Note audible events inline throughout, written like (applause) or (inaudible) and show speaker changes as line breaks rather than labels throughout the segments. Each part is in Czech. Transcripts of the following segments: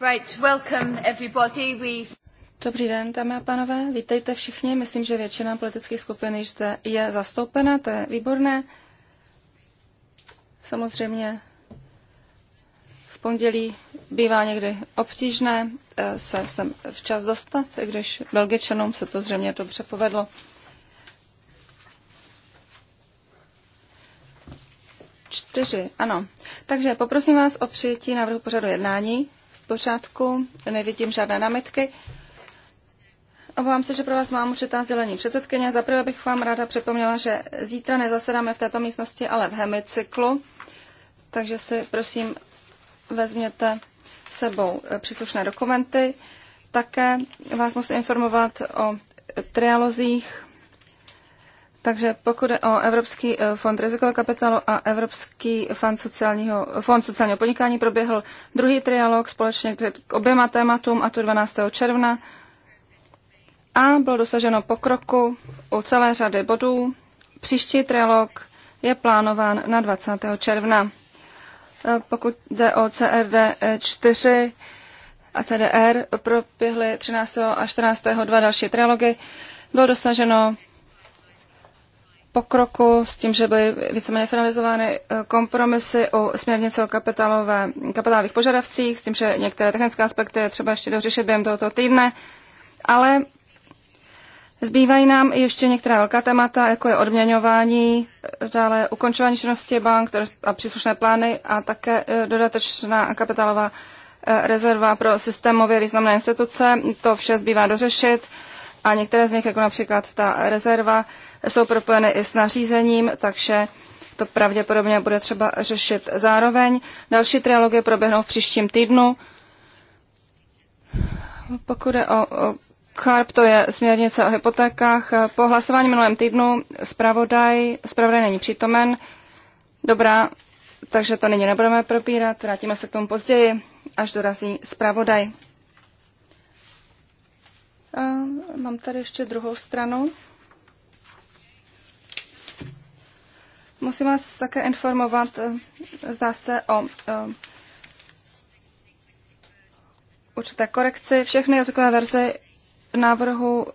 Right, welcome everybody. We've...
Dobrý den, dámy a pánové, vítejte všichni. Myslím, že většina politických skupin již zde je zastoupena, to je výborné. Samozřejmě v pondělí bývá někdy obtížné eh, se sem včas dostat, i když Belgičanům se to zřejmě dobře povedlo. Čtyři, ano. Takže poprosím vás o přijetí návrhu pořadu jednání pořádku, nevidím žádné námitky. Obávám se, že pro vás mám určitá sdělení předsedkyně. Zaprvé bych vám ráda připomněla, že zítra nezasedáme v této místnosti, ale v hemicyklu, takže si prosím vezměte sebou eh, příslušné dokumenty. Také vás musím informovat o trialozích takže pokud je o Evropský eh, fond rizikového kapitálu a Evropský fond sociálního, fond sociálního podnikání, proběhl druhý trialog společně k oběma tématům, a to 12. června. A bylo dosaženo pokroku u celé řady bodů. Příští trialog je plánován na 20. června. Eh, pokud jde o CRD 4 a CDR, proběhly 13. a 14. dva další trialogy. Bylo dosaženo pokroku s tím, že byly víceméně finalizovány eh, kompromisy o směrnici o kapitálové, kapitálových požadavcích, s tím, že některé technické aspekty je třeba ještě dořešit během tohoto týdne, ale Zbývají nám ještě některá velká témata, jako je odměňování, eh, dále ukončování činnosti bank a příslušné plány a také eh, dodatečná kapitálová rezerva pro systémově významné instituce. To vše zbývá dořešit a některé z nich, jako například ta rezerva, jsou propojeny i s nařízením, takže to pravděpodobně bude třeba řešit zároveň. Další trialogy proběhnou v příštím týdnu. Pokud je o, o CARP, to je směrnice o hypotékách. Po hlasování minulém týdnu zpravodaj, zpravodaj není přítomen. Dobrá, takže to nyní nebudeme propírat, vrátíme se k tomu později, až dorazí zpravodaj. Mám tady ještě druhou stranu. Musím vás také informovat, e, zdá se, o e, určité korekci. Všechny jazykové verze návrhu,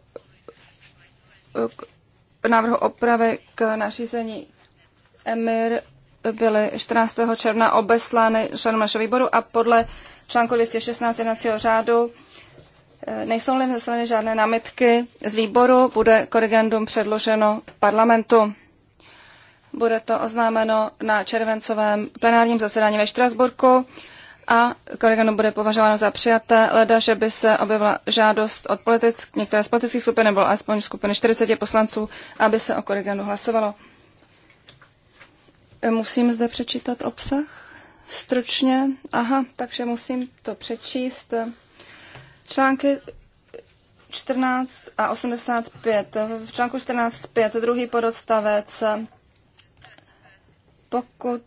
e, návrhu opravy k nařízení EMIR byly 14. června obeslány členům našeho výboru a podle článku 216 jednacího řádu Eh, Nejsou-li vzneseny žádné námitky z výboru, bude korrigendum předloženo parlamentu. Bude to oznámeno na červencovém plenárním zasedání ve Štrasburku a korrigendum bude považováno za přijaté, leda, že by se objevila žádost od politick, některé z politických skupin nebo alespoň skupiny 40 poslanců, aby se o korrigendu hlasovalo. Eh, musím zde přečítat obsah stručně. Aha, takže musím to přečíst. Články 14 a 85. V článku 14.5 druhý podostavec. Pokud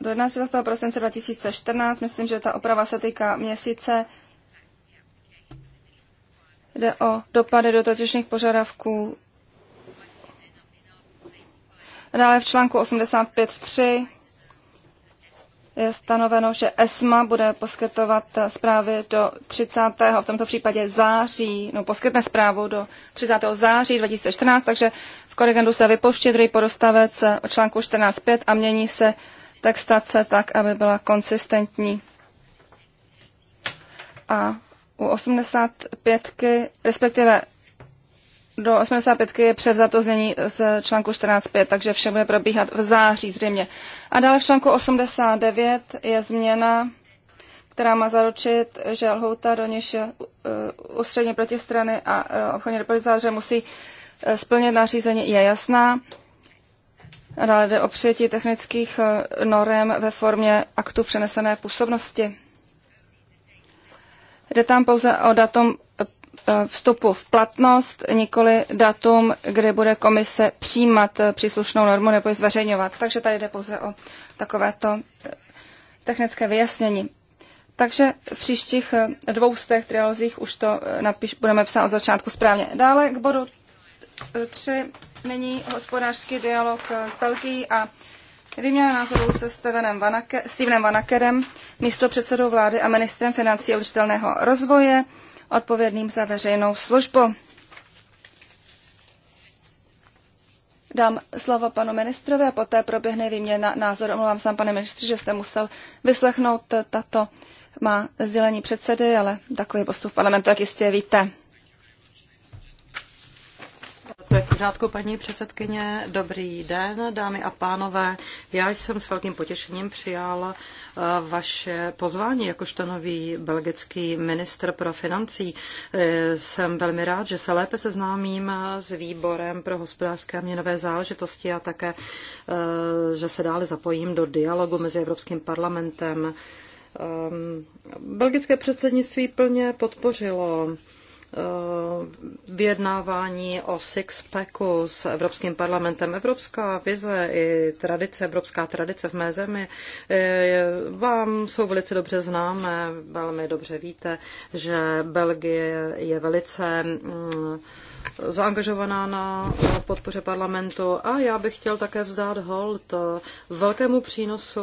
do 11. prosince 2014, myslím, že ta oprava se týká měsíce, jde o dopady dotačních požadavků. Dále v článku 85.3 je stanoveno, že ESMA bude poskytovat eh, zprávy do 30. v tomto případě září, no poskytne zprávu do 30. září 2014, takže v korigendu se vypouští druhý podostavec eh, o článku 14.5 a mění se textace tak, aby byla konsistentní. A u 85, respektive do 85 je převzato znění z článku 14.5, takže vše bude probíhat v září zřejmě. A dále v článku 89 je změna, která má zaručit, že lhouta do něž ústřední eh, protistrany a eh, obchodní reprezentáře musí eh, splnit nařízení, je jasná. A dále jde o přijetí technických norem ve formě aktu přenesené působnosti. Jde tam pouze o datum Eh, vstupu v platnost, nikoli datum, kde bude komise přijímat eh, příslušnou normu nebo ji zveřejňovat. Takže tady jde pouze o takovéto eh, technické vyjasnění. Takže v příštích dvou z těch trialozích už to napiš, budeme psát od začátku správně. Dále k bodu tři není hospodářský dialog s Belgií a výměna názorů se Stevenem Vanake, Stevenem Vanakerem, místo předsedou vlády a ministrem financí a udržitelného rozvoje odpovědným za veřejnou službu. Dám slovo panu ministrovi a poté proběhne výměna názor. Omlouvám se, pane ministře, že jste musel vyslechnout tato má sdělení předsedy, ale takový postup parlamentu, jak jistě víte.
To je v pořádku, paní předsedkyně. Dobrý den, dámy a pánové. Já jsem s velkým potěšením přijal eh, vaše pozvání jakožto nový belgický ministr pro financí. Eh, jsem velmi rád, že se lépe seznámím eh, s výborem pro hospodářské a měnové záležitosti a také, že se dále zapojím do dialogu mezi Evropským parlamentem. Ehm, belgické předsednictví plně podpořilo Eh, vyjednávání o six-packu s Evropským parlamentem. Evropská vize i tradice, evropská tradice v mé zemi eh, vám jsou velice dobře známé, velmi dobře víte, že Belgie je velice mm, zaangažovaná na podpoře parlamentu a já bych chtěl také vzdát hold velkému přínosu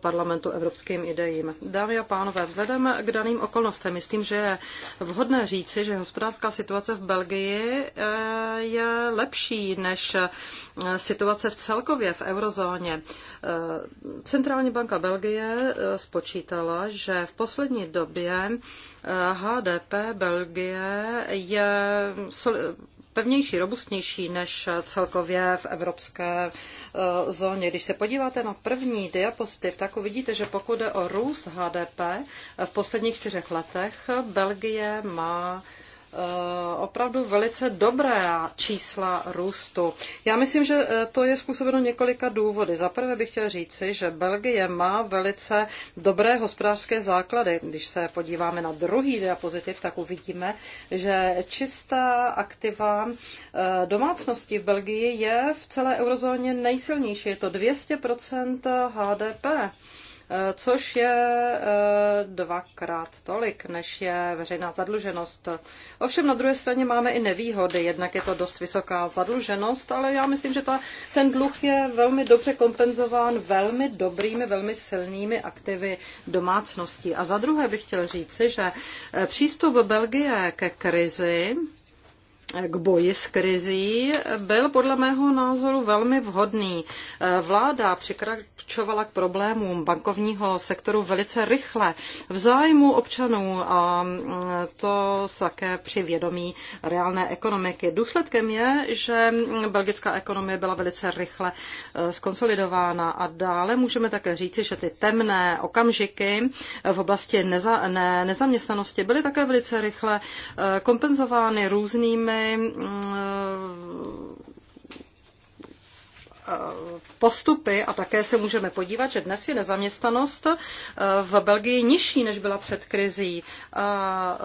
parlamentu evropským idejím. Dámy a pánové, vzhledem k daným okolnostem, myslím, že je vhodné říci, že hospodářská situace v Belgii eh, je lepší než eh, situace v celkově v eurozóně. Eh, Centrální banka Belgie spočítala, že v poslední době HDP Belgie je pevnější, robustnější než celkově v evropské eh, zóně. Když se podíváte na první diapozitiv, tak uvidíte, že pokud jde o růst HDP v posledních čtyřech letech, Belgie má Eh, opravdu velice dobrá čísla růstu. Já myslím, že eh, to je způsobeno několika důvody. Za prvé bych chtěl říci, že Belgie má velice dobré hospodářské základy. Když se podíváme na druhý diapozitiv, tak uvidíme, že čistá aktiva eh, domácností v Belgii je v celé eurozóně nejsilnější. Je to 200% HDP. Eh, což je eh, dvakrát tolik, než je veřejná zadluženost. Ovšem na druhé straně máme i nevýhody, jednak je to dost vysoká zadluženost, ale já myslím, že ta, ten dluh je velmi dobře kompenzován velmi dobrými, velmi silnými aktivy domácností. A za druhé bych chtěl říci, že eh, přístup Belgie ke krizi, k boji s krizí byl podle mého názoru velmi vhodný. Vláda přikračovala k problémům bankovního sektoru velice rychle v zájmu občanů a to také při vědomí reálné ekonomiky. Důsledkem je, že belgická ekonomie byla velice rychle eh, skonsolidována a dále můžeme také říci, že ty temné okamžiky v oblasti neza, ne, nezaměstnanosti byly také velice rychle eh, kompenzovány různými Eh, postupy a také se můžeme podívat, že dnes je nezaměstnanost eh, v Belgii nižší, než byla před krizí. A eh,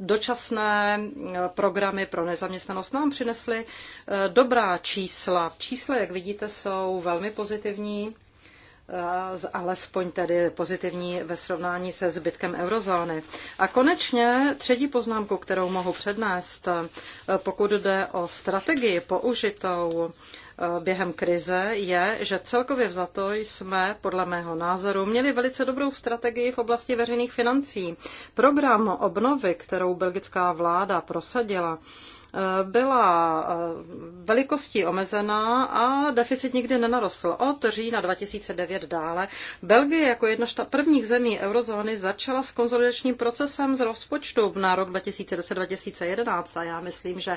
dočasné programy pro nezaměstnanost nám přinesly dobrá čísla. Čísla, jak vidíte, jsou velmi pozitivní Eh, alespoň tedy pozitivní ve srovnání se zbytkem eurozóny. A konečně třetí poznámku, kterou mohu přednést, eh, pokud jde o strategii použitou eh, během krize, je, že celkově vzato jsme, podle mého názoru, měli velice dobrou strategii v oblasti veřejných financí. Program obnovy, kterou belgická vláda prosadila, byla eh, velikostí omezená a deficit nikdy nenarostl. Od října 2009 dále Belgie jako jedna z prvních zemí eurozóny začala s konzolidačním procesem z rozpočtu na rok 2010-2011 a já myslím, že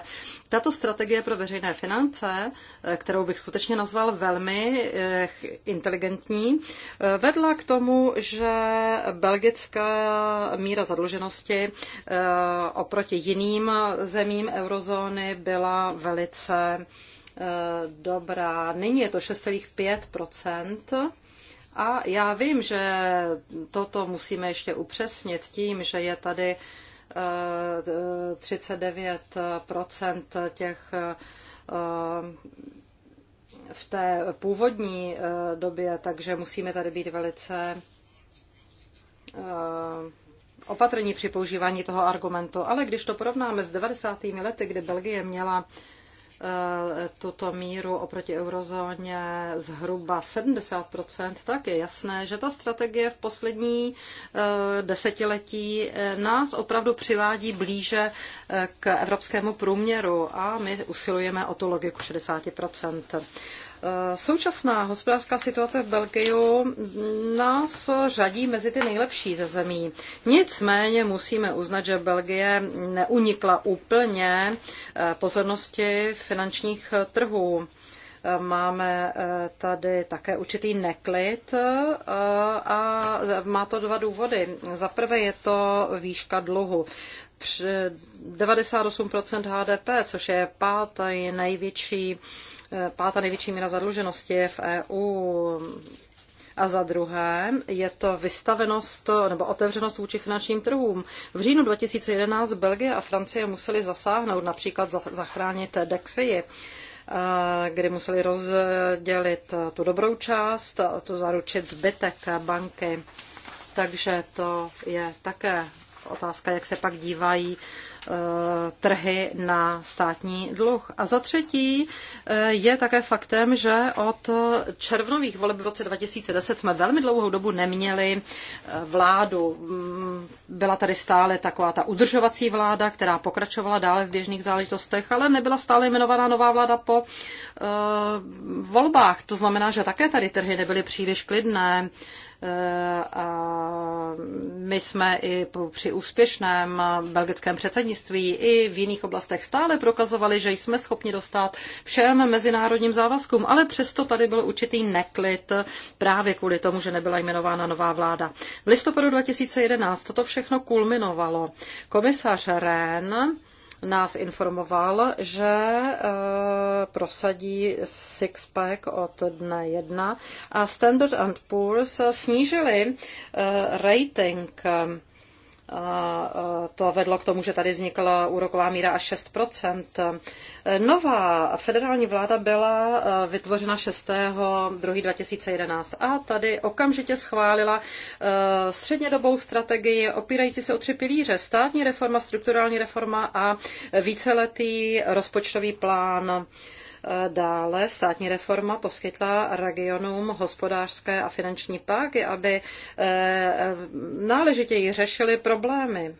tato strategie pro veřejné finance, eh, kterou bych skutečně nazval velmi eh, inteligentní, vedla k tomu, že belgická míra zadluženosti oproti jiným zemím eurozóny eurozóny byla velice eh, dobrá. Nyní je to 6,5 a já vím, že toto musíme ještě upřesnit tím, že je tady 39 eh, těch eh, v té původní době, takže musíme tady být velice opatrní při používání toho argumentu, ale když to porovnáme s 90. lety, kdy Belgie měla eh, tuto míru oproti eurozóně zhruba 70%, tak je jasné, že ta strategie v poslední eh, desetiletí eh, nás opravdu přivádí blíže k evropskému průměru a my usilujeme o tu logiku 60%. Eh, současná hospodářská situace v Belgii nás řadí mezi ty nejlepší ze zemí. Nicméně musíme uznat, že Belgie neunikla úplně eh, pozornosti finančních trhů. Eh, máme tady také určitý neklid a má to dva důvody. Za prvé je to výška dluhu. 98% HDP, což je pátý největší pátá největší míra zadluženosti je v EU. A za druhé je to vystavenost nebo otevřenost vůči finančním trhům. V říjnu 2011 Belgie a Francie museli zasáhnout, například zachránit Dexii eh, kdy museli rozdělit eh, tu dobrou část a eh, tu zaručit zbytek banky. Takže to je také otázka, jak se pak dívají Eh, trhy na státní dluh. A za třetí eh, je také faktem, že od červnových voleb v roce 2010 jsme velmi dlouhou dobu neměli eh, vládu. Mm, byla tady stále taková ta udržovací vláda, která pokračovala dále v běžných záležitostech, ale nebyla stále jmenovaná nová vláda po volbách. To znamená, že také tady trhy nebyly příliš klidné. Eh, a my jsme i při úspěšném belgickém předsednictví i v jiných oblastech stále prokazovali, že jsme schopni dostat všem mezinárodním závazkům, ale přesto tady byl určitý neklid právě kvůli tomu, že nebyla jmenována nová vláda. V listopadu 2011 toto všechno kulminovalo. Komisař Rehn nás informoval, že eh, prosadí six-pack od dne 1 a Standard and Poor's snížili eh, rating eh, a to vedlo k tomu, že tady vznikla úroková míra až 6 Nová federální vláda byla vytvořena 6. 2. 2011 a tady okamžitě schválila střednědobou strategii opírající se o tři pilíře. Státní reforma, strukturální reforma a víceletý rozpočtový plán Dále státní reforma poskytla regionům hospodářské a finanční páky, aby eh, eh, náležitěji řešili problémy.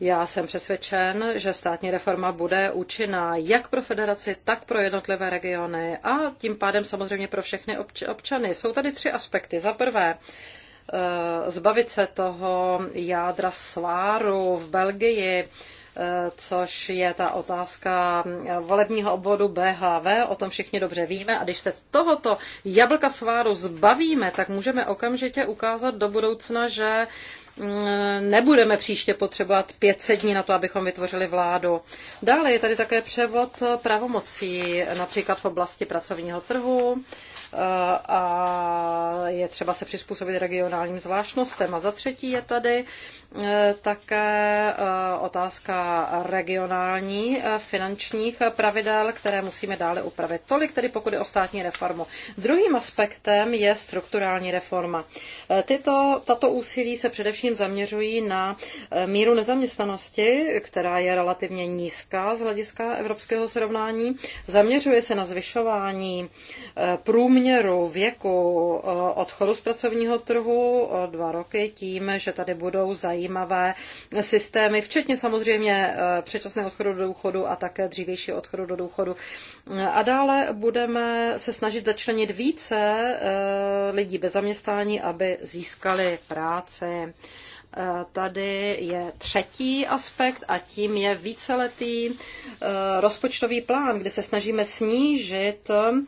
Já jsem přesvědčen, že státní reforma bude účinná jak pro federaci, tak pro jednotlivé regiony a tím pádem samozřejmě pro všechny občany. Jsou tady tři aspekty. Za prvé, eh, zbavit se toho jádra sváru v Belgii, což je ta otázka volebního obvodu BHV, o tom všichni dobře víme. A když se tohoto jablka sváru zbavíme, tak můžeme okamžitě ukázat do budoucna, že Mm, nebudeme příště potřebovat 500 dní na to, abychom vytvořili vládu. Dále je tady také převod pravomocí, například v oblasti pracovního trhu eh, a je třeba se přizpůsobit regionálním zvláštnostem. A za třetí je tady eh, také eh, otázka regionální finančních pravidel, které musíme dále upravit. Tolik tedy pokud je o státní reformu. Druhým aspektem je strukturální reforma. Tyto, tato úsilí se především především zaměřují na eh, míru nezaměstnanosti, která je relativně nízká z hlediska evropského srovnání. Zaměřuje se na zvyšování eh, průměru věku eh, odchodu z pracovního trhu o dva roky tím, že tady budou zajímavé systémy, včetně samozřejmě předčasného odchodu do důchodu a také dřívější odchodu do důchodu. A dále budeme se snažit začlenit více lidí bez zaměstnání, aby získali práci. Eh, tady je třetí aspekt a tím je víceletý eh, rozpočtový plán, kde se snažíme snížit eh,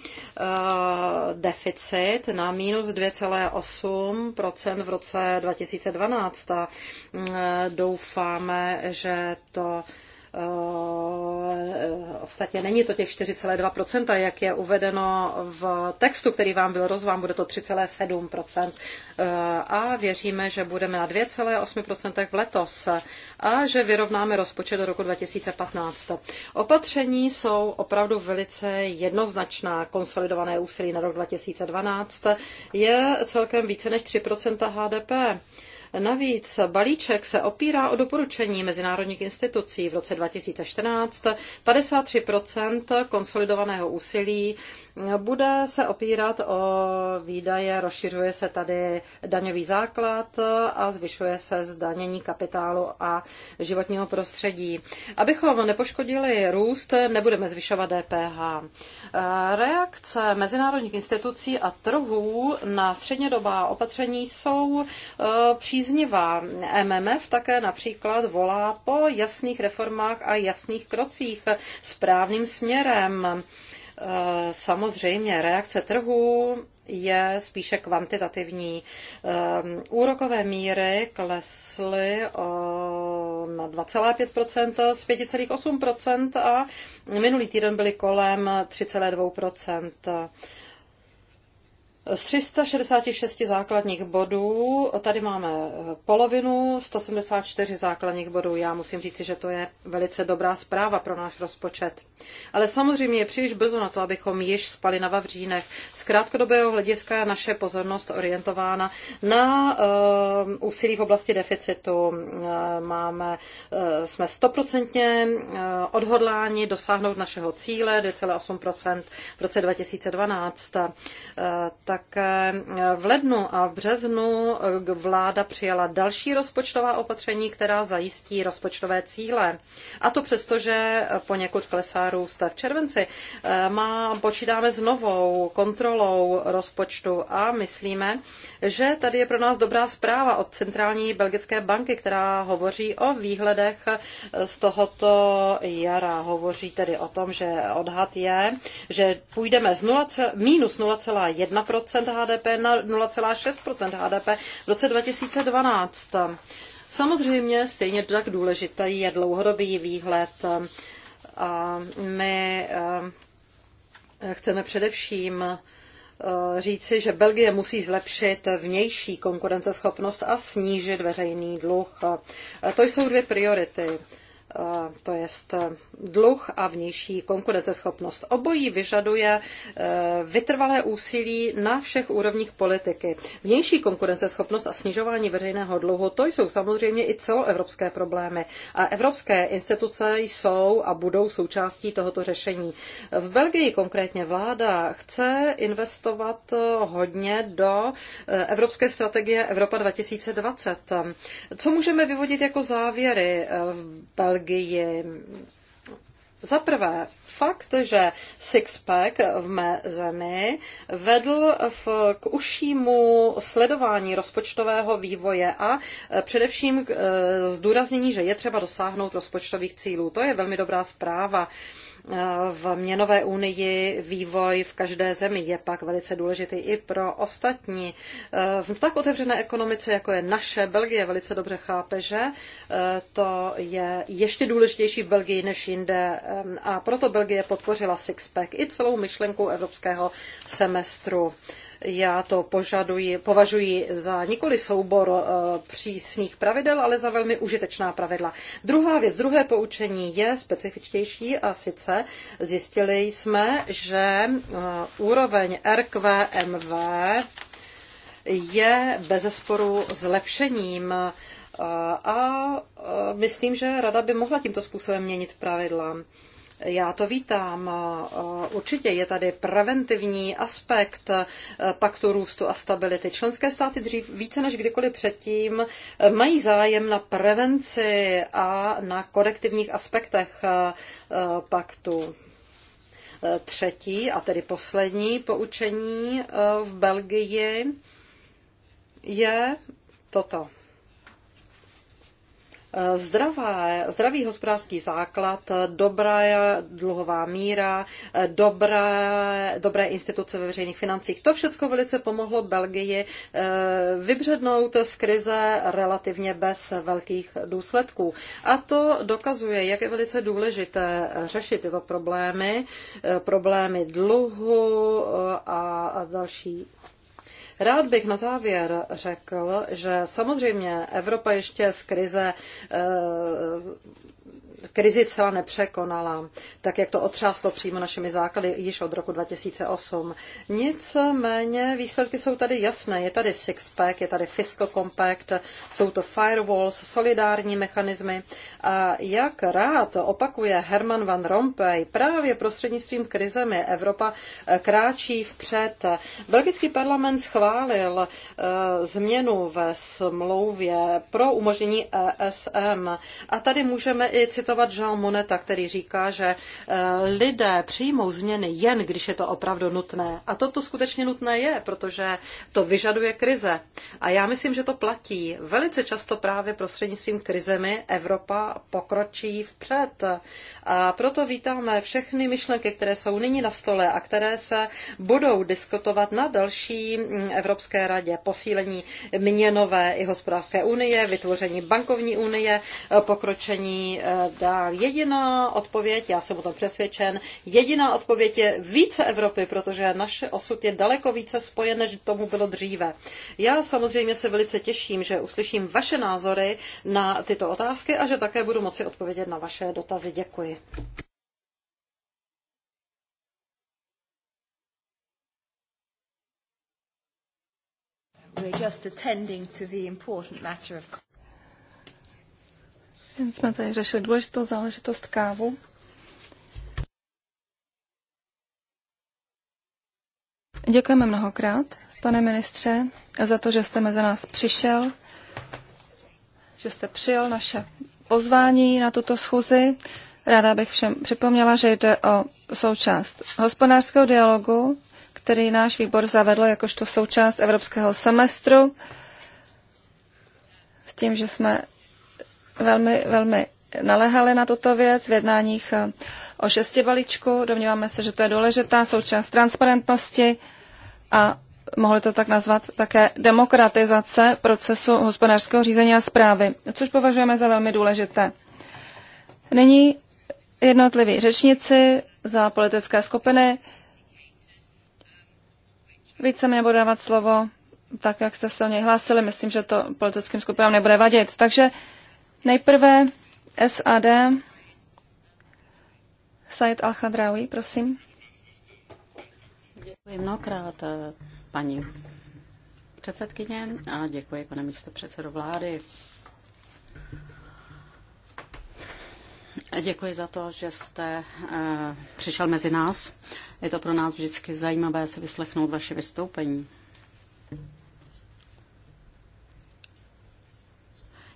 deficit na minus 2,8 v roce 2012. Mm, doufáme, že to Eh, ostatně není to těch 4,2%, jak je uvedeno v textu, který vám byl rozván, bude to 3,7%. Eh, a věříme, že budeme na 2,8% letos a že vyrovnáme rozpočet do roku 2015. Opatření jsou opravdu velice jednoznačná. Konsolidované úsilí na rok 2012 je celkem více než 3% HDP. Navíc balíček se opírá o doporučení mezinárodních institucí. V roce 2014 53 konsolidovaného úsilí bude se opírat o výdaje, rozšiřuje se tady daňový základ a zvyšuje se zdanění kapitálu a životního prostředí. Abychom nepoškodili růst, nebudeme zvyšovat DPH. Reakce mezinárodních institucí a trhů na střednědobá opatření jsou e, příznivá. MMF také například volá po jasných reformách a jasných krocích správným směrem Eh, samozřejmě reakce trhu je spíše kvantitativní. Ehm, úrokové míry klesly na 2,5% z 5,8% a minulý týden byly kolem 3,2%. Z 366 základních bodů, tady máme eh, polovinu, 174 základních bodů. Já musím říct, že to je velice dobrá zpráva pro náš rozpočet. Ale samozřejmě je příliš brzo na to, abychom již spali na Vavřínech. Z krátkodobého hlediska je naše pozornost orientována na uh, úsilí v oblasti deficitu. Uh, máme, uh, jsme stoprocentně uh, odhodláni dosáhnout našeho cíle 2,8% v roce 2012. Uh, také v lednu a v březnu vláda přijala další rozpočtová opatření, která zajistí rozpočtové cíle. A to přesto, že poněkud klesá růst v červenci. Eh, má, počítáme s novou kontrolou rozpočtu a myslíme, že tady je pro nás dobrá zpráva od Centrální belgické banky, která hovoří o výhledech z tohoto jara. Hovoří tedy o tom, že odhad je, že půjdeme z 0, minus 0,1 HDP na 0,6 HDP v roce 2012. Samozřejmě stejně tak důležitý je dlouhodobý výhled. A my eh, chceme především eh, říci, že Belgie musí zlepšit vnější konkurenceschopnost a snížit veřejný dluh. To jsou dvě priority. Eh, to je eh, dluh a vnější konkurenceschopnost. Obojí vyžaduje eh, vytrvalé úsilí na všech úrovních politiky. Vnější konkurenceschopnost a snižování veřejného dluhu, to jsou samozřejmě i celoevropské problémy. A evropské instituce jsou a budou součástí tohoto řešení. V Belgii konkrétně vláda chce investovat hodně do Evropské strategie Evropa 2020. Co můžeme vyvodit jako závěry v Belgii? energii. Za prvé, fakt, že Sixpack v mé zemi vedl v, k užšímu sledování rozpočtového vývoje a e, především k e, zdůraznění, že je třeba dosáhnout rozpočtových cílů. To je velmi dobrá zpráva. E, v měnové unii vývoj v každé zemi je pak velice důležitý i pro ostatní. V tak otevřené ekonomice, jako je naše, Belgie velice dobře chápe, že eh, to je ještě důležitější v Belgii než jinde eh, a proto Belgie podpořila Sixpack i celou myšlenku evropského semestru. Já to požaduji, považuji za nikoli soubor eh, přísných pravidel, ale za velmi užitečná pravidla. Druhá věc, druhé poučení je specifičtější a sice zjistili jsme, že eh, úroveň RQMV je bezesporu zlepšením eh, a myslím, že rada by mohla tímto způsobem měnit pravidla. Já to vítám. Určitě je tady preventivní aspekt e, paktu růstu a stability. Členské státy dřív více než kdykoliv předtím e, mají zájem na prevenci a na korektivních aspektech e, paktu. Třetí a tedy poslední poučení v Belgii je toto zdravý hospodářský základ, dobrá dluhová míra, dobré, dobré instituce ve veřejných financích, to všechno velice pomohlo Belgii eh, vybřednout z krize relativně bez velkých důsledků. A to dokazuje, jak je velice důležité řešit tyto problémy, eh, problémy dluhu eh, a další Rád bych na závěr řekl, že samozřejmě Evropa ještě z krize eh, krizi celá nepřekonala, tak jak to otřáslo přímo našimi základy již od roku 2008. Nicméně výsledky jsou tady jasné. Je tady six-pack, je tady fiscal compact, jsou to firewalls, solidární mechanismy. A jak rád opakuje Herman Van Rompuy, právě prostřednictvím krizemi Evropa eh, kráčí vpřed. Belgický parlament schválil eh, změnu ve smlouvě pro umožnění ESM. A tady můžeme i citovat citovat Jean Moneta, který říká, že eh, lidé přijmou změny jen, když je to opravdu nutné. A toto skutečně nutné je, protože to vyžaduje krize. A já myslím, že to platí. Velice často právě prostřednictvím krizemi Evropa pokročí vpřed. A proto vítáme všechny myšlenky, které jsou nyní na stole a které se budou diskutovat na další mm, Evropské radě. Posílení měnové i hospodářské unie, vytvoření bankovní unie, eh, pokročení eh, dál. Jediná odpověď, já jsem o tom přesvědčen, jediná odpověď je více Evropy, protože naše osud je daleko více spojen, než tomu bylo dříve. Já samozřejmě se velice těším, že uslyším vaše názory na tyto otázky a že také budu moci odpovědět na vaše dotazy. Děkuji.
We're just attending to the important matter of
jen jsme tady řešili důležitou záležitost kávu. Děkujeme mnohokrát, pane ministře, za to, že jste mezi nás přišel, že jste přijal naše pozvání na tuto schůzi. Ráda bych všem připomněla, že jde o součást hospodářského dialogu, který náš výbor zavedl jakožto součást evropského semestru, s tím, že jsme velmi, velmi naléhali na tuto věc v jednáních eh, o šesti balíčku. Domníváme se, že to je důležitá součást transparentnosti a mohli to tak nazvat také demokratizace procesu hospodářského řízení a zprávy, což považujeme za velmi důležité. Nyní jednotliví řečnici za politické skupiny. Více mě nebudu dávat slovo tak, jak jste se o něj hlásili. Myslím, že to politickým skupinám nebude vadit. Takže Nejprve SAD Said Al-Khadraoui, prosím.
Děkuji mnohokrát, eh, paní předsedkyně a děkuji, pane místo předsedo vlády. Děkuji za to, že jste eh, přišel mezi nás. Je to pro nás vždycky zajímavé se vyslechnout vaše vystoupení.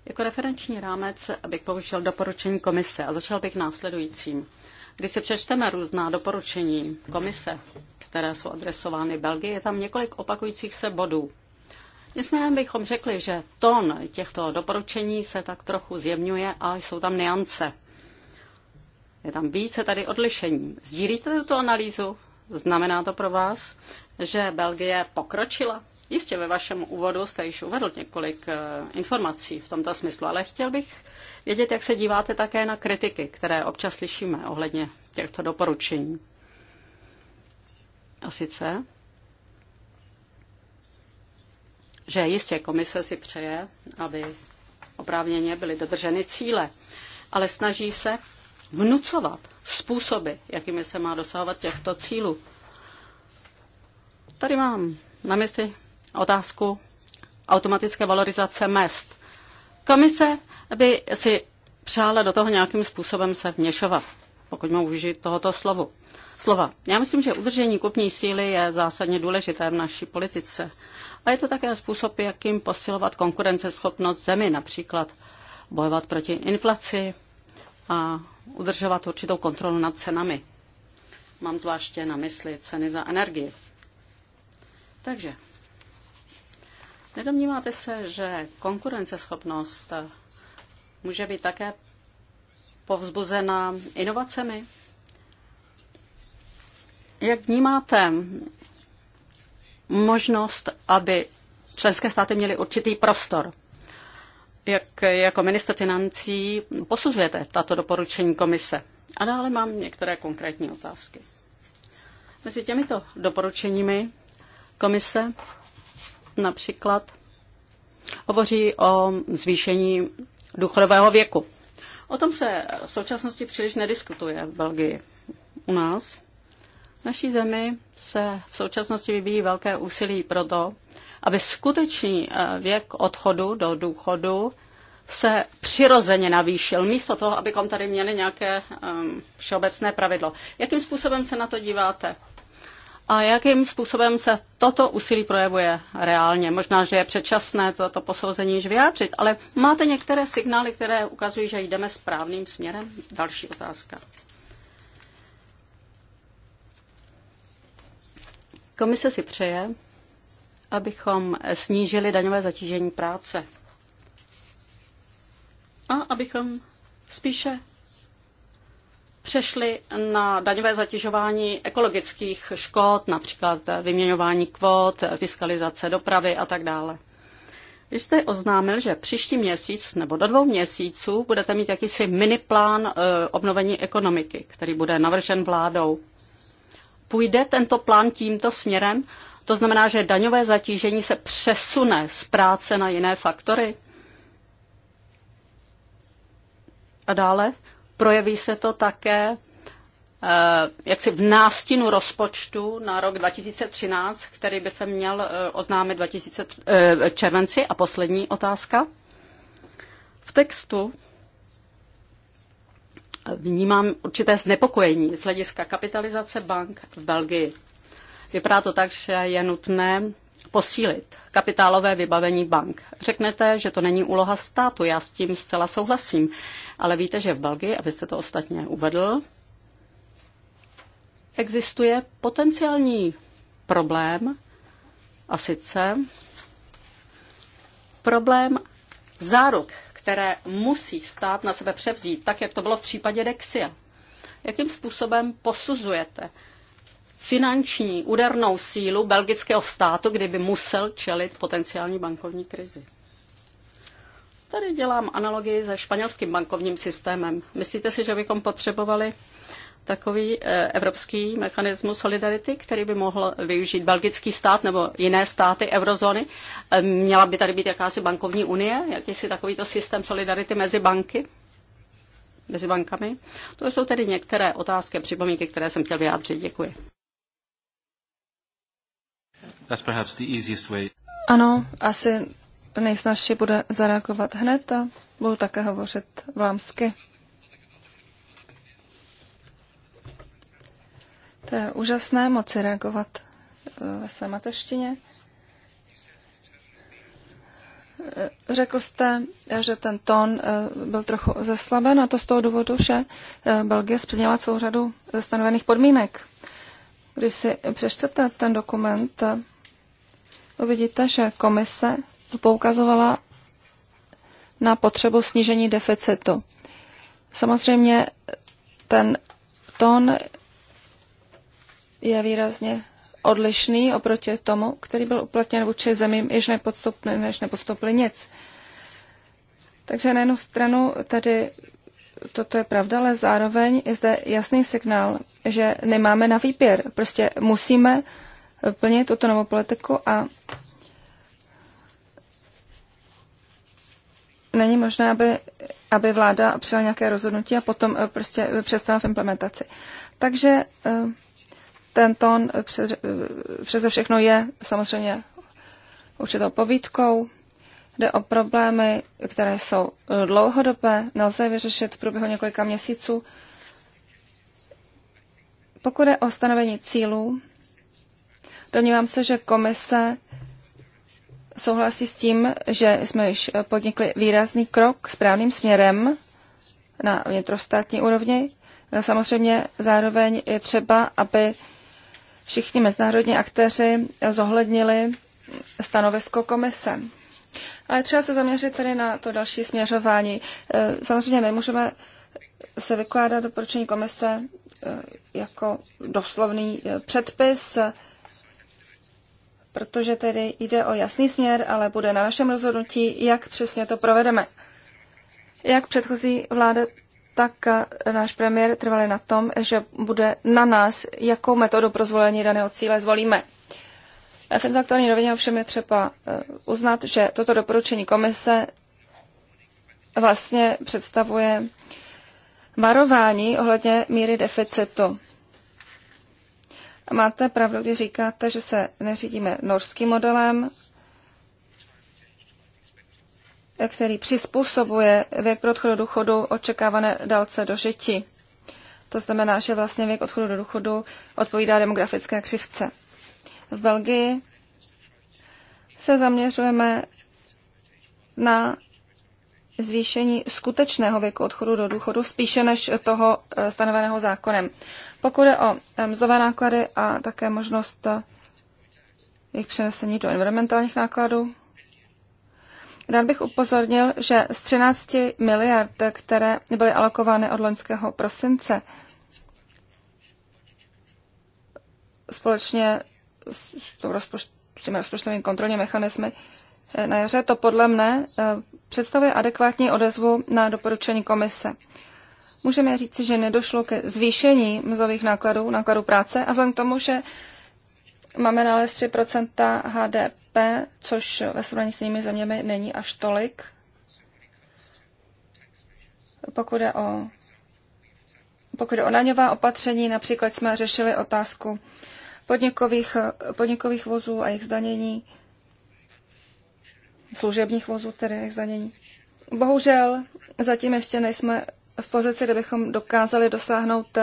Jako referenční rámec bych použil doporučení komise a začal bych následujícím. Když si přečteme různá doporučení komise, které jsou adresovány Belgii, je tam několik opakujících se bodů. Nicméně bychom řekli, že tón těchto doporučení se tak trochu zjemňuje a jsou tam niance. Je tam více tady odlišení. Sdílíte tuto analýzu? Znamená to pro vás, že Belgie pokročila Jistě ve vašem úvodu jste již uvedl několik eh, informací v tomto smyslu, ale chtěl bych vědět, jak se díváte také na kritiky, které občas slyšíme ohledně těchto doporučení. A sice, že jistě komise si přeje, aby oprávněně byly dodrženy cíle, ale snaží se vnucovat způsoby, jakými se má dosahovat těchto cílů. Tady mám na mysli otázku automatické valorizace mest. Komise by si přála do toho nějakým způsobem se vněšovat, pokud mohu užít tohoto slovu. slova. Já myslím, že udržení kupní síly je zásadně důležité v naší politice. A je to také způsob, jakým posilovat konkurenceschopnost zemi, například bojovat proti inflaci a udržovat určitou kontrolu nad cenami. Mám zvláště na mysli ceny za energii. Takže Nedomníváte se, že konkurenceschopnost může být také povzbuzena inovacemi? Jak vnímáte možnost, aby členské státy měly určitý prostor? Jak jako minister financí posuzujete tato doporučení komise? A dále mám některé konkrétní otázky. Mezi těmito doporučeními komise například hovoří o zvýšení důchodového věku. O tom se v současnosti příliš nediskutuje v Belgii. U nás, v naší zemi, se v současnosti vyvíjí velké úsilí pro to, aby skutečný eh, věk odchodu do důchodu se přirozeně navýšil, místo toho, abychom tady měli nějaké um, všeobecné pravidlo. Jakým způsobem se na to díváte? a jakým způsobem se toto úsilí projevuje reálně. Možná, že je předčasné toto posouzení již vyjádřit, ale máte některé signály, které ukazují, že jdeme správným směrem? Další otázka. Komise si přeje, abychom snížili daňové zatížení práce a abychom spíše přešli na daňové zatěžování ekologických škod, například vyměňování kvót, fiskalizace dopravy a tak dále. Vy jste oznámil, že příští měsíc nebo do dvou měsíců budete mít jakýsi miniplán eh, obnovení ekonomiky, který bude navržen vládou. Půjde tento plán tímto směrem? To znamená, že daňové zatížení se přesune z práce na jiné faktory? A dále, Projeví se to také eh, jaksi v nástinu rozpočtu na rok 2013, který by se měl eh, oznámit 2000, eh, červenci. A poslední otázka. V textu vnímám určité znepokojení z hlediska kapitalizace bank v Belgii. Vypadá to tak, že je nutné posílit kapitálové vybavení bank. Řeknete, že to není úloha státu, já s tím zcela souhlasím, ale víte, že v Belgii, abyste to ostatně uvedl, existuje potenciální problém, a sice problém záruk, které musí stát na sebe převzít, tak jak to bylo v případě Dexia. Jakým způsobem posuzujete finanční údernou sílu belgického státu, kdyby musel čelit potenciální bankovní krizi. Tady dělám analogii se španělským bankovním systémem. Myslíte si, že bychom potřebovali takový eh, evropský mechanismus solidarity, který by mohl využít belgický stát nebo jiné státy eurozóny? Eh, měla by tady být jakási bankovní unie, jakýsi takovýto systém solidarity mezi banky? mezi bankami. To jsou tedy některé otázky a připomínky, které jsem chtěl vyjádřit. Děkuji.
That's perhaps the easiest way.
Ano, asi nejsnažší bude zareagovat hned a budu také hovořit vlámsky. To je úžasné moci reagovat eh, ve své mateštině. Eh, řekl jste, eh, že ten tón byl trochu zeslaben a to z toho důvodu, že Belgie splnila celou řadu zastanovených podmínek. Když si přečtete ten dokument, Vidíte, že komise poukazovala na potřebu snížení deficitu. Samozřejmě ten tón je výrazně odlišný oproti tomu, který byl uplatněn vůči zemím, jež nepodstoupili, než nepodstoupili nic. Takže na jednu stranu tady toto je pravda, ale zároveň je zde jasný signál, že nemáme na výběr. Prostě musíme plně tuto novou politiku a není možné, aby, aby vláda přijala nějaké rozhodnutí a potom eh, prostě přestala v implementaci. Takže eh, ten tón přeze, eh, přeze všechno je samozřejmě určitou povídkou. Jde o problémy, které jsou dlouhodobé, nelze vyřešit v průběhu několika měsíců. Pokud je o stanovení cílů, Domnívám se, že komise souhlasí s tím, že jsme již podnikli výrazný krok správným směrem na vnitrostátní úrovni. Samozřejmě zároveň je třeba, aby všichni mezinárodní aktéři zohlednili stanovisko komise. Ale třeba se zaměřit tady na to další směřování. Eh, samozřejmě nemůžeme se vykládat doporučení komise eh, jako doslovný eh, předpis protože tedy jde o jasný směr, ale bude na našem rozhodnutí, jak přesně to provedeme. Jak předchozí vláda, tak náš premiér trvali na tom, že bude na nás, jakou metodu pro zvolení daného cíle zvolíme. V aktuální rovině ovšem je třeba eh, uznat, že toto doporučení komise vlastně představuje varování ohledně míry deficitu. Máte pravdu, když říkáte, že se neřídíme norským modelem, který přizpůsobuje věk pro odchodu do důchodu očekávané do dožití. To znamená, že vlastně věk odchodu do důchodu odpovídá demografické křivce. V Belgii se zaměřujeme na zvýšení skutečného věku odchodu do důchodu spíše než toho eh, stanoveného zákonem. Pokud je o eh, mzdové náklady a také možnost eh, jejich přenesení do environmentálních nákladů, rád bych upozornil, že z 13 miliard, které byly alokovány od loňského prosince, společně s, tou rozpočt, s těmi rozpočtovými kontrolními mechanismy eh, na jaře, to podle mne představuje adekvátní odezvu na doporučení komise můžeme říci, že nedošlo ke zvýšení mzdových nákladů, nákladů práce a vzhledem k tomu, že máme nález 3 HDP, což ve srovnání s jinými zeměmi není až tolik, pokud je o pokud je o naňová opatření, například jsme řešili otázku podnikových, podnikových vozů a jejich zdanění, služebních vozů, tedy jejich zdanění. Bohužel zatím ještě nejsme v pozici, kde bychom dokázali dosáhnout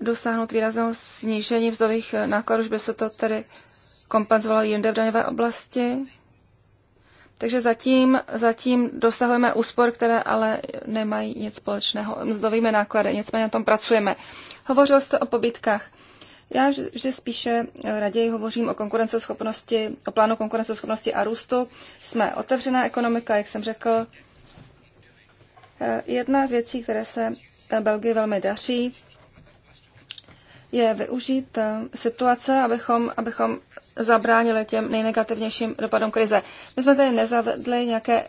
dosáhnout výrazného snížení vzdových nákladů, že by se to tedy kompenzovalo jinde v daňové oblasti. Takže zatím, zatím dosahujeme úspor, které ale nemají nic společného mzdovými náklady, nicméně na tom pracujeme. Hovořil jste o pobytkách. Já vždy spíše eh, raději hovořím o konkurenceschopnosti, o plánu konkurenceschopnosti a růstu. Jsme otevřená ekonomika, jak jsem řekl, Eh, jedna z věcí, které se eh, Belgii velmi daří, je využít eh, situace, abychom, abychom zabránili těm nejnegativnějším dopadům krize. My jsme tady nezavedli nějaké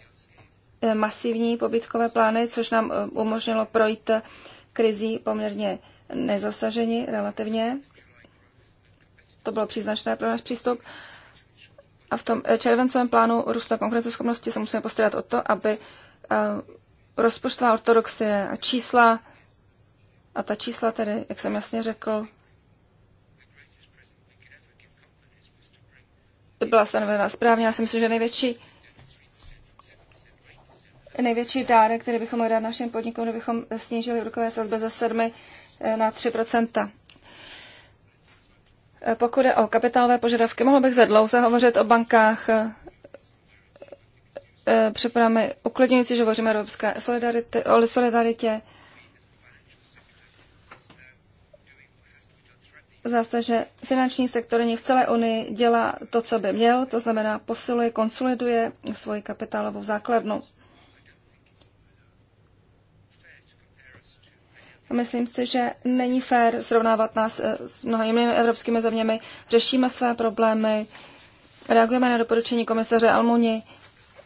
masivní pobytkové plány, což nám umožnilo projít krizí poměrně nezasaženi relativně. To bylo příznačné pro náš přístup. A v tom červencovém plánu růstu a konkurenceschopnosti se musíme postarat o to, aby rozpočtová ortodoxie a čísla, a ta čísla tedy, jak jsem jasně řekl, byla stanovena správně. Já si myslím, že největší, největší dárek, který bychom mohli dát našim podnikům, kdybychom snížili úrokové sazby ze 7 eh, na 3 eh, Pokud je o kapitálové požadavky, mohl bych ze dlouze hovořit o bankách, eh, Eh, připadáme mi uklidňující, že hovoříme o solidaritě. zase, že finanční sektor v celé Unii dělá to, co by měl, to znamená posiluje, konsoliduje svoji kapitálovou základnu. Myslím si, že není fér srovnávat nás eh, s mnoha jinými evropskými zeměmi. Řešíme své problémy, reagujeme na doporučení komisaře Almuni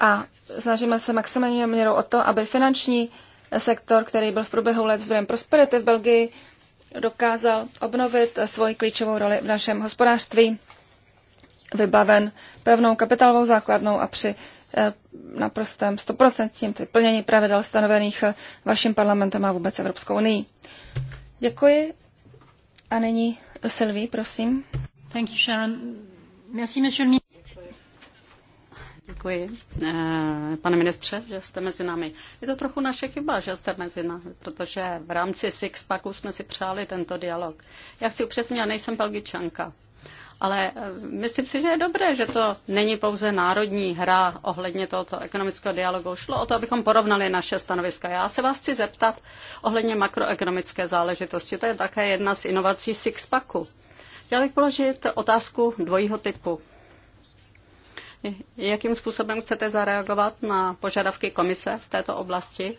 a snažíme se maximálně měrou o to, aby finanční sektor, který byl v průběhu let zdrojem prosperity v Belgii, dokázal obnovit svoji klíčovou roli v našem hospodářství, vybaven pevnou kapitálovou základnou a při eh, naprostém 100% plnění pravidel stanovených eh, vaším parlamentem a vůbec Evropskou unii. Děkuji.
A nyní Sylvie, prosím. Thank you, Sharon. Merci, monsieur le Děkuji, eh, pane ministře, že jste mezi námi. Je to trochu naše chyba, že jste mezi námi, protože v rámci Sixpacku jsme si přáli tento dialog. Já chci upřesnit, já nejsem belgičanka, ale eh, myslím si, že je dobré, že to není pouze národní hra ohledně tohoto ekonomického dialogu. Šlo o to, abychom porovnali naše stanoviska. Já se vás chci zeptat ohledně makroekonomické záležitosti. To je také jedna z inovací Sixpacku. Chtěl bych položit otázku dvojího typu jakým způsobem chcete zareagovat na požadavky komise v této oblasti?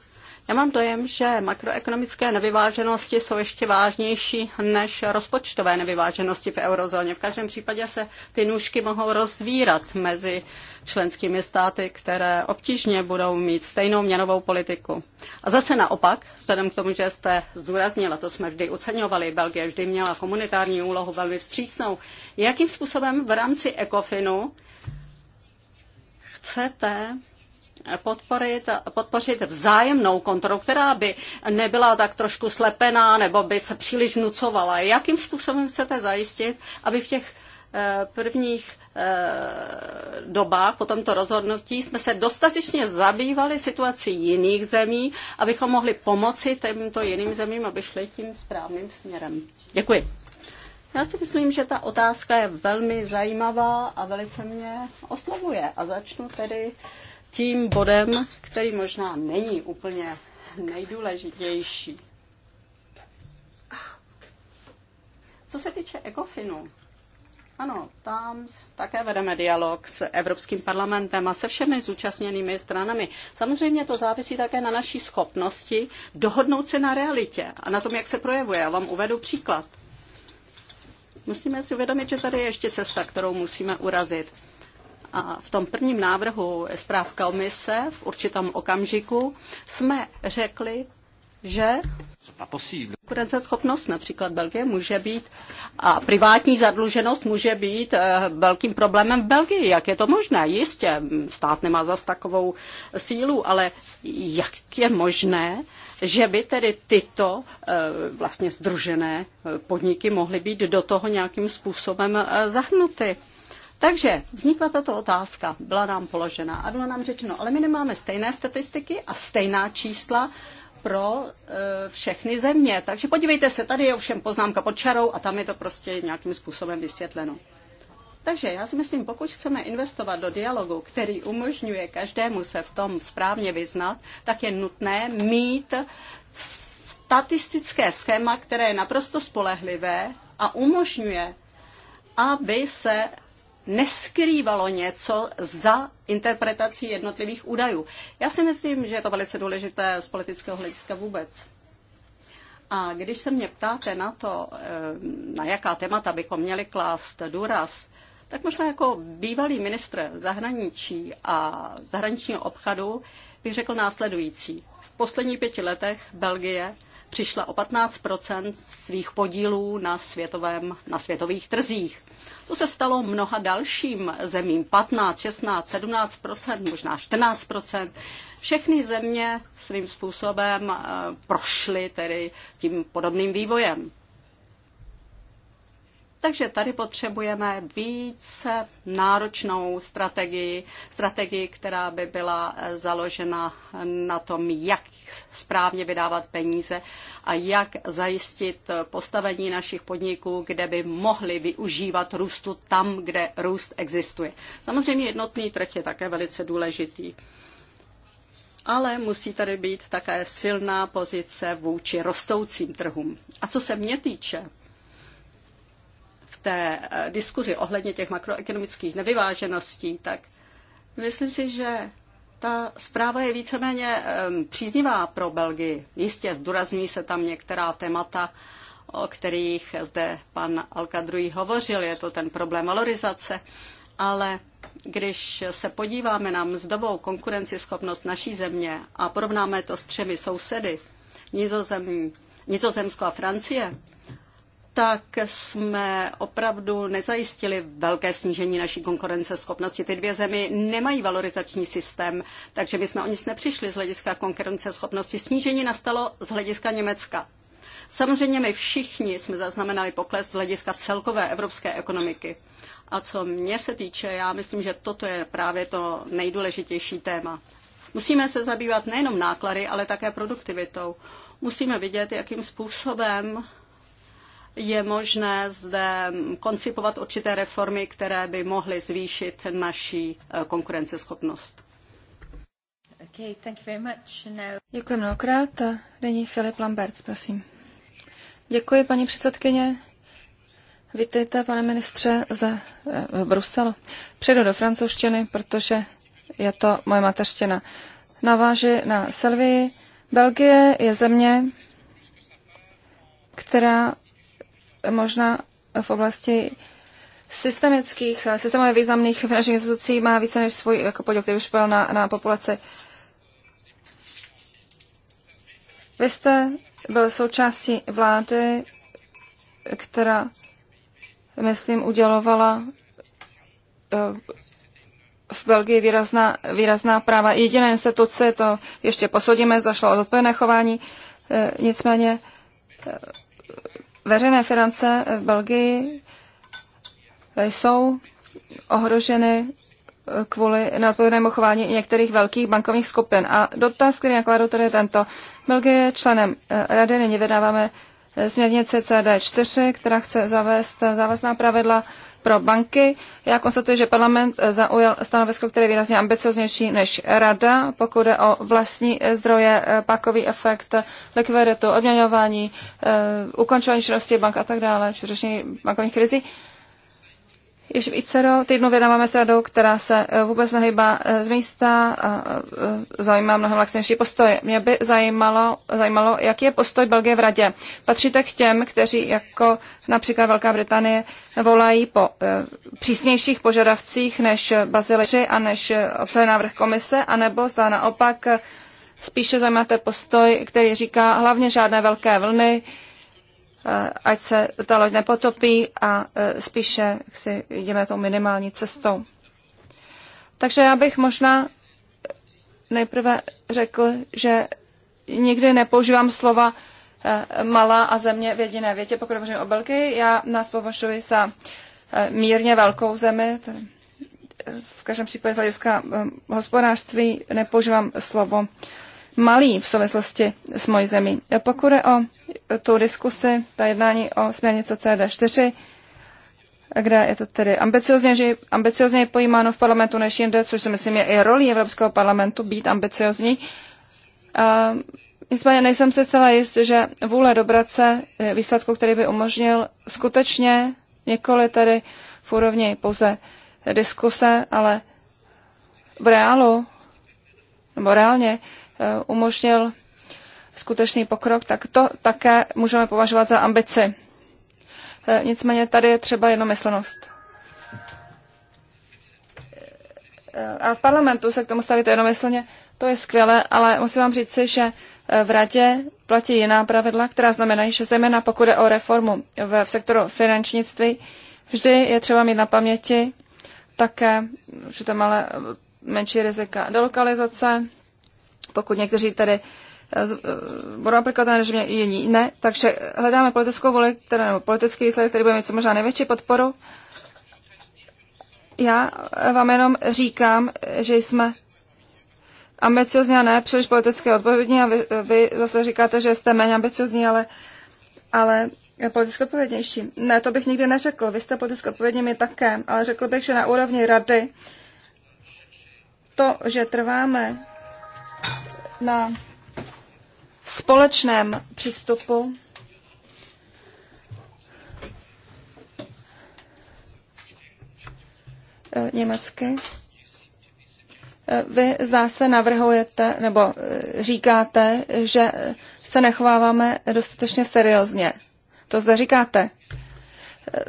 Já mám dojem, že makroekonomické nevyváženosti jsou ještě vážnější než rozpočtové nevyváženosti v eurozóně. V každém případě se ty nůžky mohou rozvírat mezi členskými státy, které obtížně budou mít stejnou měnovou politiku. A zase naopak, vzhledem k tomu, že jste zdůraznila, to jsme vždy oceňovali, Belgie vždy měla komunitární úlohu velmi vstřícnou, jakým způsobem v rámci ECOFINu chcete podporit, podpořit vzájemnou kontrolu, která by nebyla tak trošku slepená nebo by se příliš vnucovala. Jakým způsobem chcete zajistit, aby v těch eh, prvních eh, dobách po tomto rozhodnutí jsme se dostatečně zabývali situací jiných zemí, abychom mohli pomoci těmto jiným zemím, aby šli tím správným směrem. Děkuji. Já si myslím, že ta otázka je velmi zajímavá a velice mě oslovuje. A začnu tedy tím bodem, který možná není úplně nejdůležitější. Co se týče ECOFINu, ano, tam také vedeme dialog s Evropským parlamentem a se všemi zúčastněnými stranami. Samozřejmě to závisí také na naší schopnosti dohodnout se na realitě a na tom, jak se projevuje. Já vám uvedu příklad. Musíme si uvědomit, že tady je ještě cesta, kterou musíme urazit. A v tom prvním návrhu zpráv komise v určitém okamžiku jsme řekli, že konkurenceschopnost například Belgie může být a privátní zadluženost může být eh, velkým problémem v Belgii. Jak je to možné? Jistě, stát nemá zas takovou sílu, ale jak je možné, že by tedy tyto eh, vlastně združené eh, podniky mohly být do toho nějakým způsobem eh, zahrnuty. Takže vznikla tato otázka, byla nám položena a bylo nám řečeno, ale my nemáme stejné statistiky a stejná čísla pro e, všechny země. Takže podívejte se, tady je ovšem poznámka pod čarou a tam je to prostě nějakým způsobem vysvětleno. Takže já si myslím, pokud chceme investovat do dialogu, který umožňuje každému se v tom správně vyznat, tak je nutné mít statistické schéma, které je naprosto spolehlivé a umožňuje, aby se neskrývalo něco za interpretací jednotlivých údajů. Já si myslím, že je to velice důležité z politického hlediska vůbec. A když se mě ptáte na to, eh, na jaká témata bychom měli klást důraz, tak možná jako bývalý ministr zahraničí a zahraničního obchodu bych řekl následující. V posledních pěti letech Belgie přišla o 15 svých podílů na, světovém, na světových trzích. To se stalo mnoha dalším zemím, 15, 16, 17 možná 14 Všechny země svým způsobem eh, prošly tedy tím podobným vývojem. Takže tady potřebujeme více náročnou strategii, strategii, která by byla eh, založena na tom, jak správně vydávat peníze a jak zajistit postavení našich podniků, kde by mohli využívat růstu tam, kde růst existuje. Samozřejmě jednotný trh je také velice důležitý. Ale musí tady být také silná pozice vůči rostoucím trhům. A co se mě týče, té eh, diskuzi ohledně těch makroekonomických nevyvážeností, tak myslím si, že ta zpráva je víceméně příznivá pro Belgii. Jistě zdůrazňují se tam některá témata, o kterých zde pan Alkadrují hovořil. Je to ten problém valorizace, ale když se podíváme na mzdovou konkurenceschopnost naší země a porovnáme to s třemi sousedy, Nizozemí, Nizozemsko a Francie, tak jsme opravdu nezajistili velké snížení naší konkurenceschopnosti. Ty dvě zemi nemají valorizační systém, takže my jsme o nic nepřišli z hlediska konkurenceschopnosti. Snížení nastalo z hlediska Německa. Samozřejmě my všichni jsme zaznamenali pokles z hlediska celkové evropské ekonomiky. A co mě se týče, já myslím, že toto je právě to nejdůležitější téma. Musíme se zabývat nejenom náklady, ale také produktivitou. Musíme vidět, jakým způsobem je možné zde koncipovat určité reformy, které by mohly zvýšit naší eh, konkurenceschopnost.
Okay, thank you very much. Now...
Děkuji mnohokrát. A nyní Filip Lamberts, prosím. Děkuji, paní předsedkyně. Vítejte, pane ministře, ze, eh, v Bruselu. Přijdu do francouzštiny, protože je to moje mateřština. Naváži na Selvii. Belgie je země, která možná v oblasti systemických, systémově významných finančních institucí má více než svůj jako podíl, který už byl na, na populaci. Vy jste byl součástí vlády, která, myslím, udělovala eh, v Belgii výrazná, výrazná práva. Jediné instituce, to ještě posoudíme, zašlo od odpovědné chování, eh, nicméně eh, veřejné finance v Belgii jsou ohroženy kvůli neodpovědnému chování některých velkých bankovních skupin. A dotaz, který nakladu, tedy tento. Belgie je členem eh, rady, nyní vydáváme Eh, směrnici CD4, která chce zavést závazná pravidla pro banky. Já konstatuji, že parlament eh, zaujal stanovisko, které je výrazně ambicioznější než rada, pokud je o vlastní eh, zdroje, pakový efekt, likviditu, odměňování, ukončování činnosti bank a tak dále, či řešení bankovních krizí. Již vícero týdnů vyjednáváme s radou, která se eh, vůbec nehybá eh, z místa a eh, zajímá mnohem laxnější postoj. Mě by zajímalo, zajímalo, jaký je postoj Belgie v radě. Patříte k těm, kteří jako například Velká Británie volají po přísnějších požadavcích než Bazileři a než obsahuje návrh komise, anebo zda naopak spíše zajímáte postoj, který říká hlavně žádné velké vlny, Eh, ať se ta loď nepotopí a eh, spíše si jdeme tou minimální cestou. Takže já bych možná nejprve řekl, že nikdy nepoužívám slova eh, malá a země v jediné větě, pokud hovořím o Belgii. Já nás považuji za mírně velkou zemi, v každém případě z hlediska hospodářství nepoužívám slovo malý v souvislosti s mojí zemí. Pokud je o tu diskusi, ta jednání o směrnici CD4, kde je to tedy ambiciozněji, ambiciozněji pojímáno v parlamentu než jinde, což si myslím je i roli Evropského parlamentu být ambiciozní. A nicméně nejsem si zcela jist, že vůle dobrat se výsledku, který by umožnil skutečně nikoli tedy v úrovni pouze diskuse, ale v reálu nebo reálně Eh, umožnil skutečný pokrok, tak to také můžeme považovat za ambici. Eh, nicméně tady je třeba jednomyslnost. Eh, a v parlamentu se k tomu stavíte jednomyslně, to je skvělé, ale musím vám říci, že v radě platí jiná pravidla, která znamenají, že zejména pokud je o reformu v sektoru finančnictví, vždy je třeba mít na paměti také, že tam ale menší rizika delokalizace, pokud někteří tady eh, eh, budou aplikovat ten režim, jiní ne. Takže hledáme politickou voli, teda, nebo politický výsledek, který bude mít co možná největší podporu. Já eh, vám jenom říkám, že jsme ambiciozní a ne příliš politické odpovědní a vy, vy zase říkáte, že jste méně ambiciozní, ale, ale politicky odpovědnější. Ne, to bych nikdy neřekl. Vy jste politicky odpovědní mi také, ale řekl bych, že na úrovni rady to, že trváme na společném přístupu eh, německy. Eh, vy zdá se navrhujete nebo eh, říkáte, že se nechováváme dostatečně seriózně. To zde říkáte.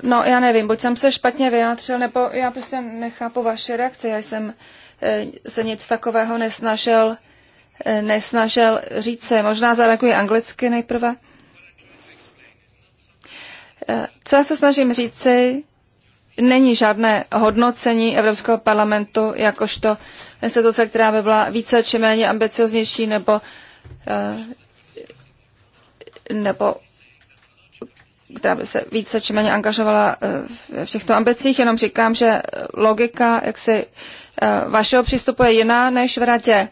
No, já nevím, buď jsem se špatně vyjádřil, nebo já prostě nechápu vaše reakce. Já jsem se nic takového nesnažil Eh, nesnažil říct se. Možná zareaguji anglicky nejprve. Eh, co já se snažím říci, není žádné hodnocení Evropského parlamentu jakožto instituce, která by byla více či méně ambicioznější nebo, eh, nebo která by se více či méně angažovala v těchto ambicích. Jenom říkám, že logika jaksi vašeho přístupu je jiná než v radě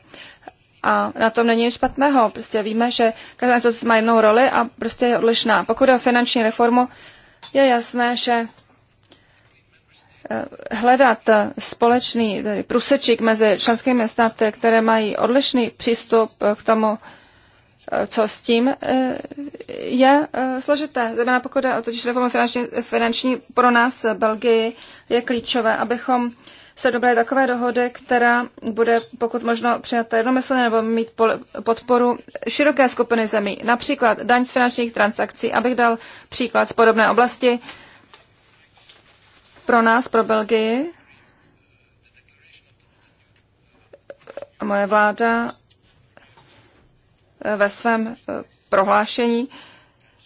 a na tom není nic špatného. Prostě víme, že každá instituce má jinou roli a prostě je odlišná. Pokud je o finanční reformu, je jasné, že eh, hledat společný tedy průsečík mezi členskými státy, které mají odlišný přístup eh, k tomu, eh, co s tím je složité. Zejména pokud je o totiž reformu finanční, finanční pro nás Belgii je klíčové, abychom se dobré takové dohody, která bude pokud možno přijata jednomyslně nebo mít podporu široké skupiny zemí, například daň z finančních transakcí, abych dal příklad z podobné oblasti. Pro nás, pro Belgii, moje vláda eh, ve svém eh, prohlášení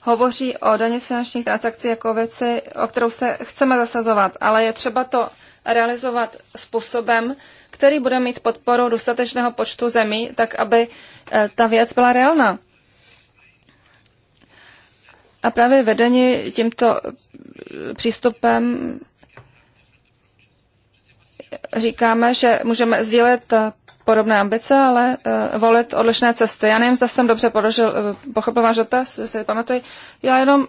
hovoří o daně z finančních transakcí jako věci, o kterou se chceme zasazovat, ale je třeba to realizovat způsobem, který bude mít podporu dostatečného počtu zemí, tak aby eh, ta věc byla reálná. A právě vedení tímto eh, přístupem eh, říkáme, že můžeme sdílet podobné ambice, ale uh, volit odlišné cesty. Já nevím, zda jsem dobře podložil, uh, pochopil váš dotaz, se pamatuji. Já jenom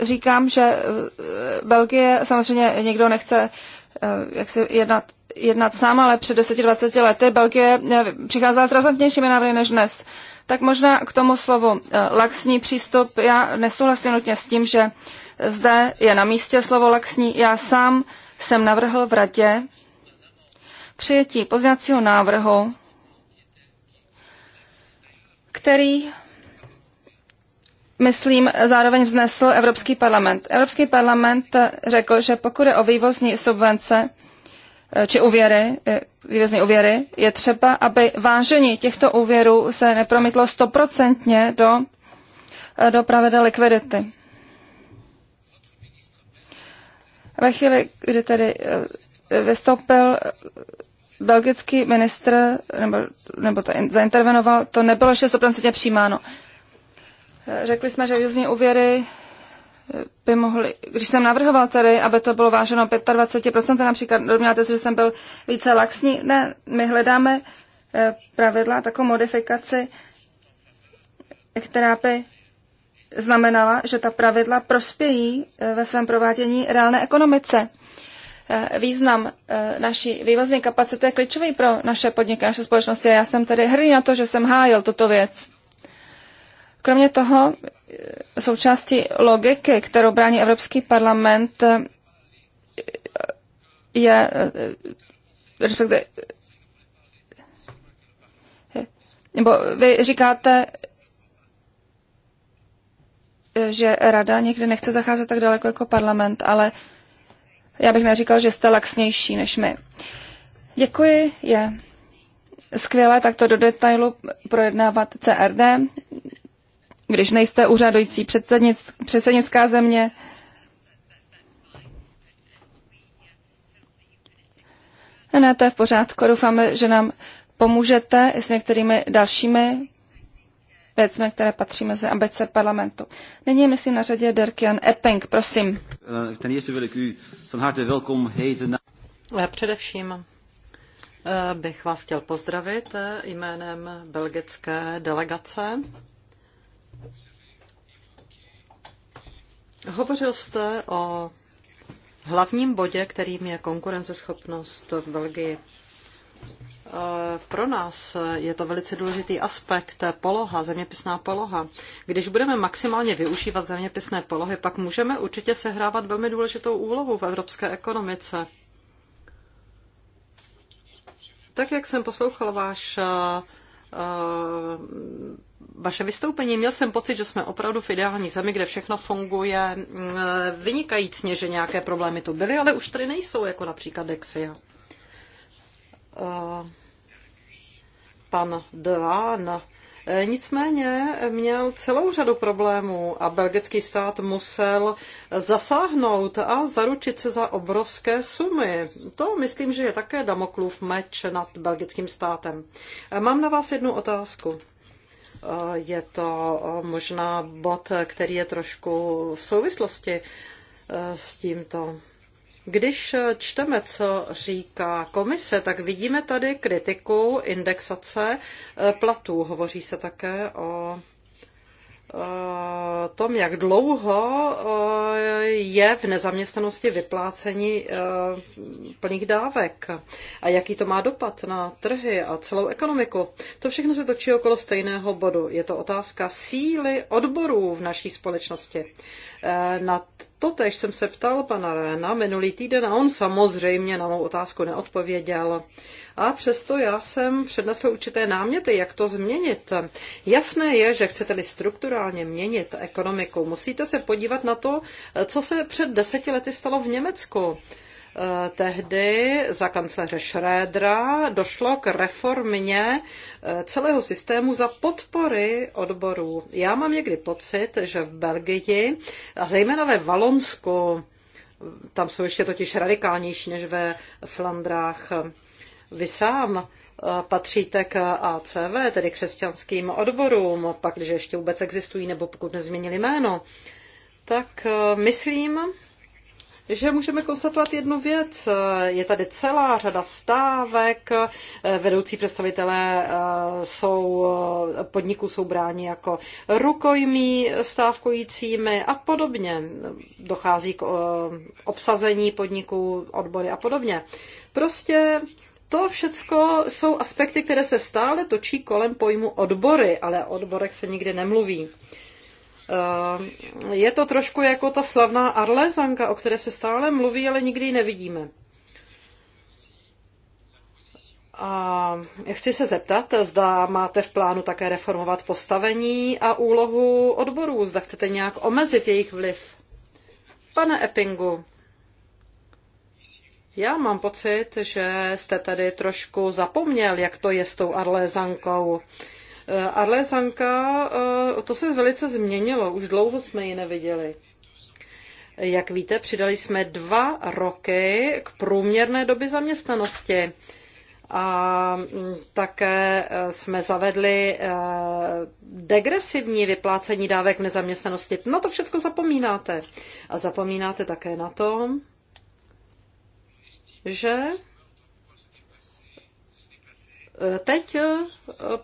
říkám, že eh, Belgie samozřejmě někdo nechce eh, jak se jednat, jednat sám, ale před 10-20 lety Belgie eh, přicházela s razantnějšími návrhy než dnes. Tak možná k tomu slovu laxní přístup. Já nesouhlasím nutně s tím, že zde je na místě slovo laxní. Já sám jsem navrhl v radě přijetí pozněcího návrhu, který myslím, zároveň vznesl Evropský parlament. Evropský parlament řekl, že pokud je o vývozní subvence eh, či úvěry, eh, vývozní úvěry, je třeba, aby vážení těchto úvěrů se nepromítlo stoprocentně do, eh, do pravidel likvidity. Ve chvíli, kdy tedy vystoupil belgický ministr, nebo, nebo to zaintervenoval, to nebylo 6% přijímáno. Řekli jsme, že význí úvěry by mohli, když jsem navrhoval tady, aby to bylo váženo 25%, například domněláte se, že jsem byl více laxní, ne, my hledáme eh, pravidla, takovou modifikaci, která by znamenala, že ta pravidla prospějí eh, ve svém provádění reálné ekonomice. Eh, význam naší vývozní kapacity je klíčový pro naše podniky, naše společnosti já jsem tedy hrdý na to, že jsem hájil tuto věc. Kromě toho e, součástí logiky, kterou brání Evropský parlament, e, je
e,
nebo vy říkáte, že rada někdy nechce zacházet tak daleko jako parlament, ale já bych neříkal, že jste laxnější než my. Děkuji, je skvělé takto do detailu projednávat CRD když nejste úřadující předsednická země. Ne, to je v pořádku. Doufáme, že nám pomůžete s některými dalšími věcmi, které patří mezi ABC parlamentu. Nyní myslím na řadě Dirk Jan Epping, prosím. Eh,
především eh, bych vás chtěl pozdravit eh, jménem belgické delegace Hovořil jste o hlavním bodě, kterým je konkurenceschopnost v Belgii. E, pro nás je to velice důležitý aspekt, poloha, zeměpisná poloha. Když budeme maximálně využívat zeměpisné polohy, pak můžeme určitě sehrávat velmi důležitou úlohu v evropské ekonomice. Tak, jak jsem poslouchal váš e, vaše vystoupení. Měl jsem pocit, že jsme opravdu v ideální zemi, kde všechno funguje mm, vynikajícně, že nějaké problémy tu byly, ale už tady nejsou, jako například Dexia. Eh, pan Delán eh, Nicméně měl celou řadu problémů a belgický stát musel zasáhnout a zaručit se za obrovské sumy. To myslím, že je také Damoklův meč nad belgickým státem. Eh, mám na vás jednu otázku. Je to eh, možná bod, který je trošku v souvislosti eh, s tímto. Když čteme, co říká komise, tak vidíme tady kritiku indexace eh, platů. Hovoří se také o Eh, tom, jak dlouho eh, je v nezaměstnanosti vyplácení eh, plných dávek a jaký to má dopad na trhy a celou ekonomiku. To všechno se točí okolo stejného bodu. Je to otázka síly odborů v naší společnosti. Na to tež jsem se ptal pana Réna minulý týden a on samozřejmě na mou otázku neodpověděl a přesto já jsem přednesl určité náměty, jak to změnit. Jasné je, že chcete-li strukturálně měnit ekonomiku, musíte se podívat na to, co se před deseti lety stalo v Německu eh, tehdy za kancléře Schrödera došlo k reformě eh, celého systému za podpory odborů. Já mám někdy pocit, že v Belgii a zejména ve Valonsku, tam jsou ještě totiž radikálnější než ve Flandrách, vy sám eh, patříte k ACV, tedy křesťanským odborům, pak, když ještě vůbec existují, nebo pokud nezměnili jméno, tak eh, myslím, že můžeme konstatovat jednu věc. Eh, je tady celá řada stávek, vedoucí představitelé jsou, podniků jsou bráni jako rukojmí stávkujícími a podobně. Dochází k obsazení podniků, odbory a podobně. Prostě to všecko jsou aspekty, které se stále točí kolem pojmu odbory, ale o odborech se nikdy nemluví. Eh, je to trošku jako ta slavná arlézanka, o které se stále mluví, ale nikdy ji nevidíme. A chci se zeptat, zda máte v plánu také reformovat postavení a úlohu odborů, zda chcete nějak omezit jejich vliv. Pane Eppingu, já mám pocit, že jste tady trošku zapomněl, jak to je s tou arlézankou. Eh, Arlézanka, eh, to se velice změnilo, už dlouho jsme ji neviděli. Jak víte, přidali jsme dva roky k průměrné doby zaměstnanosti. A mm, také eh, jsme zavedli degresivní vyplácení dávek v nezaměstnanosti. Na no, to všechno zapomínáte. A zapomínáte také na to, že teď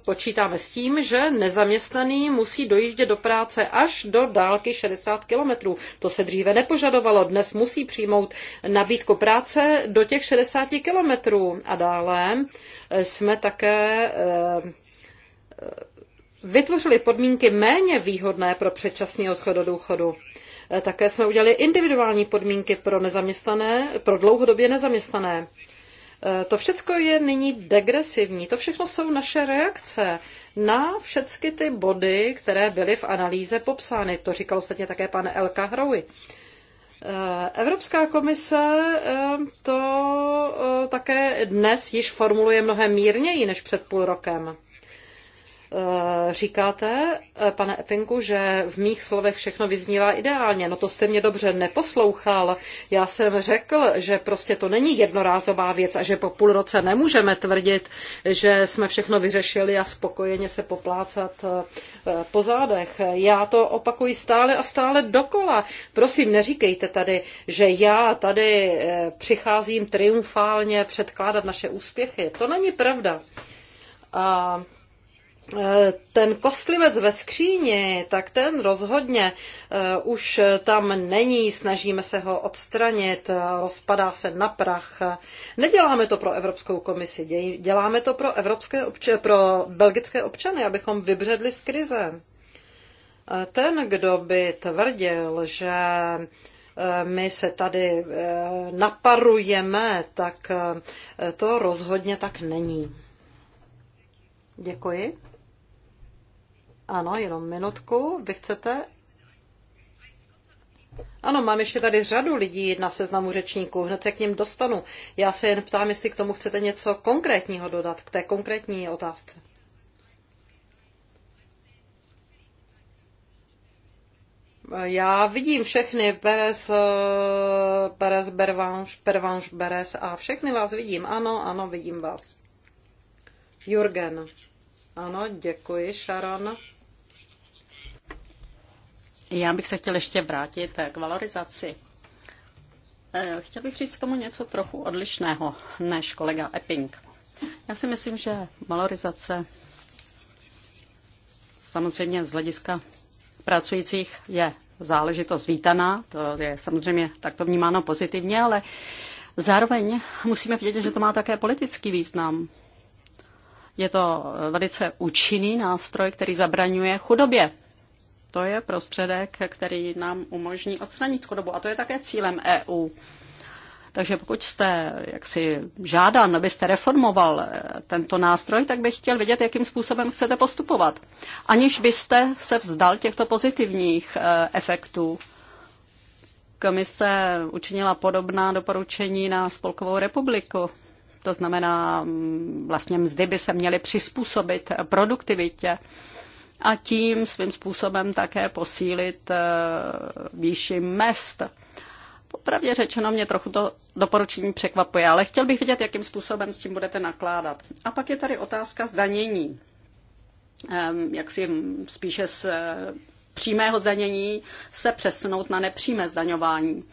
počítáme s tím, že nezaměstnaný musí dojíždět do práce až do dálky 60 kilometrů. To se dříve nepožadovalo. Dnes musí přijmout nabídku práce do těch 60 kilometrů. A dále jsme také eh, vytvořili podmínky méně výhodné pro předčasný odchod do důchodu. Eh, také jsme udělali individuální podmínky pro nezaměstnané, pro dlouhodobě nezaměstnané. Eh, to všechno je nyní degresivní. To všechno jsou naše reakce na všechny ty body, které byly v analýze popsány. To říkal ostatně také pan Elka Hrouy. Eh, Evropská komise to také dnes již formuluje mnohem mírněji než před půl rokem. Eh, říkáte, eh, pane Epinku, že v mých slovech všechno vyznívá ideálně. No to jste mě dobře neposlouchal. Já jsem řekl, že prostě to není jednorázová věc a že po půl roce nemůžeme tvrdit, že jsme všechno vyřešili a spokojeně se poplácat eh, po zádech. Já to opakuji stále a stále dokola. Prosím, neříkejte tady, že já tady přicházím triumfálně předkládat naše úspěchy. To není pravda. A ten kostlivec ve skříni, tak ten rozhodně e, už tam není, snažíme se ho odstranit, e, rozpadá se na prach. Neděláme to pro Evropskou komisi, děláme to pro, evropské obče- pro belgické občany, abychom vybředli z krize. E, ten, kdo by tvrdil, že my se tady naparujeme, tak to rozhodně tak není. Děkuji. Ano, jenom minutku. Vy chcete? Ano, mám ještě tady řadu lidí na seznamu řečníků. Hned se k ním dostanu. Já se jen ptám, jestli k tomu chcete něco konkrétního dodat, k té konkrétní otázce. Já vidím všechny, Beres, Beres, Bervanš, Pervanš, Beres a všechny vás vidím. Ano, ano, vidím vás. Jurgen. Ano, děkuji,
Sharon. Já bych se chtěl ještě vrátit k valorizaci. Eh, chtěl bych říct tomu něco trochu odlišného než kolega Epping. Já si myslím, že valorizace samozřejmě z hlediska pracujících je záležitost vítaná, to je samozřejmě takto vnímáno pozitivně, ale zároveň musíme vědět, že to má také politický význam. Je to velice účinný nástroj, který zabraňuje chudobě. To je prostředek, který nám umožní odstranit chudobu a to je také cílem EU. Takže pokud jste jaksi žádán, abyste reformoval eh, tento nástroj, tak bych chtěl vědět, jakým způsobem chcete postupovat. Aniž byste se vzdal těchto pozitivních eh, efektů. Komise učinila podobná doporučení na Spolkovou republiku. To znamená, mm, vlastně mzdy by se měly přizpůsobit produktivitě a tím svým způsobem také posílit eh, výši mest. Popravdě řečeno, mě trochu to doporučení překvapuje, ale chtěl bych vidět, jakým způsobem s tím budete nakládat. A pak je tady otázka zdanění. Ehm, jak si spíše z eh, přímého zdanění se přesunout na nepřímé zdaňování.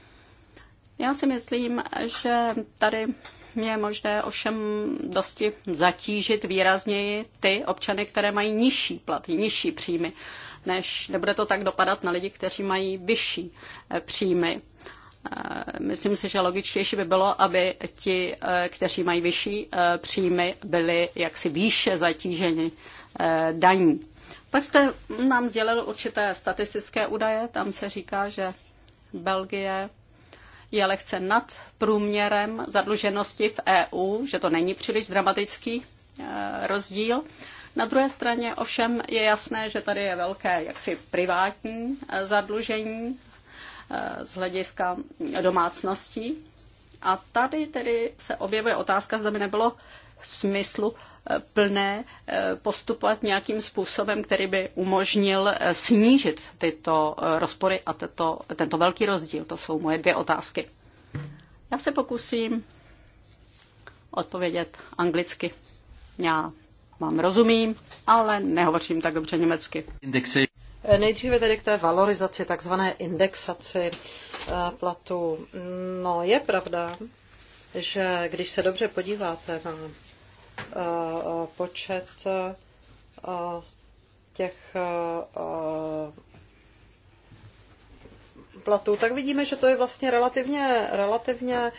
Já si myslím, že tady je možné ovšem dosti zatížit výrazněji ty občany, které mají nižší platy, nižší příjmy, než nebude to tak dopadat na lidi, kteří mají vyšší eh, příjmy. Eh, myslím si, že logičtější by bylo, aby ti, eh, kteří mají vyšší příjmy, byli jaksi výše zatíženi daní. Pak jste nám sdělil určité statistické údaje, tam se říká, že Belgie je lehce nad průměrem zadluženosti v EU, že to není příliš dramatický e, rozdíl. Na druhé straně ovšem je jasné, že tady je velké jaksi privátní e, zadlužení e, z hlediska domácností. A tady tedy se objevuje otázka, zda by nebylo smyslu plné eh, postupovat nějakým způsobem, který by umožnil eh, snížit tyto eh, rozpory a tento, tento velký rozdíl? To jsou moje dvě otázky. Já se pokusím odpovědět anglicky. Já vám rozumím, ale nehovořím tak dobře německy. Indexy.
Nejdříve tedy k té valorizaci, takzvané indexaci platu. Mm, no, je pravda, že když se dobře podíváte na Eh, počet eh, těch eh, platů, tak vidíme, že to je vlastně relativně, relativně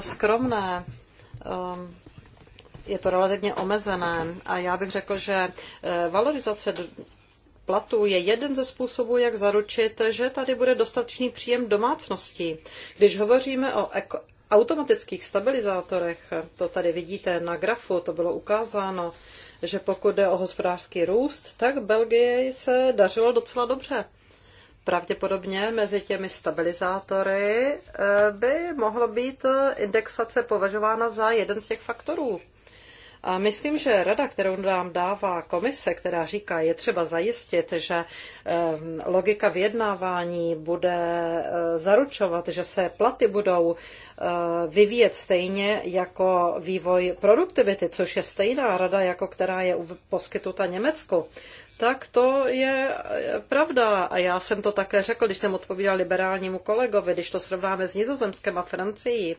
skromné. Je to relativně omezené a já bych řekl, že valorizace platů je jeden ze způsobů, jak zaručit, že tady bude dostatečný příjem domácností. Když hovoříme o automatických stabilizátorech, to tady vidíte na grafu, to bylo ukázáno, že pokud jde o hospodářský růst, tak Belgie se dařilo docela dobře. Pravděpodobně mezi těmi stabilizátory eh, by mohla být indexace považována za jeden z těch faktorů. A myslím, že rada, kterou nám dává komise, která říká, je třeba zajistit, že eh, logika vyjednávání bude eh, zaručovat, že se platy budou eh, vyvíjet stejně jako vývoj produktivity, což je stejná rada, jako která je poskytuta Německu tak to je eh, pravda. A já jsem to také řekl, když jsem odpovídal liberálnímu kolegovi, když to srovnáme s Nizozemskem a Francií.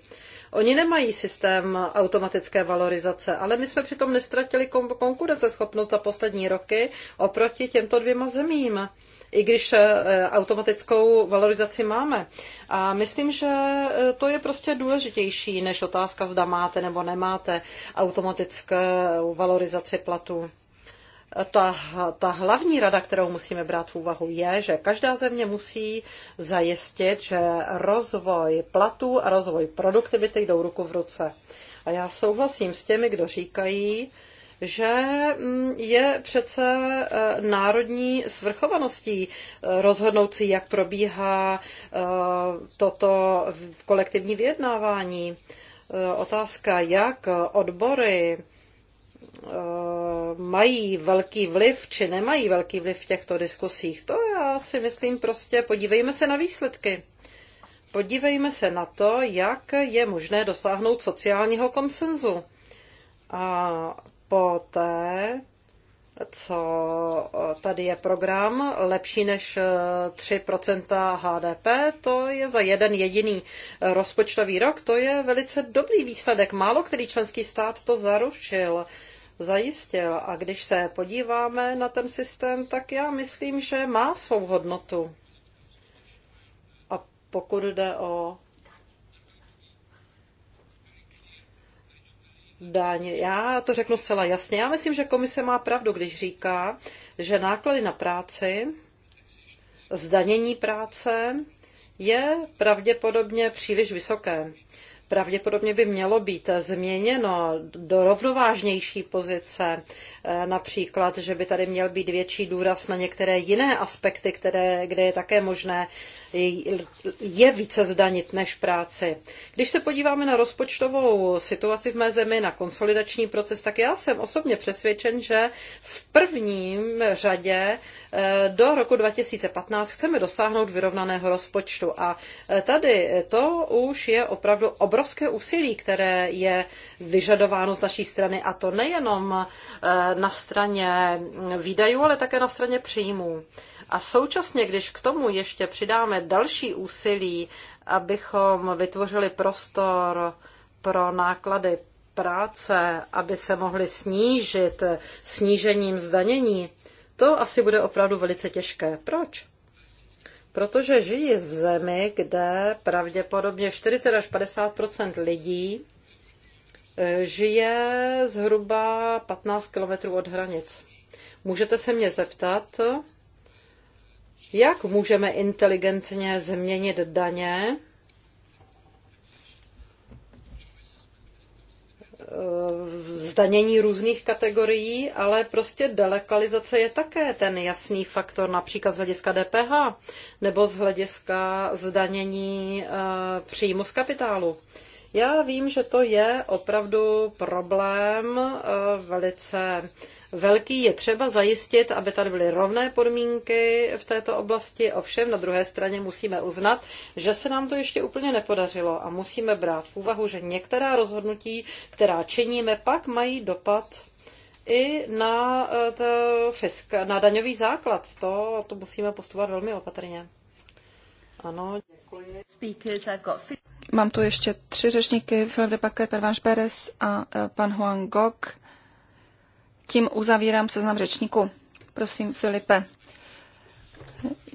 Oni nemají systém automatické valorizace, ale my jsme přitom nestratili konkurenceschopnost za poslední roky oproti těmto dvěma zemím, i když eh, automatickou valorizaci máme. A myslím, že eh, to je prostě důležitější než otázka, zda máte nebo nemáte automatickou valorizaci platů ta, ta hlavní rada, kterou musíme brát v úvahu, je, že každá země musí zajistit, že rozvoj platů a rozvoj produktivity jdou ruku v ruce. A já souhlasím s těmi, kdo říkají, že mm, je přece e, národní svrchovaností e, rozhodnoucí, jak probíhá e, toto kolektivní vyjednávání. Otázka, jak odbory Eh, mají velký vliv či nemají velký vliv v těchto diskusích. To já si myslím prostě, podívejme se na výsledky. Podívejme se na to, jak je možné dosáhnout sociálního konsenzu. A poté, co tady je program lepší než 3% eh, HDP, to je za jeden jediný rozpočtový rok, to je velice dobrý výsledek. Málo který členský stát to zaručil zajistil. A když se podíváme na ten systém, tak já myslím, že má svou hodnotu. A pokud jde o daň. Já to řeknu zcela jasně. Já myslím, že komise má pravdu, když říká, že náklady na práci, zdanění práce je pravděpodobně příliš vysoké pravděpodobně by mělo být změněno do rovnovážnější pozice, eh, například, že by tady měl být větší důraz na některé jiné aspekty, které, kde je také možné je více zdanit než práci. Když se podíváme na rozpočtovou situaci v mé zemi, na konsolidační proces, tak já jsem osobně přesvědčen, že v prvním řadě eh, do roku 2015 chceme dosáhnout vyrovnaného rozpočtu. A eh, tady to už je opravdu obrovské obrovské úsilí, které je vyžadováno z naší strany, a to nejenom eh, na straně výdajů, ale také na straně příjmů. A současně, když k tomu ještě přidáme další úsilí, abychom vytvořili prostor pro náklady práce, aby se mohly snížit snížením zdanění, to asi bude opravdu velice těžké. Proč? protože žijí v zemi, kde pravděpodobně 40 až 50 lidí e, žije zhruba 15 km od hranic. Můžete se mě zeptat, jak můžeme inteligentně změnit daně, Eh, zdanění různých kategorií, ale prostě delokalizace je také ten jasný faktor, například z hlediska DPH nebo z hlediska zdanění eh, příjmu z kapitálu. Já vím, že to je opravdu problém eh, velice velký, je třeba zajistit, aby tady byly rovné podmínky v této oblasti. Ovšem, na druhé straně musíme uznat, že se nám to ještě úplně nepodařilo a musíme brát v úvahu, že některá rozhodnutí, která činíme, pak mají dopad i na, eh, fisk, na daňový základ. To, to musíme postupovat velmi opatrně. Ano,
děkuji.
Mám tu ještě tři řečníky, Filip de Packer, Pervanš Perez a eh, pan Huang Gok. Tím uzavírám seznam řečníků. Prosím, Filipe.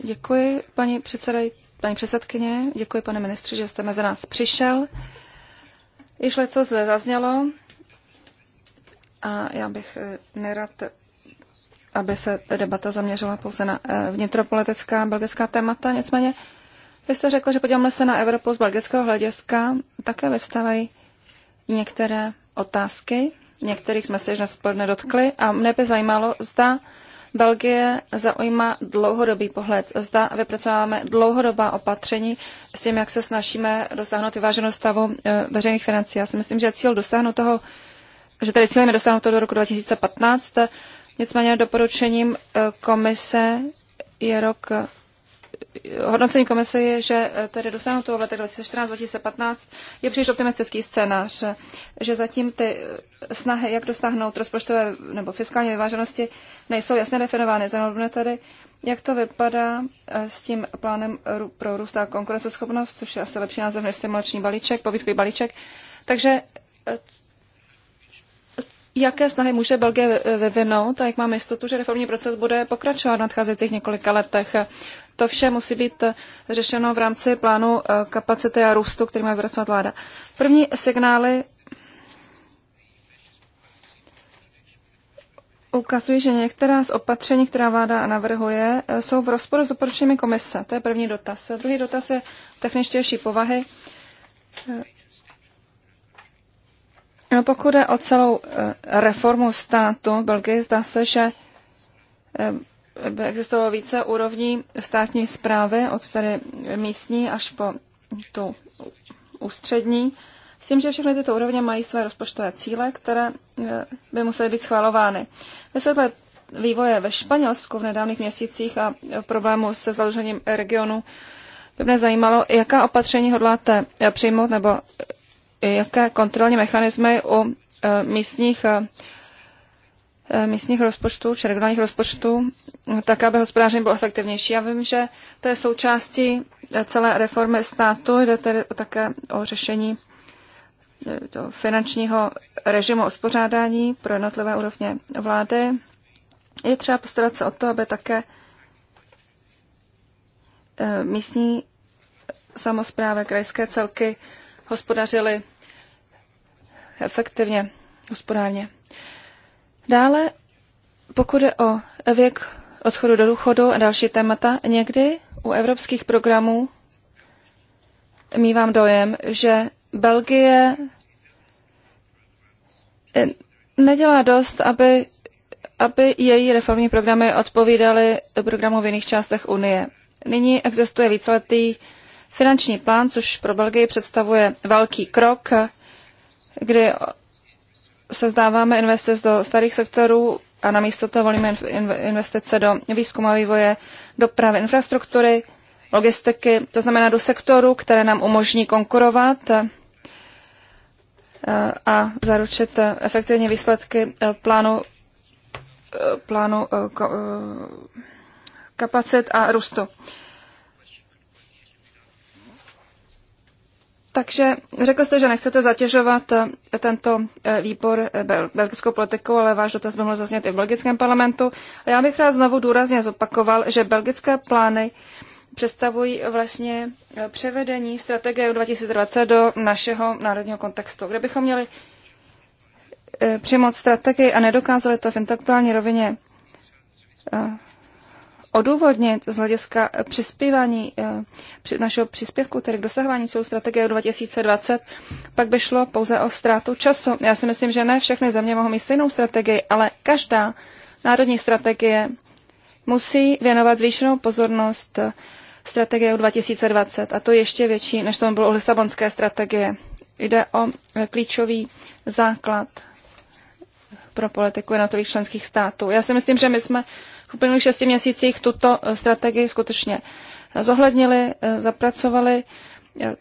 Děkuji, paní, předsedaj, paní předsedkyně, děkuji, pane ministře, že jste mezi nás přišel. Již co zde zaznělo a já bych eh, nerad, aby se debata zaměřila pouze na eh, vnitropolitická belgická témata, nicméně vy jste řekl, že podíváme se na Evropu z belgického hlediska, také vyvstávají některé otázky, Některých jsme se již dnes dotkli a mne by zajímalo, zda Belgie zaujímá dlouhodobý pohled. Zda vypracováváme dlouhodobá opatření s tím, jak se snažíme dosáhnout vyváženost stavu eh, veřejných financí. Já si myslím, že cíl dosáhnout toho, že tady cílem je dosáhnout toho do roku 2015, nicméně doporučením eh, komise je rok hodnocení komise je, že eh, tedy dosáhnout toho v letech 2014-2015 je příliš optimistický scénář, že zatím ty eh, snahy, jak dosáhnout rozpočtové nebo fiskální vyváženosti, nejsou jasně definovány. Zajímavé tady, jak to vypadá eh, s tím plánem pro růst a konkurenceschopnost, což je asi lepší název než stimulační balíček, pobytkový balíček. Takže jaké snahy může Belgie vyvinout a jak máme jistotu, že reformní proces bude pokračovat v nadcházejících několika letech. To vše musí být řešeno v rámci plánu eh, kapacity a růstu, který má vypracovat vláda. První signály ukazují, že některá z opatření, která vláda navrhuje, eh, jsou v rozporu s doporučeními komise. To je první dotaz. Druhý dotaz je techničtější povahy. Eh, no, pokud je o celou reformu státu v Belgii, zdá se, že by existovalo více úrovní státní zprávy, od tady místní až po tu ústřední, s tím, že všechny tyto úrovně mají své rozpočtové cíle, které eh, by musely být schvalovány. Ve světle vývoje ve Španělsku v nedávných měsících a problému se založením regionu by mě zajímalo, jaká opatření hodláte eh, přijmout nebo eh, jaké kontrolní mechanismy u místních Eh, místních rozpočtů či regionálních rozpočtů, tak aby hospodáření bylo efektivnější. Já vím, že to je součástí eh, celé reformy státu, jde tedy také o řešení do eh, finančního režimu uspořádání pro jednotlivé úrovně vlády. Je třeba postarat se o to, aby také místní samozprávy, krajské celky hospodařily efektivně, hospodárně. Dále, pokud je o věk odchodu do důchodu a další témata, někdy u evropských programů mývám dojem, že Belgie eh, nedělá dost, aby, aby její reformní programy odpovídaly programu v jiných částech Unie. Nyní existuje víceletý finanční plán, což pro Belgii představuje velký krok, kdy se vzdáváme investic do starých sektorů a namísto toho volíme investice do výzkumu a vývoje, dopravy, infrastruktury, logistiky, to znamená do sektorů, které nám umožní konkurovat eh, a zaručit eh, efektivně výsledky eh, plánu, plánu kapacit a růstu. Takže řekl jste, že nechcete zatěžovat eh, tento eh, výbor eh, belgickou politikou, ale váš dotaz by mohl zaznět i v belgickém parlamentu. Já bych rád znovu důrazně zopakoval, že belgické plány představují vlastně převedení strategie 2020 do našeho národního kontextu. Kde bychom měli přijmout strategii a nedokázali to v intelektuální rovině odůvodnit z hlediska eh, přispívání eh, našeho příspěvku, tedy k dosahování celou strategie 2020, pak by šlo pouze o ztrátu času. Já si myslím, že ne všechny země mohou mít stejnou strategii, ale každá národní strategie musí věnovat zvýšenou pozornost eh, strategie 2020, a to ještě větší, než to bylo u Lisabonské strategie. Jde o klíčový základ pro politiku jednotlivých členských států. Já si myslím, že my jsme uplynulých šesti měsících tuto eh, strategii skutečně eh, zohlednili, eh, zapracovali.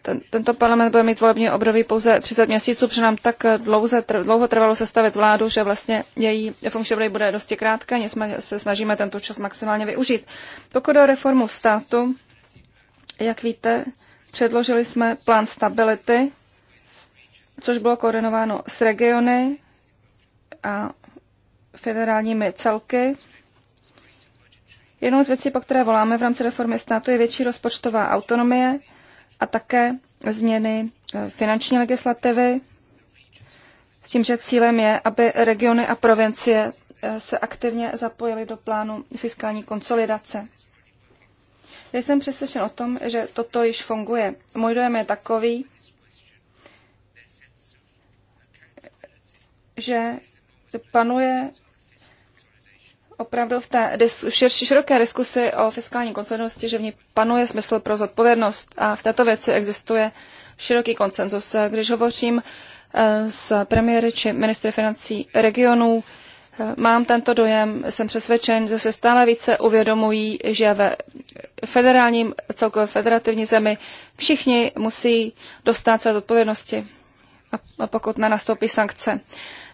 Ten, tento parlament bude mít volební období pouze 30 měsíců, protože nám tak dlouze, dlouho trvalo sestavit vládu, že vlastně její funkční období bude dosti krátká, nicméně se snažíme tento čas maximálně využít. Pokud o reformu státu, jak víte, předložili jsme plán stability, což bylo koordinováno s regiony a federálními celky Jednou z věcí, po které voláme v rámci reformy státu, je větší rozpočtová autonomie a také změny eh, finanční legislativy, s tím, že cílem je, aby regiony a provincie eh, se aktivně zapojily do plánu fiskální konsolidace. Já jsem přesvědčen o tom, že toto již funguje. Můj dojem je takový, že panuje opravdu v té široké diskusi o fiskální konsolidnosti, že v ní panuje smysl pro zodpovědnost a v této věci existuje široký konsenzus. Když hovořím eh, s premiéry či ministry financí regionů, eh, mám tento dojem, jsem přesvědčen, že se stále více uvědomují, že ve federálním, celkově federativní zemi všichni musí dostat se od odpovědnosti, a pokud nenastoupí sankce.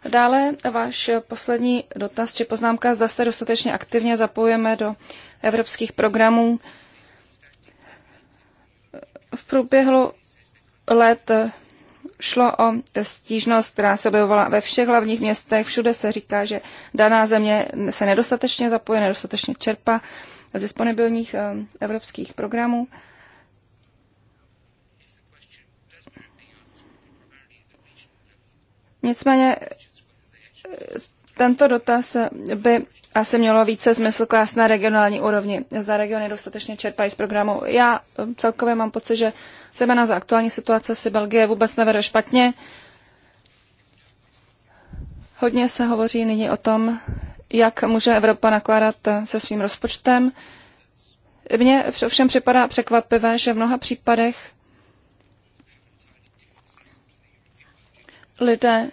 Dále váš poslední dotaz či poznámka, zda se dostatečně aktivně zapojujeme do evropských programů. V průběhu let šlo o stížnost, která se objevovala ve všech hlavních městech. Všude se říká, že daná země se nedostatečně zapoje, nedostatečně čerpa z disponibilních eh, evropských programů. Nicméně tento dotaz by asi mělo více smysl klást na regionální úrovni. Zda regiony dostatečně čerpají z programu. Já eh, celkově mám pocit, že zejména za aktuální situace si Belgie vůbec nevede špatně. Hodně se hovoří nyní o tom, jak může Evropa nakládat eh, se svým rozpočtem. Mně všem připadá překvapivé, že v mnoha případech lidé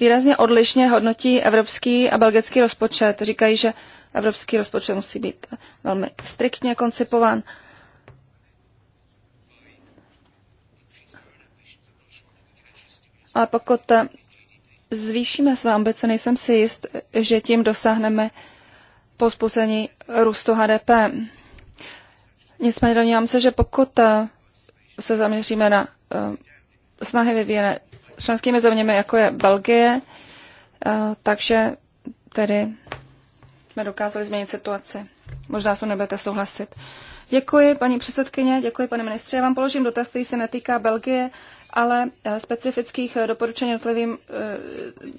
výrazně odlišně hodnotí evropský a belgický rozpočet. Říkají, že evropský rozpočet musí být velmi striktně koncipován. Ale pokud zvýšíme své ambice, nejsem si jist, že tím dosáhneme pospůsobení růstu HDP. Nicméně domnívám se, že pokud se zaměříme na eh, snahy vyvíjené členskými zeměmi, jako je Belgie, eh, takže tedy jsme dokázali změnit situaci. Možná se nebudete souhlasit. Děkuji, paní předsedkyně, děkuji, pane ministře. Já vám položím dotaz, který se netýká Belgie, ale eh, specifických eh, doporučení,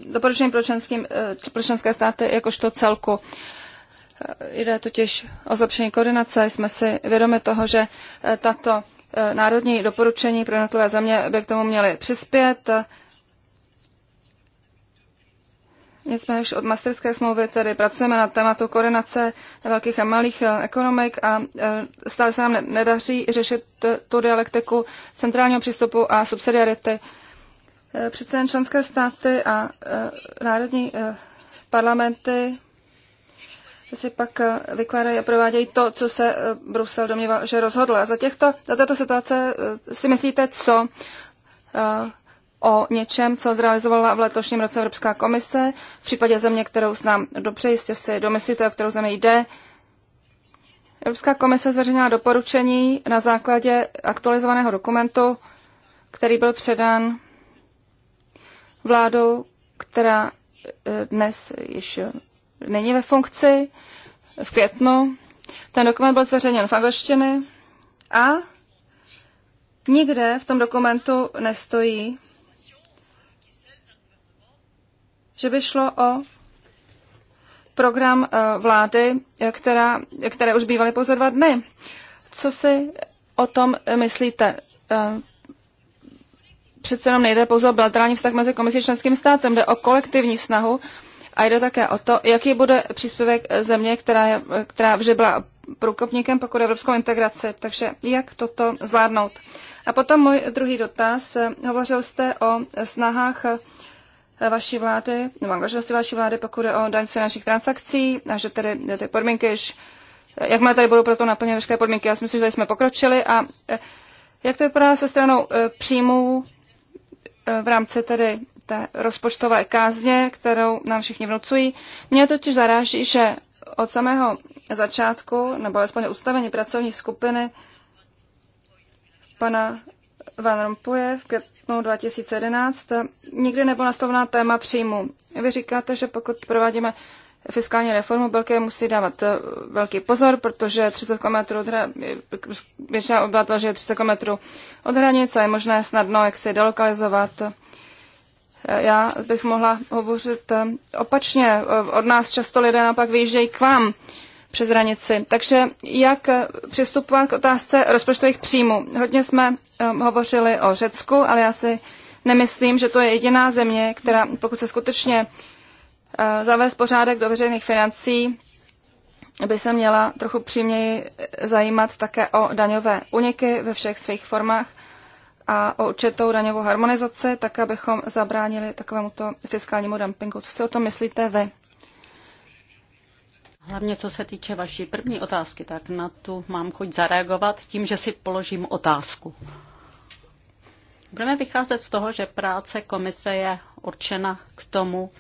doporučení pro, členským, pro členské státy jakožto celku. Jde totiž o zlepšení koordinace. Jsme si vědomi toho, že tato Eh, národní doporučení pro jednotlivé země by k tomu měly přispět. Nicméně už od masterské smlouvy tedy pracujeme na tématu koordinace velkých a malých eh, ekonomik a eh, stále se nám nedaří řešit tu dialektiku centrálního přístupu a subsidiarity. Přece jen členské státy a národní parlamenty si pak eh, vykládají a provádějí to, co se eh, Brusel domníval, že rozhodl. A za, těchto, za této situace eh, si myslíte, co o něčem, co zrealizovala v letošním roce Evropská komise. V případě země, kterou znám dobře, jistě si domyslíte, o kterou zemi jde. Evropská komise zveřejnila doporučení na základě aktualizovaného dokumentu, který byl předán vládou, která dnes již není ve funkci v květnu. Ten dokument byl zveřejněn v angličtiny a nikde v tom dokumentu nestojí, že by šlo o program eh, vlády, která, které už bývaly pouze dva dny. Co si o tom myslíte? Eh, přece jenom nejde pouze o bilaterální vztah mezi komisí členským státem, jde o kolektivní snahu a jde také o to, jaký bude příspěvek země, která, je, která vždy byla průkopníkem, pokud evropskou integraci. Takže jak toto zvládnout? A potom můj druhý dotaz. Hovořil jste o snahách vaší vlády, nebo angažnosti vaší vlády, pokud je o daň z finančních transakcí, a že tedy ty podmínky jak jakmile tady budou pro to naplněny veškeré podmínky, já si myslím, že tady jsme pokročili a eh, jak to vypadá se stranou eh, příjmů eh, v rámci tedy té rozpočtové kázně, kterou nám všichni vnucují. Mě totiž zaráží, že od samého začátku, nebo alespoň ustavení pracovní skupiny pana Van Rompuje v květnu 2011, nikdy nebyla nastavená téma příjmu. Vy říkáte, že pokud provádíme fiskální reformu, velké musí dávat eh, velký pozor, protože 30 km od většina obyvatel žije 30 km od hranice, je možné snadno jak se delokalizovat já bych mohla hovořit eh, opačně. Eh, od nás často lidé naopak vyjíždějí k vám přes hranici. Takže jak eh, přistupovat k otázce rozpočtových příjmů? Hodně jsme hovořili o Řecku, ale já si nemyslím, že to je jediná země, která, pokud se skutečně zavést pořádek do veřejných financí, by se měla trochu příměji zajímat také o daňové uniky ve všech svých formách a o určitou daňovou harmonizaci, tak abychom zabránili takovémuto fiskálnímu dumpingu. Co si o tom myslíte vy?
Hlavně co se týče vaší první otázky, tak na tu mám chuť zareagovat tím, že si položím otázku. Budeme vycházet z toho, že práce komise je určena k tomu,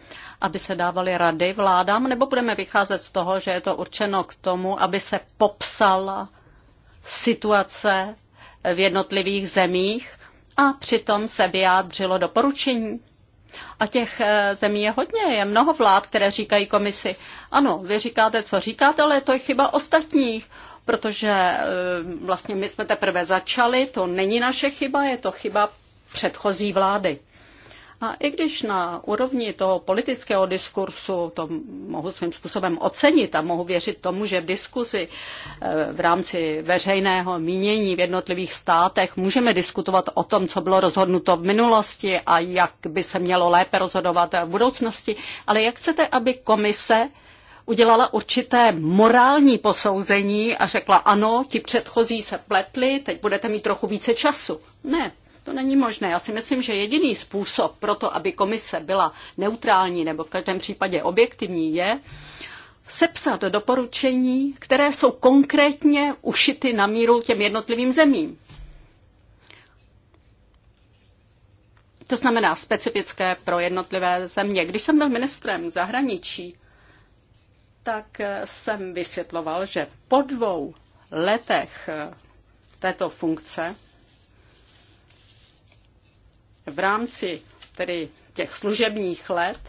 aby se dávaly rady vládám, nebo budeme vycházet z toho, že je to určeno k tomu, aby se popsala situace v jednotlivých zemích a přitom se vyjádřilo doporučení. A těch eh, zemí je hodně, je mnoho vlád, které říkají komisi, ano, vy říkáte, co říkáte, ale to je chyba ostatních, protože eh, vlastně my jsme teprve začali, to není naše chyba, je to chyba předchozí vlády. A i když na úrovni toho politického diskursu to mohu svým způsobem ocenit a mohu věřit tomu, že v diskuzi eh, v rámci veřejného mínění v jednotlivých státech můžeme diskutovat o tom, co bylo rozhodnuto v minulosti a jak by se mělo lépe rozhodovat v budoucnosti, ale jak chcete, aby komise udělala určité morální posouzení a řekla ano, ti předchozí se pletli, teď budete mít trochu více času. Ne, to není možné. Já si myslím, že jediný způsob pro to, aby komise byla neutrální nebo v každém případě objektivní, je sepsat doporučení, které jsou konkrétně ušity na míru těm jednotlivým zemím. To znamená specifické pro jednotlivé země. Když jsem byl ministrem zahraničí, tak jsem vysvětloval, že po dvou letech této funkce v rámci tedy těch služebních let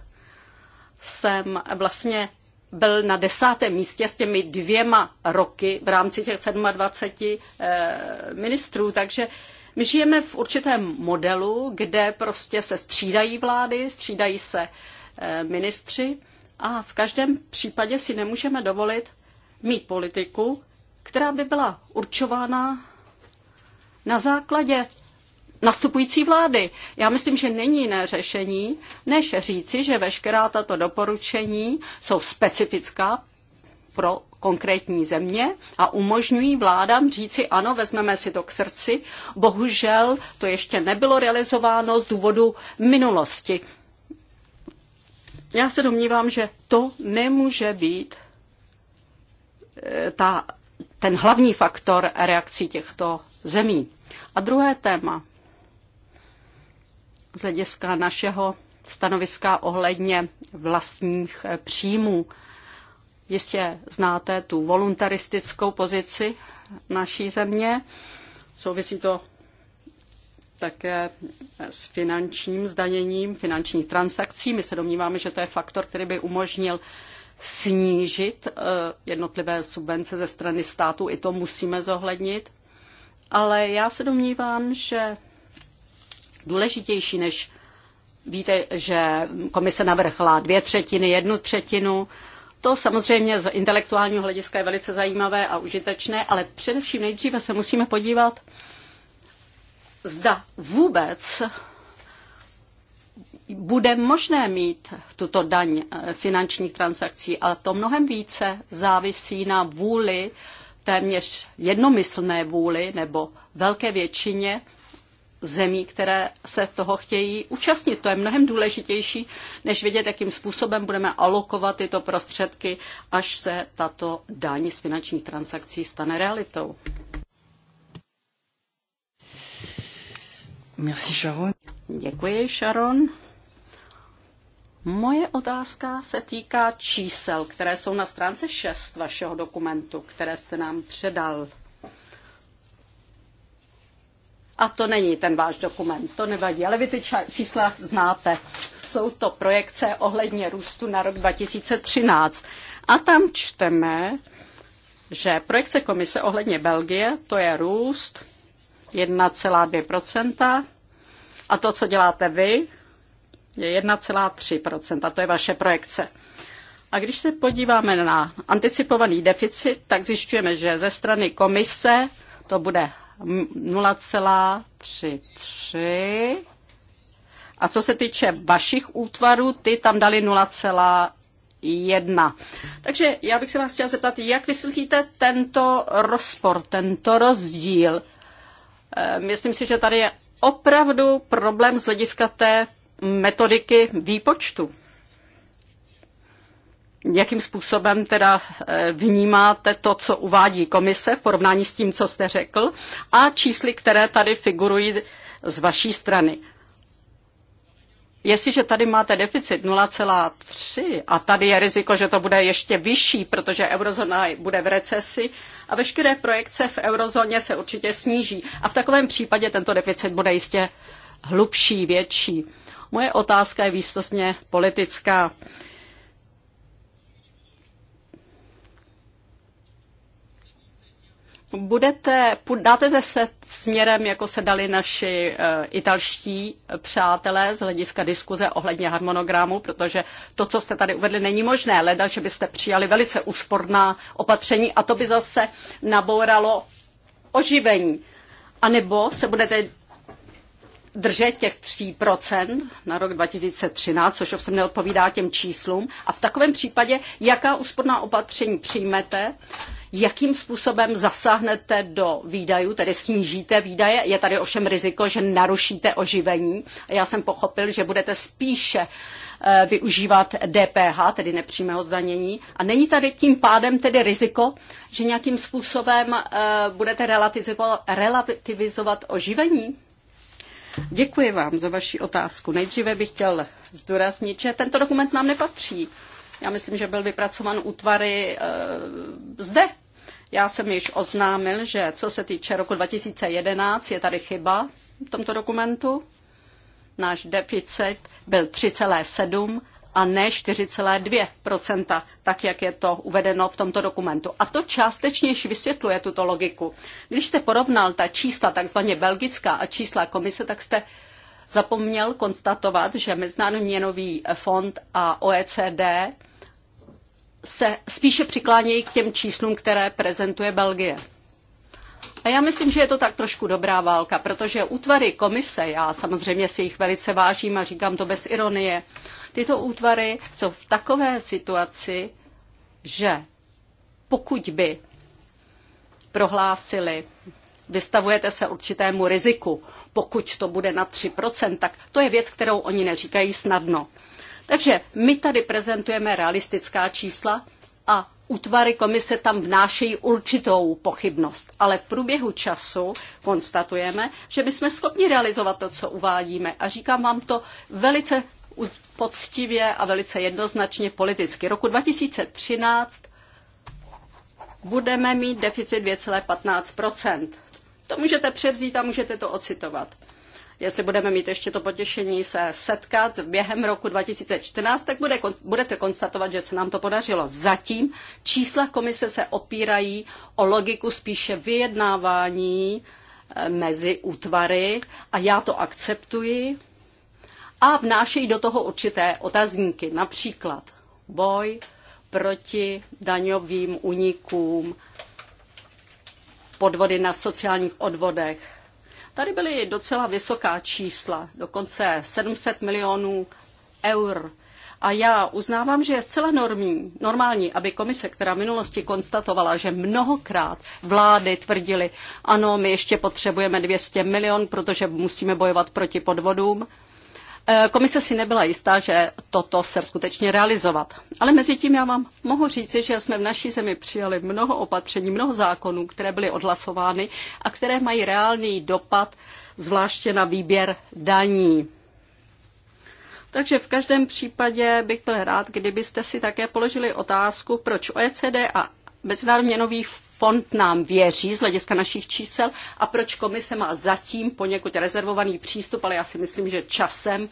jsem vlastně byl na desátém místě s těmi dvěma roky v rámci těch 27 eh, ministrů, takže my žijeme v určitém modelu, kde prostě se střídají vlády, střídají se eh, ministři a v každém případě si nemůžeme dovolit mít politiku, která by byla určována na základě nastupující vlády. Já myslím, že není jiné řešení, než říci, že veškerá tato doporučení jsou specifická pro konkrétní země a umožňují vládám říci ano, vezmeme si to k srdci. Bohužel to ještě nebylo realizováno z důvodu minulosti. Já se domnívám, že to nemůže být eh, ta, ten hlavní faktor reakcí těchto zemí. A druhé téma z hlediska našeho stanoviska ohledně vlastních eh, příjmů. Jistě znáte tu voluntaristickou pozici naší země. Souvisí to také s finančním zdaněním, finančních transakcí. My se domníváme, že to je faktor, který by umožnil snížit eh, jednotlivé subvence ze strany státu. I to musíme zohlednit. Ale já se domnívám, že důležitější než víte, že komise navrhla dvě třetiny, jednu třetinu. To samozřejmě z intelektuálního hlediska je velice zajímavé a užitečné, ale především nejdříve se musíme podívat, zda vůbec bude možné mít tuto daň eh, finančních transakcí, ale to mnohem více závisí na vůli, téměř jednomyslné vůli nebo velké většině zemí, které se toho chtějí účastnit. To je mnohem důležitější, než vědět, jakým způsobem budeme alokovat tyto prostředky, až se tato daň z finančních transakcí stane realitou. Merci, Sharon. Děkuji, Sharon. Moje otázka se týká čísel, které jsou na stránce 6 vašeho dokumentu, které jste nám předal. A to není ten váš dokument, to nevadí, ale vy ty čísla znáte. Jsou to projekce ohledně růstu na rok 2013. A tam čteme, že projekce komise ohledně Belgie, to je růst 1,2%. A to, co děláte vy, je 1,3%. To je vaše projekce. A když se podíváme na anticipovaný deficit, tak zjišťujeme, že ze strany komise to bude 0,33. A co se týče vašich útvarů, ty tam dali 0,1. Takže já bych se vás chtěla zeptat, jak vyslyšíte tento rozpor, tento rozdíl? Ehm, myslím si, že tady je opravdu problém z hlediska té metodiky výpočtu jakým způsobem teda eh, vnímáte to, co uvádí komise v porovnání s tím, co jste řekl, a čísly, které tady figurují z vaší strany. Jestliže tady máte deficit 0,3 a tady je riziko, že to bude ještě vyšší, protože eurozóna bude v recesi a veškeré projekce v eurozóně se určitě sníží. A v takovém případě tento deficit bude jistě hlubší, větší. Moje otázka je výsostně politická. budete, dáte se směrem, jako se dali naši eh, italští přátelé z hlediska diskuze ohledně harmonogramu, protože to, co jste tady uvedli, není možné. Leda, že byste přijali velice úsporná opatření a to by zase nabouralo oživení. A nebo se budete držet těch 3% na rok 2013, což ovšem neodpovídá těm číslům. A v takovém případě, jaká úsporná opatření přijmete, jakým způsobem zasáhnete do výdajů, tedy snížíte výdaje. Je tady ovšem riziko, že narušíte oživení. Já jsem pochopil, že budete spíše eh, využívat DPH, tedy nepřímého zdanění. A není tady tím pádem tedy riziko, že nějakým způsobem eh, budete relativizovat oživení? Děkuji vám za vaši otázku. Nejdříve bych chtěl zdůraznit, že tento dokument nám nepatří. Já myslím, že byl vypracovan útvary e, zde já jsem již oznámil, že co se týče roku 2011, je tady chyba v tomto dokumentu. Náš deficit byl 3,7 a ne 4,2 tak jak je to uvedeno v tomto dokumentu. A to částečně již vysvětluje tuto logiku. Když jste porovnal ta čísla, takzvaně belgická a čísla komise, tak jste zapomněl konstatovat, že Mezinárodní měnový fond a OECD se spíše přiklánějí k těm číslům, které prezentuje Belgie. A já myslím, že je to tak trošku dobrá válka, protože útvary komise, já samozřejmě si jich velice vážím a říkám to bez ironie, tyto útvary jsou v takové situaci, že pokud by prohlásili, vystavujete se určitému riziku, pokud to bude na 3%, tak to je věc, kterou oni neříkají snadno. Takže my tady prezentujeme realistická čísla a útvary komise tam vnášejí určitou pochybnost, ale v průběhu času konstatujeme, že my jsme schopni realizovat to, co uvádíme. A říkám vám to velice poctivě a velice jednoznačně politicky. Roku 2013 budeme mít deficit 2,15 To můžete převzít a můžete to ocitovat jestli budeme mít ještě to potěšení se setkat během roku 2014, tak bude, budete konstatovat, že se nám to podařilo. Zatím čísla komise se opírají o logiku spíše vyjednávání eh, mezi útvary a já to akceptuji a vnášejí do toho určité otazníky, například boj proti daňovým unikům, podvody na sociálních odvodech, Tady byly docela vysoká čísla, dokonce 700 milionů eur. A já uznávám, že je zcela normí, normální, aby komise, která v minulosti konstatovala, že mnohokrát vlády tvrdili, ano, my ještě potřebujeme 200 milion, protože musíme bojovat proti podvodům, Eh, komise si nebyla jistá, že toto se skutečně realizovat. Ale mezi tím já vám mohu říci, že jsme v naší zemi přijali mnoho opatření, mnoho zákonů, které byly odhlasovány a které mají reálný dopad zvláště na výběr daní. Takže v každém případě bych byl rád, kdybyste si také položili otázku, proč OECD a Mezinárodní měnový fond nám věří z hlediska našich čísel a proč komise má zatím poněkud rezervovaný přístup, ale já si myslím, že časem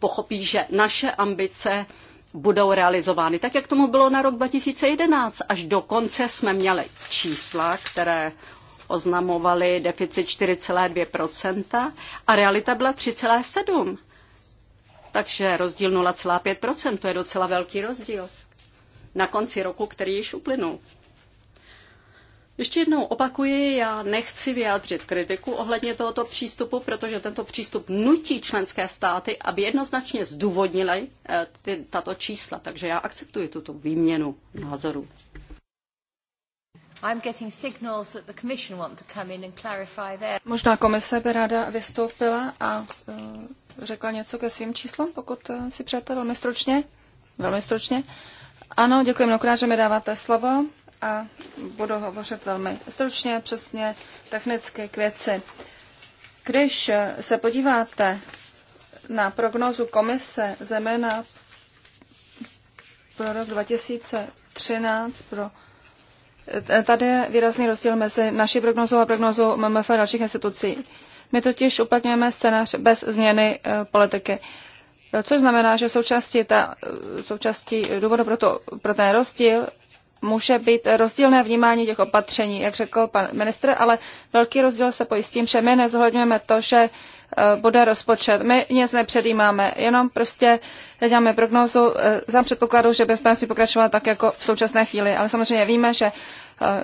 pochopí, že naše ambice budou realizovány. Tak, jak tomu bylo na rok 2011, až do konce jsme měli čísla, které oznamovali deficit 4,2% a realita byla 3,7%. Takže rozdíl 0,5%, to je docela velký rozdíl. Na konci roku, který již uplynul. Ještě jednou opakuji, já nechci vyjádřit kritiku ohledně tohoto přístupu, protože tento přístup nutí členské státy, aby jednoznačně zdůvodnili eh, ty, tato čísla. Takže já akceptuji tuto výměnu názorů.
Možná komise by ráda
vystoupila a eh, řekla něco ke svým číslům, pokud eh, si přejete velmi stručně. Velmi stručně. Ano, děkuji mnohokrát, že mi dáváte slovo a budu hovořit velmi stručně, přesně technicky k věci. Když se podíváte na prognozu komise, zeměna pro rok 2013, pro eh, Tady je výrazný rozdíl mezi naší prognozou a prognozou MMF a dalších institucí. My totiž uplatňujeme scénář bez změny e, politiky. Což znamená, že součástí, ta, eh, součástí důvodu pro, to, pro ten rozdíl může být rozdílné vnímání těch opatření, jak řekl pan ministr, ale velký rozdíl se pojistím, že my nezohledňujeme to, že eh, bude rozpočet. My nic nepředjímáme, jenom prostě děláme prognózu eh, za předpokladu, že bezpečnost pokračovala tak jako v současné chvíli. Ale samozřejmě víme, že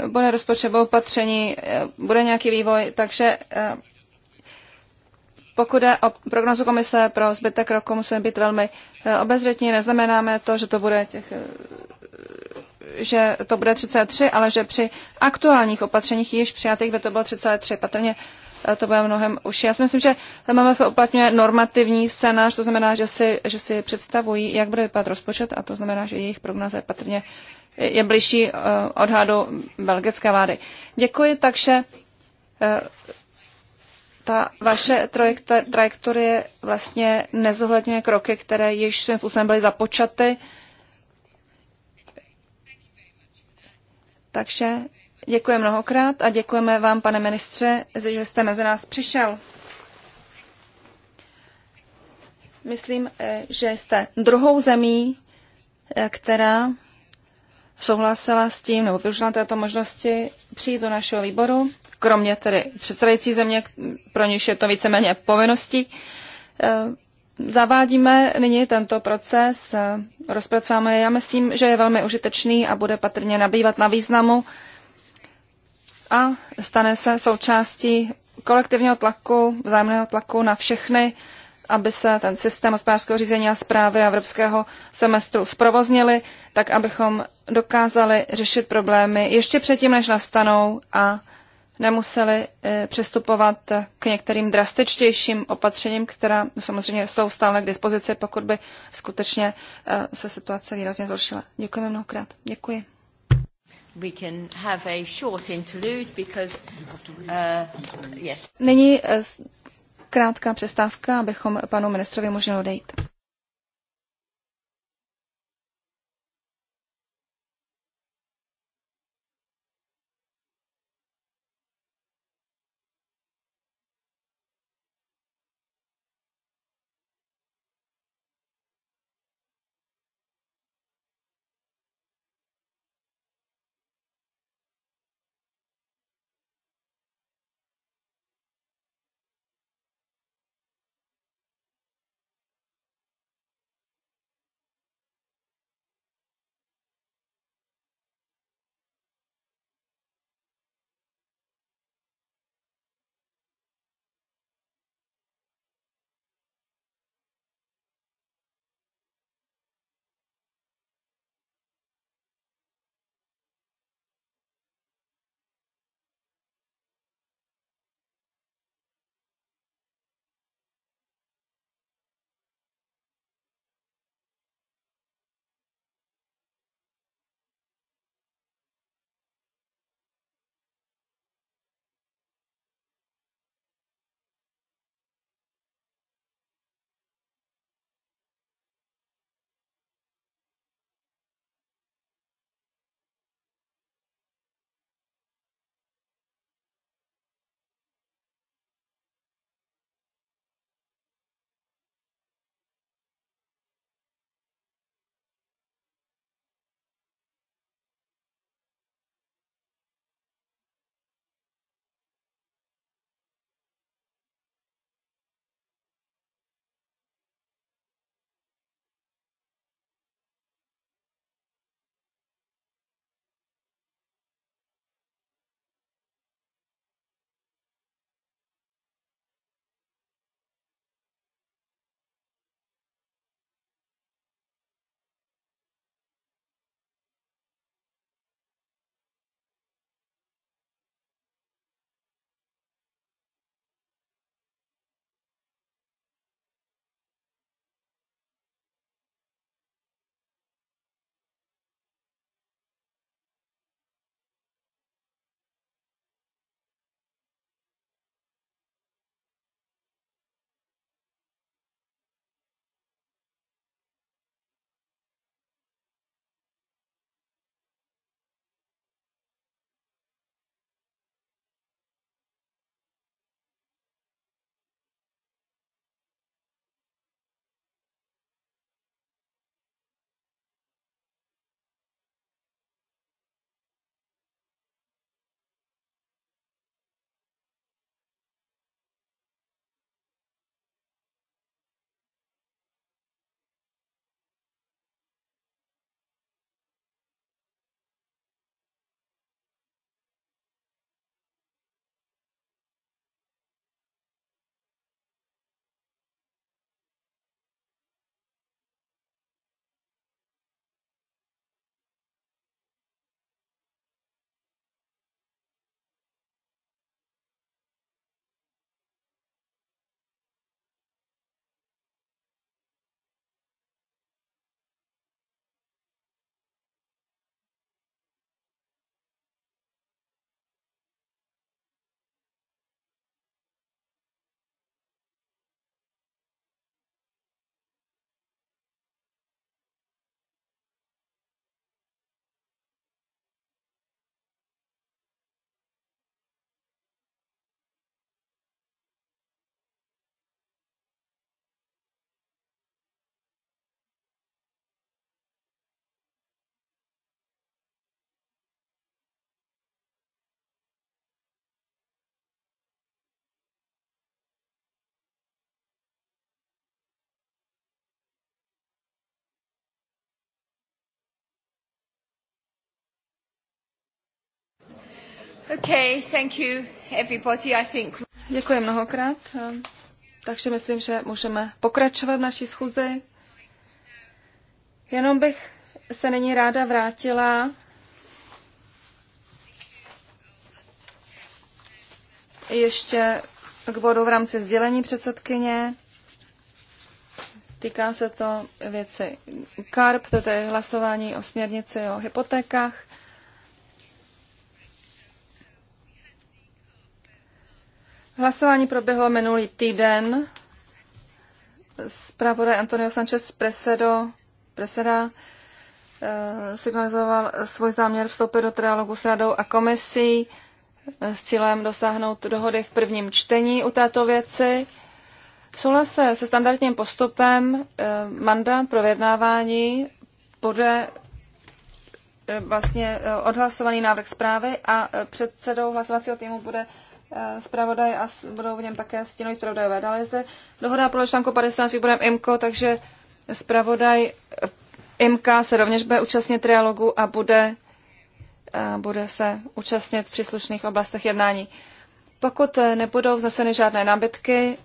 eh, bude rozpočet, bude opatření, bude nějaký vývoj, takže pokud je o prognozu komise pro zbytek roku, musíme být velmi obezřetní. Neznamenáme to, že to bude těch že to bude 33, ale že při aktuálních opatřeních již přijatých by to bylo 33. Patrně eh, to bude mnohem užší. Já si myslím, že MMF uplatňuje normativní scénář, to znamená, že si, že si představují, jak bude vypadat rozpočet a to znamená, že jejich prognoze je patrně je blížší eh, odhadu belgické vlády. Děkuji, takže eh, ta vaše trajektorie vlastně nezohledňuje kroky, které již svým způsobem byly započaty Takže děkuji mnohokrát a děkujeme vám, pane ministře, že jste mezi nás přišel. Myslím, eh, že jste druhou zemí, eh, která souhlasila s tím, nebo využila této možnosti přijít do našeho výboru, kromě tedy předsedající země, pro něž je to víceméně povinností. Eh, Zavádíme nyní tento proces, eh, rozpracováme Já myslím, že je velmi užitečný a bude patrně nabývat na významu a stane se součástí kolektivního tlaku, vzájemného tlaku na všechny, aby se ten systém hospodářského řízení a zprávy evropského semestru zprovoznili, tak abychom dokázali řešit problémy ještě předtím, než nastanou a nemuseli eh, přistupovat k některým drastičtějším opatřením, která samozřejmě jsou stále k dispozici, pokud by skutečně eh, se situace výrazně zhoršila. Děkujeme mnohokrát. Děkuji.
We can have a short interlude because, uh, yes.
Nyní eh, krátká přestávka, abychom panu ministrovi umožnili odejít.
Okay, thank you everybody, I think. Děkuji mnohokrát.
Takže myslím, že můžeme pokračovat v naší schůzi. Jenom bych se není ráda vrátila ještě k bodu v rámci sdělení předsedkyně. Týká se to věci CARP, to je hlasování o směrnici o hypotékách. Hlasování proběhlo minulý týden. Zpravodaj Antonio Sanchez Presedo, Preseda eh, signalizoval svůj záměr vstoupit do trialogu s radou a komisí eh, s cílem dosáhnout dohody v prvním čtení u této věci. V souhlase se standardním postupem eh, mandát pro vyjednávání bude vlastně odhlasovaný návrh zprávy a předsedou hlasovacího týmu bude Eh, zpravodaj a budou v něm také stínoví zpravodajové. Dále je zde dohoda pro článku 50 s výborem IMCO, takže zpravodaj eh, IMKA se rovněž bude účastnit trialogu a bude, a eh, bude se účastnit v příslušných oblastech jednání. Pokud nebudou vzneseny žádné nábytky,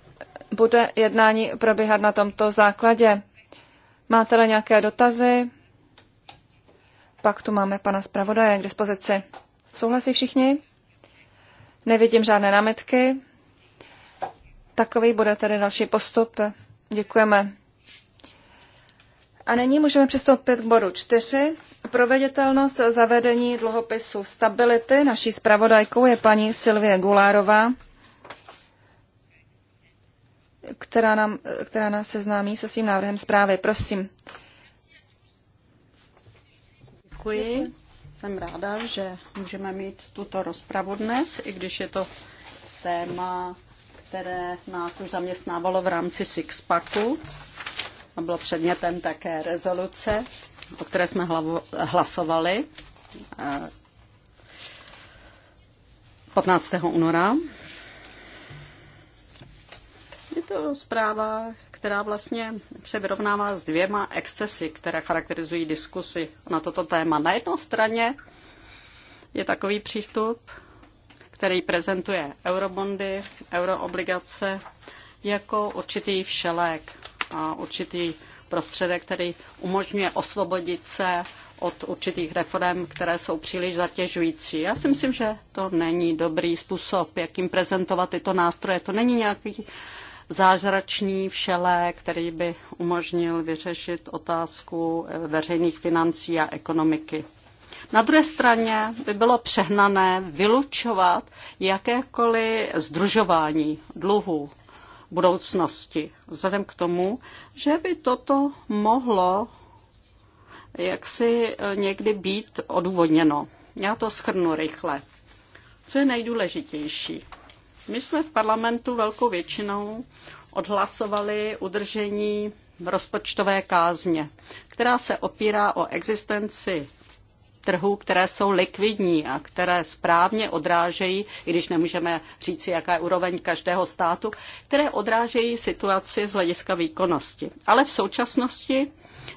bude jednání probíhat na tomto základě. Máte-li nějaké dotazy? Pak tu máme pana zpravodaje k dispozici. Souhlasí všichni? Nevidím žádné námitky. Takový bude tedy další postup. Děkujeme. A nyní můžeme přistoupit k bodu 4. Proveditelnost zavedení dluhopisu stability. Naší zpravodajkou je paní Silvie Gulárová, která, nám, která nás seznámí se svým návrhem zprávy. Prosím.
Děkuji jsem ráda, že můžeme mít tuto rozpravu dnes, i když je to téma, které nás už zaměstnávalo v rámci Sixpacku a bylo předmětem také rezoluce, o které jsme hlasovali 15. Eh, února. Je to zpráva, která vlastně se vyrovnává s dvěma excesy, které charakterizují diskusy na toto téma. Na jedné straně je takový přístup, který prezentuje eurobondy, euroobligace jako určitý všelek a určitý prostředek, který umožňuje osvobodit se od určitých reform, které jsou příliš zatěžující. Já si myslím, že to není dobrý způsob, jakým prezentovat tyto nástroje. To není nějaký zážračný všelek, který by umožnil vyřešit otázku eh, veřejných financí a ekonomiky. Na druhé straně by bylo přehnané vylučovat jakékoliv združování dluhů budoucnosti, vzhledem k tomu, že by toto mohlo jaksi eh, někdy být odůvodněno. Já to schrnu rychle. Co je nejdůležitější? My jsme v parlamentu velkou většinou odhlasovali udržení rozpočtové kázně, která se opírá o existenci trhů, které jsou likvidní a které správně odrážejí, i když nemůžeme říci, jaká je úroveň každého státu, které odrážejí situaci z hlediska výkonnosti. Ale v současnosti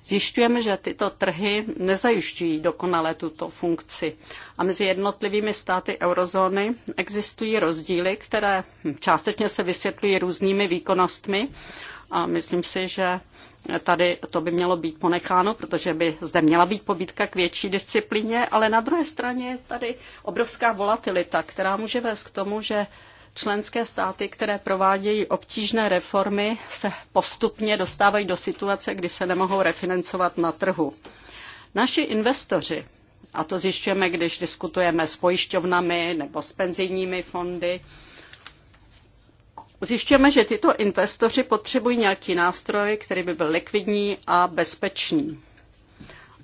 Zjišťujeme, že tyto trhy nezajišťují dokonale tuto funkci a mezi jednotlivými státy eurozóny existují rozdíly, které částečně se vysvětlují různými výkonnostmi a myslím si, že tady to by mělo být ponecháno, protože by zde měla být pobídka k větší disciplíně, ale na druhé straně je tady obrovská volatilita, která může vést k tomu, že Členské státy, které provádějí obtížné reformy, se postupně dostávají do situace, kdy se nemohou refinancovat na trhu. Naši investoři, a to zjišťujeme, když diskutujeme s pojišťovnami nebo s penzijními fondy, Zjišťujeme, že tyto investoři potřebují nějaký nástroj, který by byl likvidní a bezpečný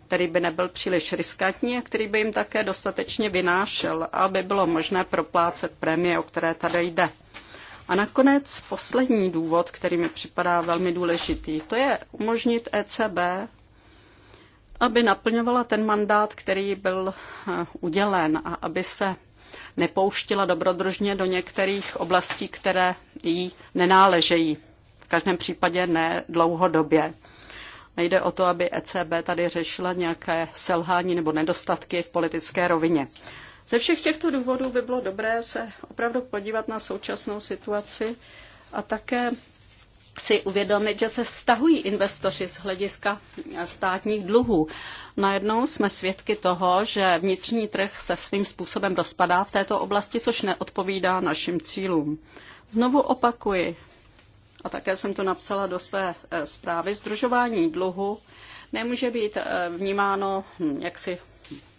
který by nebyl příliš riskantní a který by jim také dostatečně vynášel, aby bylo možné proplácet prémie, o které tady jde. A nakonec poslední důvod, který mi připadá velmi důležitý, to je umožnit ECB, aby naplňovala ten mandát, který byl eh, udělen a aby se nepouštila dobrodružně do některých oblastí, které jí nenáležejí. V každém případě ne dlouhodobě. Nejde o to, aby ECB tady řešila nějaké selhání nebo nedostatky v politické rovině. Ze všech těchto důvodů by bylo dobré se opravdu podívat na současnou situaci a také si uvědomit, že se stahují investoři z hlediska státních dluhů. Najednou jsme svědky toho, že vnitřní trh se svým způsobem rozpadá v této oblasti, což neodpovídá našim cílům. Znovu opakuji, a také jsem to napsala do své e, zprávy, združování dluhu nemůže být e, vnímáno hm, jaksi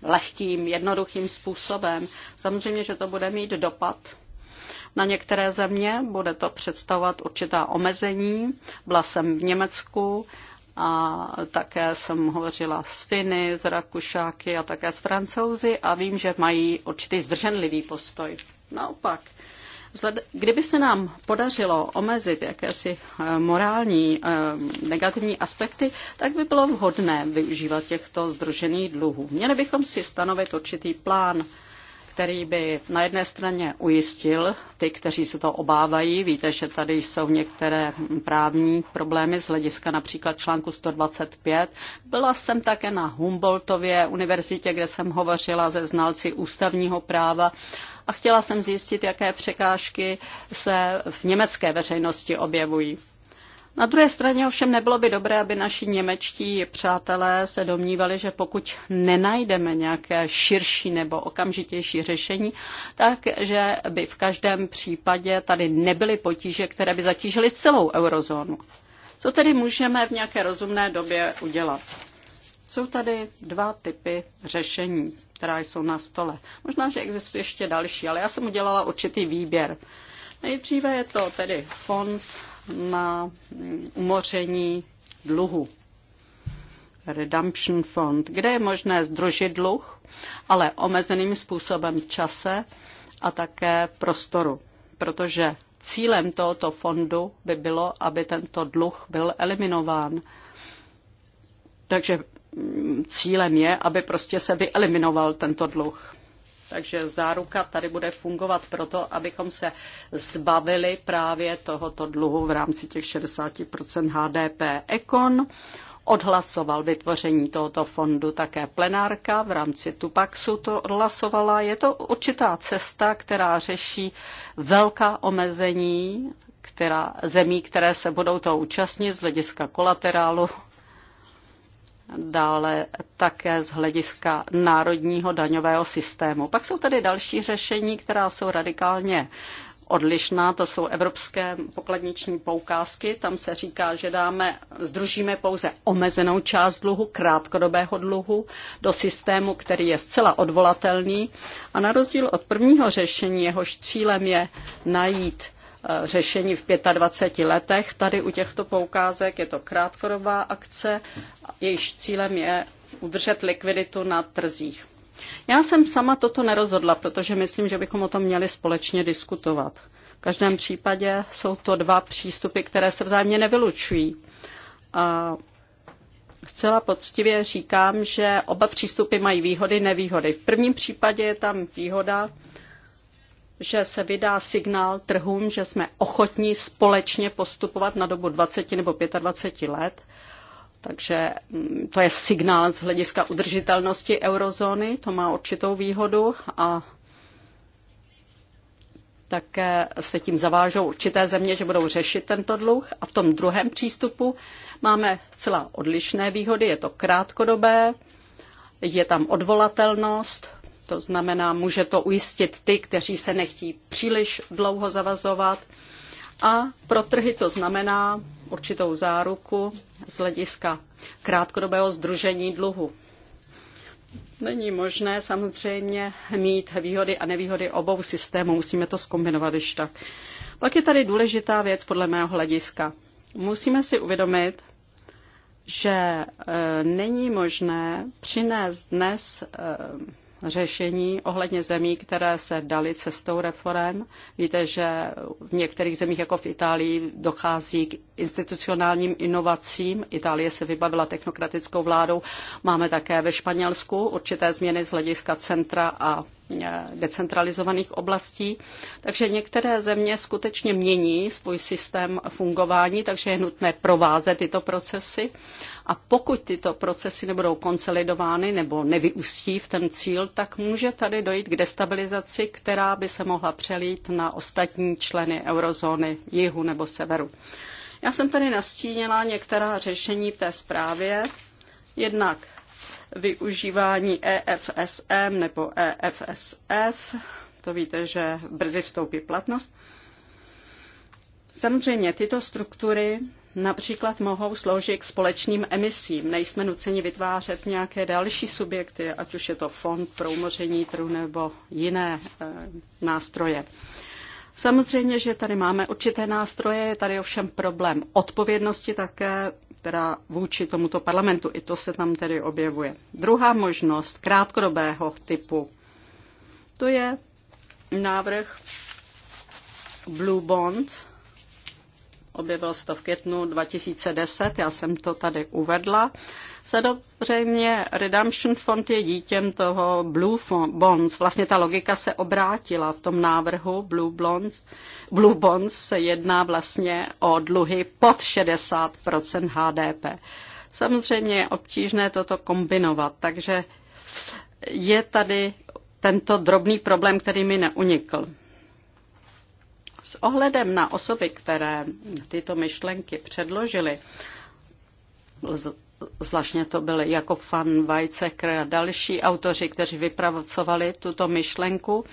lehkým, jednoduchým způsobem. Samozřejmě, že to bude mít dopad na některé země, bude to představovat určitá omezení. Byla jsem v Německu a také jsem hovořila s Finy, s Rakušáky a také s Francouzi a vím, že mají určitý zdrženlivý postoj. Naopak, Kdyby se nám podařilo omezit jakési eh, morální eh, negativní aspekty, tak by bylo vhodné využívat těchto združených dluhů. Měli bychom si stanovit určitý plán, který by na jedné straně ujistil ty, kteří se to obávají. Víte, že tady jsou některé právní problémy z hlediska například článku 125. Byla jsem také na Humboldtově univerzitě, kde jsem hovořila ze znalci ústavního práva a chtěla jsem zjistit, jaké překážky se v německé veřejnosti objevují. Na druhé straně ovšem nebylo by dobré, aby naši němečtí přátelé se domnívali, že pokud nenajdeme nějaké širší nebo okamžitější řešení, tak že by v každém případě tady nebyly potíže, které by zatížily celou eurozónu. Co tedy můžeme v nějaké rozumné době udělat? Jsou tady dva typy řešení která jsou na stole. Možná, že existuje ještě další, ale já jsem udělala určitý výběr. Nejdříve je to tedy fond na umoření dluhu. Redemption Fund, kde je možné združit dluh, ale omezeným způsobem v čase a také v prostoru, protože cílem tohoto fondu by bylo, aby tento dluh byl eliminován. Takže Mm, cílem je, aby prostě se vyeliminoval tento dluh. Takže záruka tady bude fungovat proto, abychom se zbavili právě tohoto dluhu v rámci těch 60% HDP Econ. Odhlasoval vytvoření tohoto fondu také plenárka v rámci Tupaxu to odhlasovala. Je to určitá cesta, která řeší velká omezení která, zemí, které se budou to účastnit z hlediska kolaterálu dále také z hlediska národního daňového systému. Pak jsou tady další řešení, která jsou radikálně odlišná, to jsou evropské pokladniční poukázky. Tam se říká, že dáme, združíme pouze omezenou část dluhu, krátkodobého dluhu, do systému, který je zcela odvolatelný. A na rozdíl od prvního řešení, jehož cílem je najít Eh, řešení v 25 letech. Tady u těchto poukázek je to krátkodobá akce, jejíž cílem je udržet likviditu na trzích. Já jsem sama toto nerozhodla, protože myslím, že bychom o tom měli společně diskutovat. V každém případě jsou to dva přístupy, které se vzájemně nevylučují. A zcela poctivě říkám, že oba přístupy mají výhody, nevýhody. V prvním případě je tam výhoda, že se vydá signál trhům, že jsme ochotní společně postupovat na dobu 20 nebo 25 let. Takže mm, to je signál z hlediska udržitelnosti eurozóny, to má určitou výhodu a také se tím zavážou určité země, že budou řešit tento dluh. A v tom druhém přístupu máme zcela odlišné výhody. Je to krátkodobé, je tam odvolatelnost, to znamená, může to ujistit ty, kteří se nechtí příliš dlouho zavazovat. A pro trhy to znamená určitou záruku z hlediska krátkodobého združení dluhu. Není možné samozřejmě mít výhody a nevýhody obou systémů, musíme to zkombinovat již tak. Pak je tady důležitá věc podle mého hlediska. Musíme si uvědomit, že e, není možné přinést dnes e, řešení ohledně zemí, které se daly cestou reform. Víte, že v některých zemích, jako v Itálii, dochází k institucionálním inovacím. Itálie se vybavila technokratickou vládou. Máme také ve Španělsku určité změny z hlediska centra a e, decentralizovaných oblastí. Takže některé země skutečně mění svůj systém fungování, takže je nutné provázet tyto procesy. A pokud tyto procesy nebudou konsolidovány nebo nevyústí v ten cíl, tak může tady dojít k destabilizaci, která by se mohla přelít na ostatní členy eurozóny jihu nebo severu. Já jsem tady nastínila některá řešení v té zprávě. Jednak využívání EFSM nebo EFSF, to víte, že brzy vstoupí platnost. Samozřejmě tyto struktury například mohou sloužit k společným emisím. Nejsme nuceni vytvářet nějaké další subjekty, ať už je to fond pro umoření trhu nebo jiné e, nástroje. Samozřejmě, že tady máme určité nástroje, je tady ovšem problém odpovědnosti také, která vůči tomuto parlamentu, i to se tam tedy objevuje. Druhá možnost krátkodobého typu, to je návrh Blue Bond, objevil se to v květnu 2010, já jsem to tady uvedla. Samozřejmě Redemption Fund je dítěm toho Blue Bonds. Vlastně ta logika se obrátila v tom návrhu Blue Bonds. Blue Bonds se jedná vlastně o dluhy pod 60% HDP. Samozřejmě je obtížné toto kombinovat, takže je tady tento drobný problém, který mi neunikl. S ohledem na osoby, které tyto myšlenky předložily, zvláštně to byly jako Fan Weizsäcker a další autoři, kteří vypracovali tuto myšlenku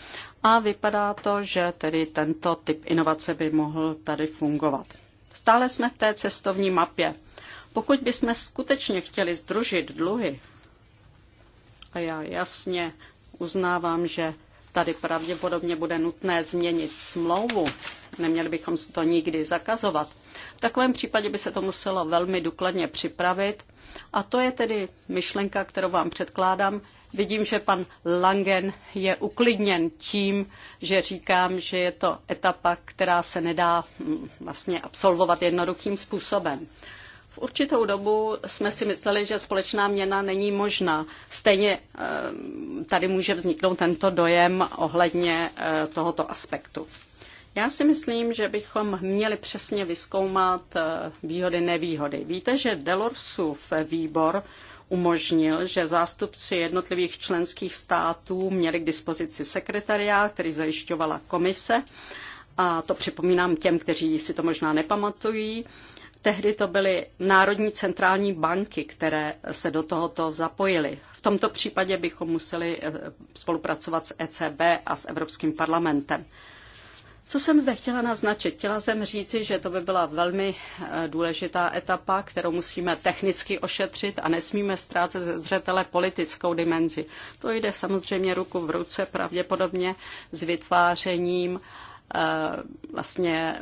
a vypadá to, že tedy tento typ inovace by mohl tady fungovat. Stále jsme v té cestovní mapě. Pokud bychom skutečně chtěli združit dluhy, a já jasně uznávám, že Tady pravděpodobně bude nutné změnit smlouvu. Neměli bychom to nikdy zakazovat. V takovém případě by se to muselo velmi důkladně připravit. A to je tedy myšlenka, kterou vám předkládám. Vidím, že pan Langen je uklidněn tím, že říkám, že je to etapa, která se nedá mm, vlastně absolvovat jednoduchým způsobem. V určitou dobu jsme si mysleli, že společná měna není možná. Stejně eh, tady může vzniknout tento dojem ohledně eh, tohoto aspektu. Já si myslím, že bychom měli přesně vyskoumat eh, výhody, nevýhody. Víte, že Delorsův výbor umožnil, že zástupci jednotlivých členských států měli k dispozici sekretariát, který zajišťovala komise. A to připomínám těm, kteří si to možná nepamatují. Tehdy to byly národní centrální banky, které se do tohoto zapojily. V tomto případě bychom museli eh, spolupracovat s ECB a s Evropským parlamentem. Co jsem zde chtěla naznačit? Chtěla jsem říci, že to by byla velmi eh, důležitá etapa, kterou musíme technicky ošetřit a nesmíme ztrácet ze zřetele politickou dimenzi. To jde samozřejmě ruku v ruce pravděpodobně s vytvářením eh, vlastně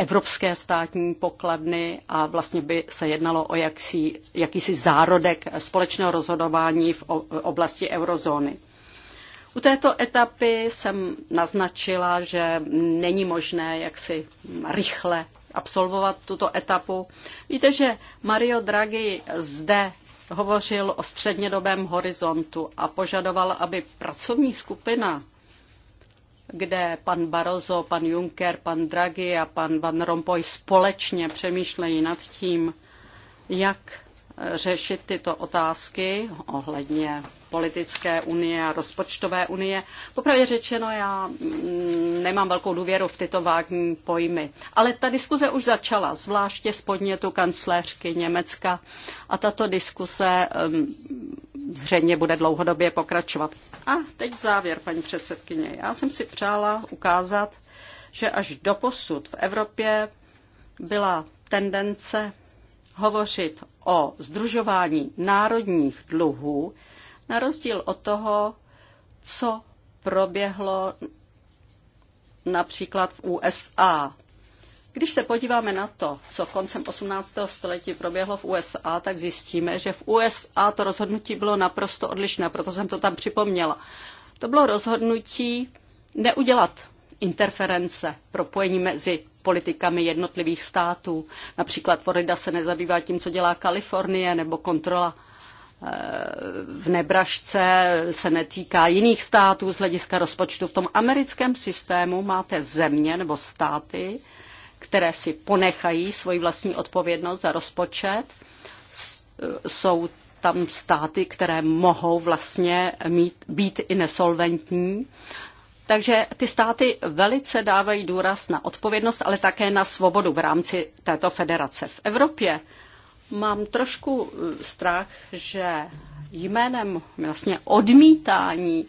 evropské státní pokladny a vlastně by se jednalo o jaksi, jakýsi zárodek společného rozhodování v oblasti eurozóny. U této etapy jsem naznačila, že není možné jaksi rychle absolvovat tuto etapu. Víte, že Mario Draghi zde hovořil o střednědobém horizontu a požadoval, aby pracovní skupina kde pan Barroso, pan Juncker, pan Draghi a pan Van Rompuy společně přemýšlejí nad tím, jak řešit tyto otázky ohledně politické unie a rozpočtové unie. Popravdě řečeno, já mm, nemám velkou důvěru v tyto vágní pojmy. Ale ta diskuze už začala, zvláště z podnětu kancléřky Německa a tato diskuse mm, zřejmě bude dlouhodobě pokračovat. A teď závěr, paní předsedkyně. Já jsem si přála ukázat, že až do posud v Evropě byla tendence hovořit o združování národních dluhů, na rozdíl od toho, co proběhlo například v USA. Když se podíváme na to, co koncem 18. století proběhlo v USA, tak zjistíme, že v USA to rozhodnutí bylo naprosto odlišné, proto jsem to tam připomněla. To bylo rozhodnutí neudělat interference, propojení mezi politikami jednotlivých států. Například Florida se nezabývá tím, co dělá Kalifornie, nebo kontrola eh, v Nebražce se netýká jiných států z hlediska rozpočtu. V tom americkém systému máte země nebo státy, které si ponechají svoji vlastní odpovědnost za rozpočet. Eh, jsou tam státy, které mohou vlastně mít, být i nesolventní. Takže ty státy velice dávají důraz na odpovědnost, ale také na svobodu v rámci této federace. V Evropě mám trošku eh, strach, že jménem vlastně odmítání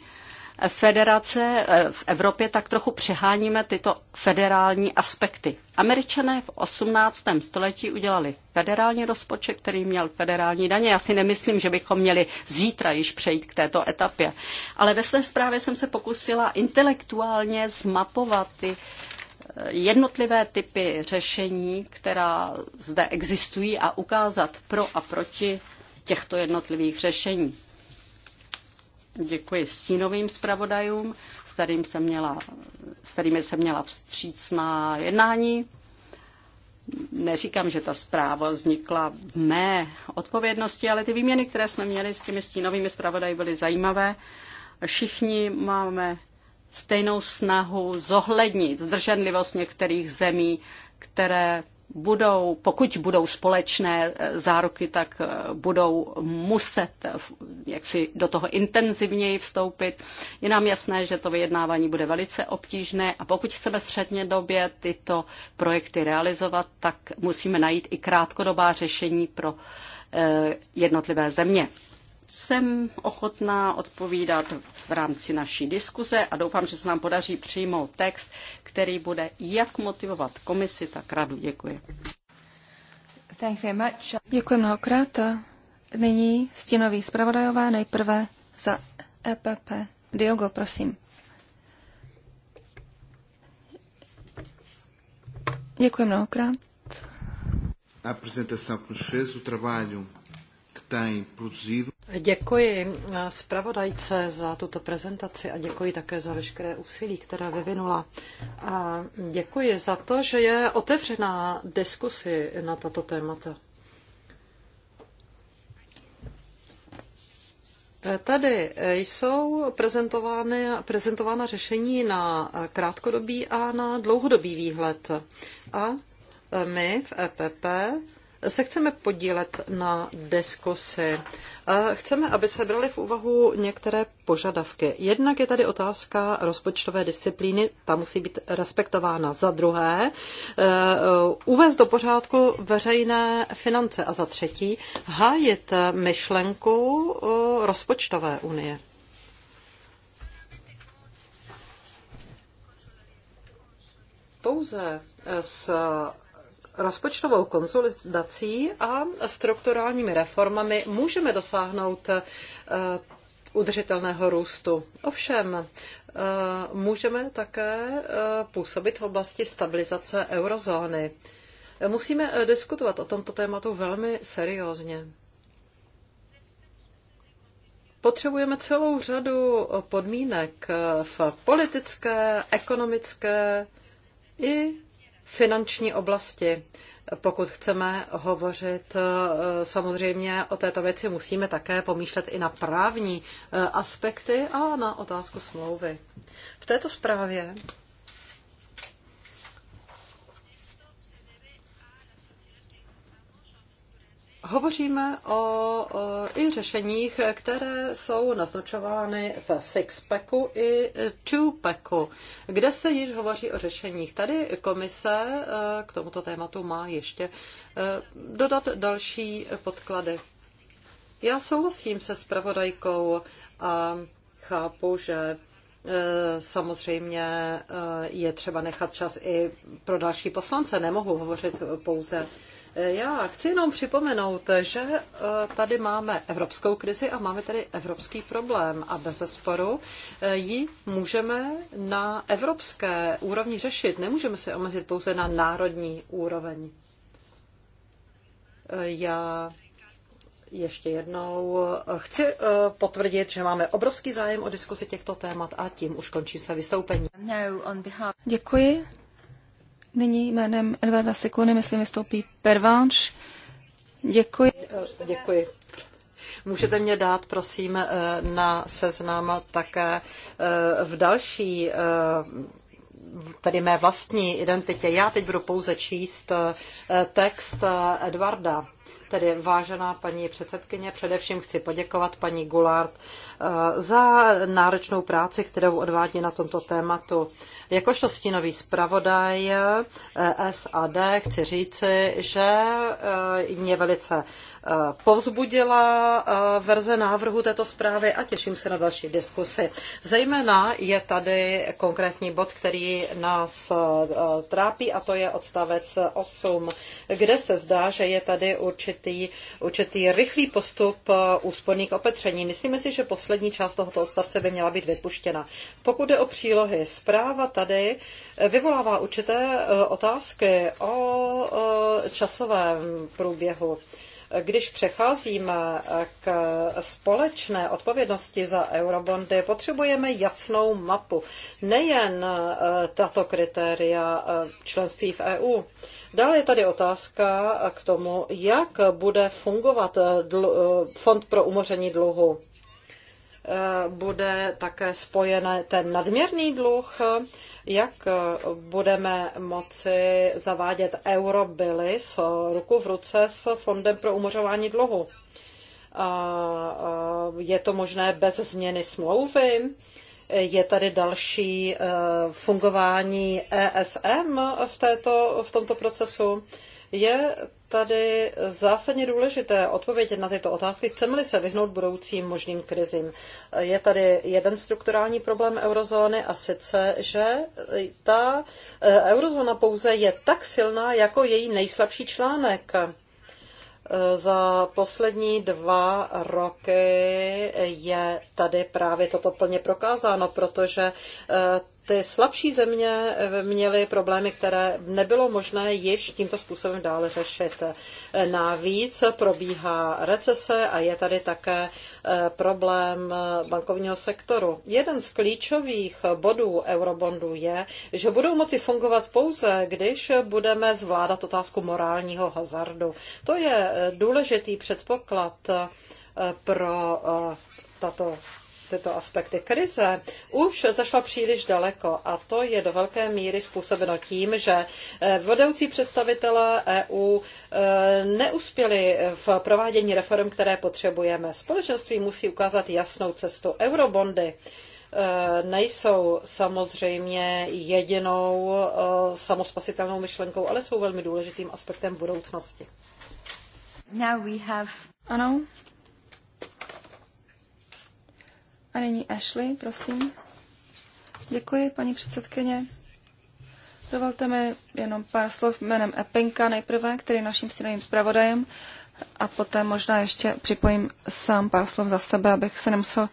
federace eh, v Evropě tak trochu přeháníme tyto federální aspekty. Američané v 18. století udělali federální rozpočet, který měl federální daně. Já si nemyslím, že bychom měli zítra již přejít k této etapě. Ale ve své zprávě jsem se pokusila intelektuálně zmapovat ty eh, jednotlivé typy řešení, která zde existují a ukázat pro a proti těchto jednotlivých řešení. Děkuji stínovým zpravodajům, s, kterým jsem měla, s kterými jsem měla vstřícná jednání. Neříkám, že ta zpráva vznikla v mé odpovědnosti, ale ty výměny, které jsme měli s těmi stínovými zpravodaji, byly zajímavé. Všichni máme stejnou snahu zohlednit zdrženlivost některých zemí, které budou, pokud budou společné eh, záruky, tak eh, budou muset eh, jak si do toho intenzivněji vstoupit. Je nám jasné, že to vyjednávání bude velice obtížné a pokud chceme středně době tyto projekty realizovat, tak musíme najít i krátkodobá řešení pro jednotlivé země. Jsem ochotná odpovídat v rámci naší diskuze a doufám, že se nám podaří přijmout text, který bude jak motivovat komisi, tak radu. Děkuji.
Thank you very much. Děkuji mnohokrát. Nyní stínový zpravodajové nejprve za EPP. Diogo, prosím. Děkuji mnohokrát.
A apresentação que nos fez, o trabalho
Děkuji zpravodajce za tuto prezentaci a děkuji také za veškeré úsilí, které vyvinula. A děkuji za to, že je otevřená diskusi na tato témata. Tady jsou prezentovány, prezentována řešení na krátkodobý a na dlouhodobý výhled. A my v EPP se chceme podílet na diskusi. Chceme, aby se brali v úvahu některé požadavky. Jednak je tady otázka rozpočtové disciplíny, ta musí být respektována. Za druhé, e, uvést do pořádku veřejné finance. A za třetí, hájit myšlenku e, rozpočtové unie. Pouze s rozpočtovou konsolidací a strukturálními reformami můžeme dosáhnout eh, udržitelného růstu. Ovšem, eh, můžeme také eh, působit v oblasti stabilizace eurozóny. Musíme diskutovat o tomto tématu velmi seriózně. Potřebujeme celou řadu podmínek v politické, ekonomické i finanční oblasti. Pokud chceme hovořit eh, samozřejmě o této věci, musíme také pomýšlet i na právní eh, aspekty a na otázku smlouvy. V této zprávě Hovoříme o, o i řešeních, které jsou naznačovány v Packu i Two Packu. kde se již hovoří o řešeních. Tady komise e, k tomuto tématu má ještě e, dodat další podklady. Já souhlasím se zpravodajkou a chápu, že e, Samozřejmě je třeba nechat čas i pro další poslance. Nemohu hovořit pouze Eh, já chci jenom připomenout, že eh, tady máme evropskou krizi a máme tady evropský problém a bez sporu. Eh, ji můžeme na evropské úrovni řešit. Nemůžeme se omezit pouze na národní úroveň. Já ještě jednou chci potvrdit, že máme obrovský zájem o diskusi těchto témat a tím už končím se
vystoupení. No,
Děkuji. Nyní jménem Edvarda Sekony, myslím, vystoupí Pervanš. Děkuji.
Děkuji. Můžete
mě dát, prosím, eh, na seznam také eh, v další eh, tedy mé vlastní identitě. Já teď budu pouze číst text Edvarda. Tedy vážená paní předsedkyně, především chci poděkovat paní Gulard Eh, za náročnou práci, kterou odvádí na tomto tématu. Jakožto stínový zpravodaj eh, SAD chci říci, že eh, mě velice povzbudila verze návrhu této zprávy a těším se na další diskusy. Zejména je tady konkrétní bod, který nás trápí a to je odstavec 8, kde se zdá, že je tady určitý, určitý rychlý postup úsporných opatření. Myslíme si, že poslední poslední část tohoto odstavce by měla být vypuštěna. Pokud jde o přílohy, zpráva tady eh, vyvolává určité eh, otázky o eh, časovém průběhu. Když přecházíme k společné odpovědnosti za eurobondy, potřebujeme jasnou mapu. Nejen tato kritéria členství v EU. Dále je tady otázka k tomu, jak bude fungovat Fond pro umoření dluhu. Eh, bude také spojen ten nadměrný dluh, jak budeme moci zavádět eurobily s ruku v ruce s Fondem pro umořování dluhu. Eh, je to možné bez změny smlouvy? Je tady další eh, fungování ESM v, této, v tomto procesu? Je tady zásadně důležité odpovědět na tyto otázky, chceme-li se vyhnout budoucím možným krizím. Je tady jeden strukturální problém eurozóny a sice, že ta eh, eurozóna pouze je tak silná jako její nejslabší článek. Eh, za poslední dva roky je tady právě toto plně prokázáno, protože eh, ty slabší země eh, měly problémy, které nebylo možné již tímto způsobem dále řešit. Eh, Navíc probíhá recese a je tady také eh, problém bankovního sektoru. Jeden z klíčových bodů eurobondů je, že budou moci fungovat pouze, když budeme zvládat otázku morálního hazardu. To je důležitý předpoklad pro tato tyto aspekty. Krize už zašla příliš daleko a to je do velké míry způsobeno tím, že eh, vedoucí představitelé EU eh, neuspěli v provádění reform, které potřebujeme. Společenství musí ukázat jasnou cestu. Eurobondy eh, nejsou samozřejmě jedinou samospasitelnou myšlenkou, ale jsou velmi důležitým aspektem budoucnosti.
Now we have... Ano,
a nyní Ashley, prosím. Děkuji, paní předsedkyně. Dovolte mi jenom pár slov jménem Epinka nejprve, který je naším synovým zpravodajem, a poté možná ještě připojím sám pár slov za sebe, abych se nemusel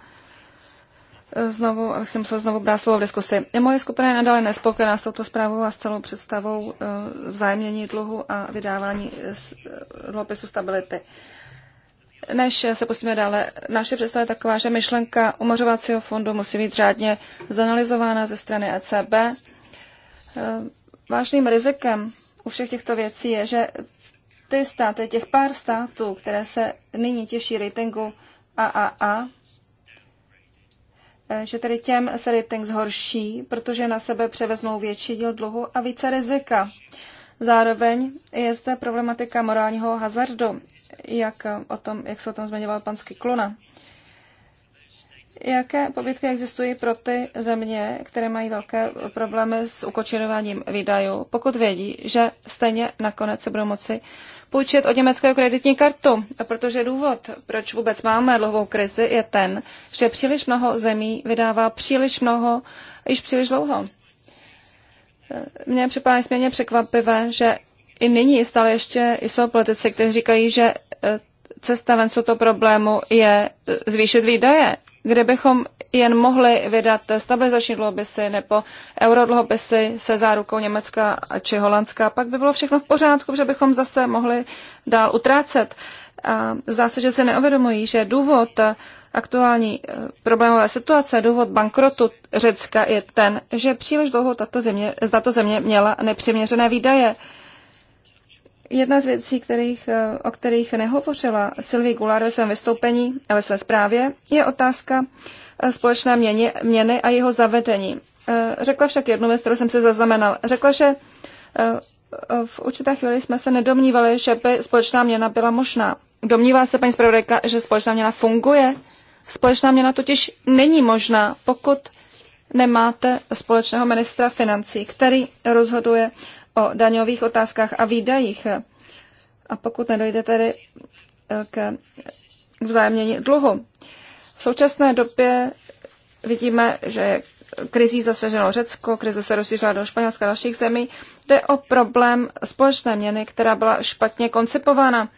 eh, znovu, abych se musel znovu brát slovo v diskusi. Moje skupina je nadále nespokojená s touto zprávou a s celou představou eh, vzájemnění dluhu a vydávání eh, dluhopisu stability. Než se pustíme dále, naše představa je taková, že myšlenka umořovacího fondu musí být řádně zanalizována ze strany ECB. Eh, vážným rizikem u všech těchto věcí je, že ty státy, těch pár států, které se nyní těší ratingu AAA, eh, že tedy těm se rating zhorší, protože na sebe převezmou větší díl dluhu a více rizika. Zároveň je zde problematika morálního hazardu, jak, o tom, jak se o tom zmiňoval pan Skikluna. Jaké pobytky existují pro ty země, které mají velké problémy s ukočinováním výdajů, pokud vědí, že stejně nakonec se budou moci půjčit od německého kreditní kartu, protože důvod, proč vůbec máme dlouhou krizi, je ten, že příliš mnoho zemí vydává příliš mnoho, již příliš dlouho. Mně připadá nesmírně překvapivé, že i nyní stále ještě jsou politici, kteří říkají, že eh, cesta ven z toho problému je eh, zvýšit výdaje. Kdybychom jen mohli vydat stabilizační dluhopisy nebo eurodluhopisy se zárukou Německa či Holandska, pak by bylo všechno v pořádku, že bychom zase mohli dál utrácet. A zdá se, že se neuvědomují, že důvod aktuální eh, problémové situace, důvod bankrotu Řecka je ten, že příliš dlouho tato země, tato země měla nepřiměřené výdaje. Jedna z věcí, kterých, eh, o kterých nehovořila Sylvie Goulart ve svém vystoupení a ve své zprávě, je otázka eh, společné měny, měny a jeho zavedení. Řekla však jednu věc, kterou jsem si zaznamenal. Řekla, že v určité chvíli jsme se nedomnívali, že by společná měna byla možná. Domnívá se paní zpravodajka, že společná měna funguje? Společná měna totiž není možná, pokud nemáte společného ministra financí, který rozhoduje o daňových otázkách a výdajích. A pokud nedojde tedy eh, k vzájemnění dluhu. V současné době vidíme, že je krizí zasaženo Řecko, krize se rozšířila do Španělska a dalších zemí. Jde o problém společné měny, která byla špatně koncipována.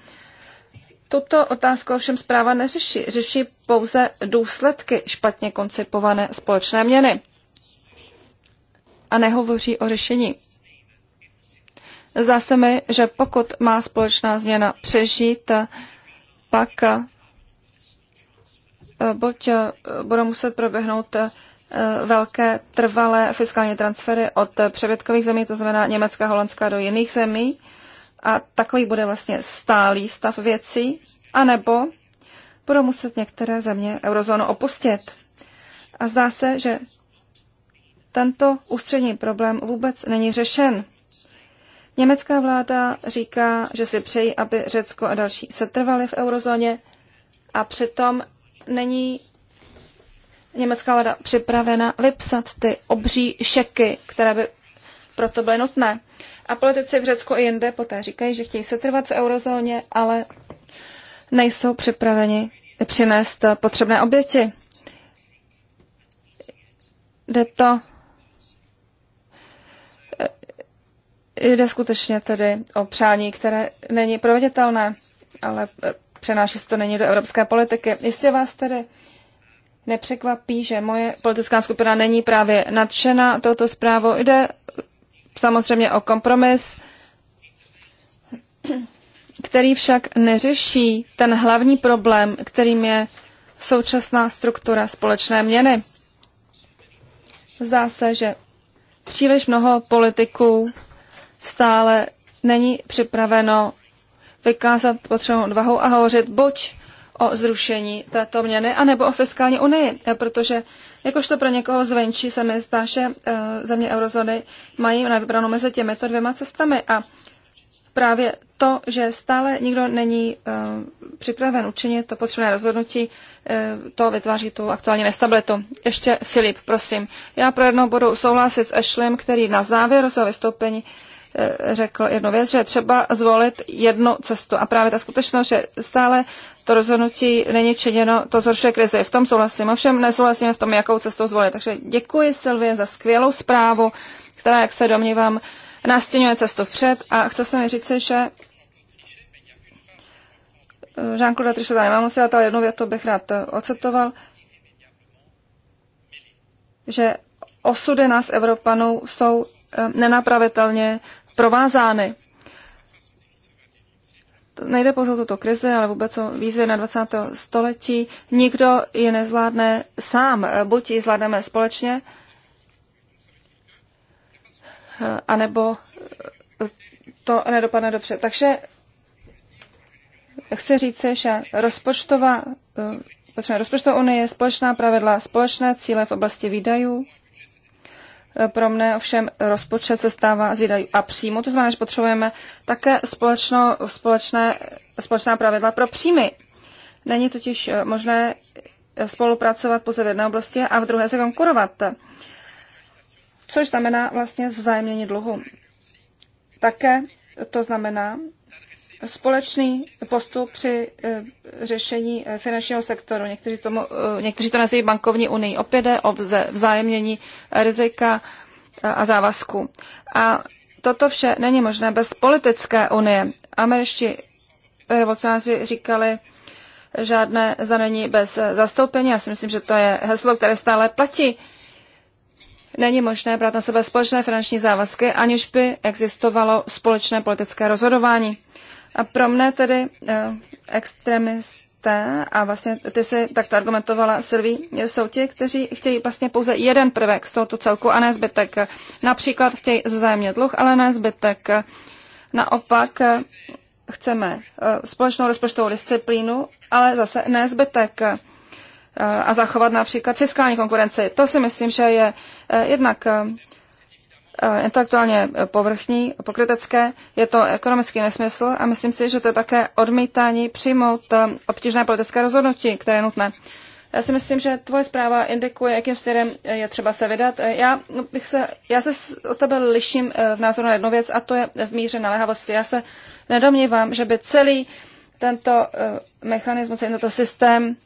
Tuto otázku ovšem zpráva neřeší. Řeší pouze důsledky špatně koncipované společné měny a nehovoří o řešení. Zdá se mi, že pokud má společná změna přežít, pak eh, buď eh, budou muset proběhnout eh, velké trvalé fiskální transfery od přebytkových zemí, to znamená Německa, Holandska do jiných zemí, a takový bude vlastně stálý stav věcí, anebo budou muset některé země eurozónu opustit. A zdá se, že tento ústřední problém vůbec není řešen. Německá vláda říká, že si přejí, aby Řecko a další setrvali v eurozóně a přitom není německá vláda připravena vypsat ty obří šeky, které by proto byly nutné. A politici v Řecku i jinde poté říkají, že chtějí se trvat v eurozóně, ale nejsou připraveni přinést potřebné oběti. Jde to jde skutečně tedy o přání, které není proveditelné, ale přenáší se to není do evropské politiky. Jistě vás tedy nepřekvapí, že moje politická skupina není právě nadšena touto zprávou. Jde samozřejmě o kompromis, který však neřeší ten hlavní problém, kterým je současná struktura společné měny. Zdá se, že příliš mnoho politiků stále není připraveno vykázat potřebnou odvahu a hovořit buď o zrušení této měny anebo o fiskální unii, eh, protože jakožto pro někoho zvenčí se mi zdá, že eh, země eurozóny mají na vybranou mezi těmito dvěma cestami a právě to, že stále nikdo není eh, připraven učinit to potřebné rozhodnutí, to vytváří tu aktuální nestabilitu. Ještě Filip, prosím. Já pro jednou budu souhlasit s Ashlem, který na závěr svého vystoupení Eh, řekl jednu věc, že je třeba zvolit jednu cestu. A právě ta skutečnost, že stále to rozhodnutí není činěno, to zhoršuje krizi. V tom souhlasím, ovšem nesouhlasíme v tom, jakou cestou zvolit. Takže děkuji Silvě za skvělou zprávu, která, jak se domnívám, nastínuje cestu vpřed a chce se mi říci, že eh, Jean-Claude Trichel tady nemám musela, ale jednu větu bych rád eh, ocetoval, že osudy nás Evropanů jsou Eh, nenapravitelně provázány. Nejde pouze o tuto krizi, ale vůbec o výzvy na 20. století. Nikdo ji nezvládne sám. Buď ji zvládneme společně, eh, anebo eh, to nedopadne dobře. Takže chci říct, že rozpočtová, rozpočtová unie je společná pravidla, společné cíle v oblasti výdajů, pro mne ovšem rozpočet se stává z výdajů a příjmu, to znamená, že potřebujeme také společno, společné, společná pravidla pro příjmy. Není totiž eh, možné eh, spolupracovat pouze v jedné oblasti a v druhé se konkurovat, což znamená vlastně vzájemnění dluhu. Také to znamená, společný postup při e, řešení e, finančního sektoru. Někteří, tomu, e, někteří to nazývají bankovní unii. Opět jde o vzájemnění rizika a závazku. A toto vše není možné bez politické unie. Američtí revolucionáři říkali, žádné zanení bez zastoupení. Já si myslím, že to je heslo, které stále platí. Není možné brát na sebe společné finanční závazky, aniž by existovalo společné politické rozhodování. A pro mne tedy eh, extremisté, a vlastně ty si takto argumentovala Silví, jsou ti, kteří chtějí vlastně pouze jeden prvek z tohoto celku a ne zbytek. Například chtějí zájemně dluh, ale ne zbytek. Naopak eh, chceme eh, společnou rozpočtovou disciplínu, ale zase ne zbytek a zachovat například fiskální konkurenci. To si myslím, že je jednak Eh, intelektuálně povrchní, pokrytecké, je to ekonomický nesmysl a myslím si, že to je také odmítání přijmout eh, obtížné politické rozhodnutí, které je nutné. Já si myslím, že tvoje zpráva indikuje, jakým směrem eh, je třeba se vydat. Já, no, bych se, já se o tebe liším v názoru na jednu věc a to je v míře naléhavosti. Já se nedomnívám, že by celý tento mechanismus, tento systém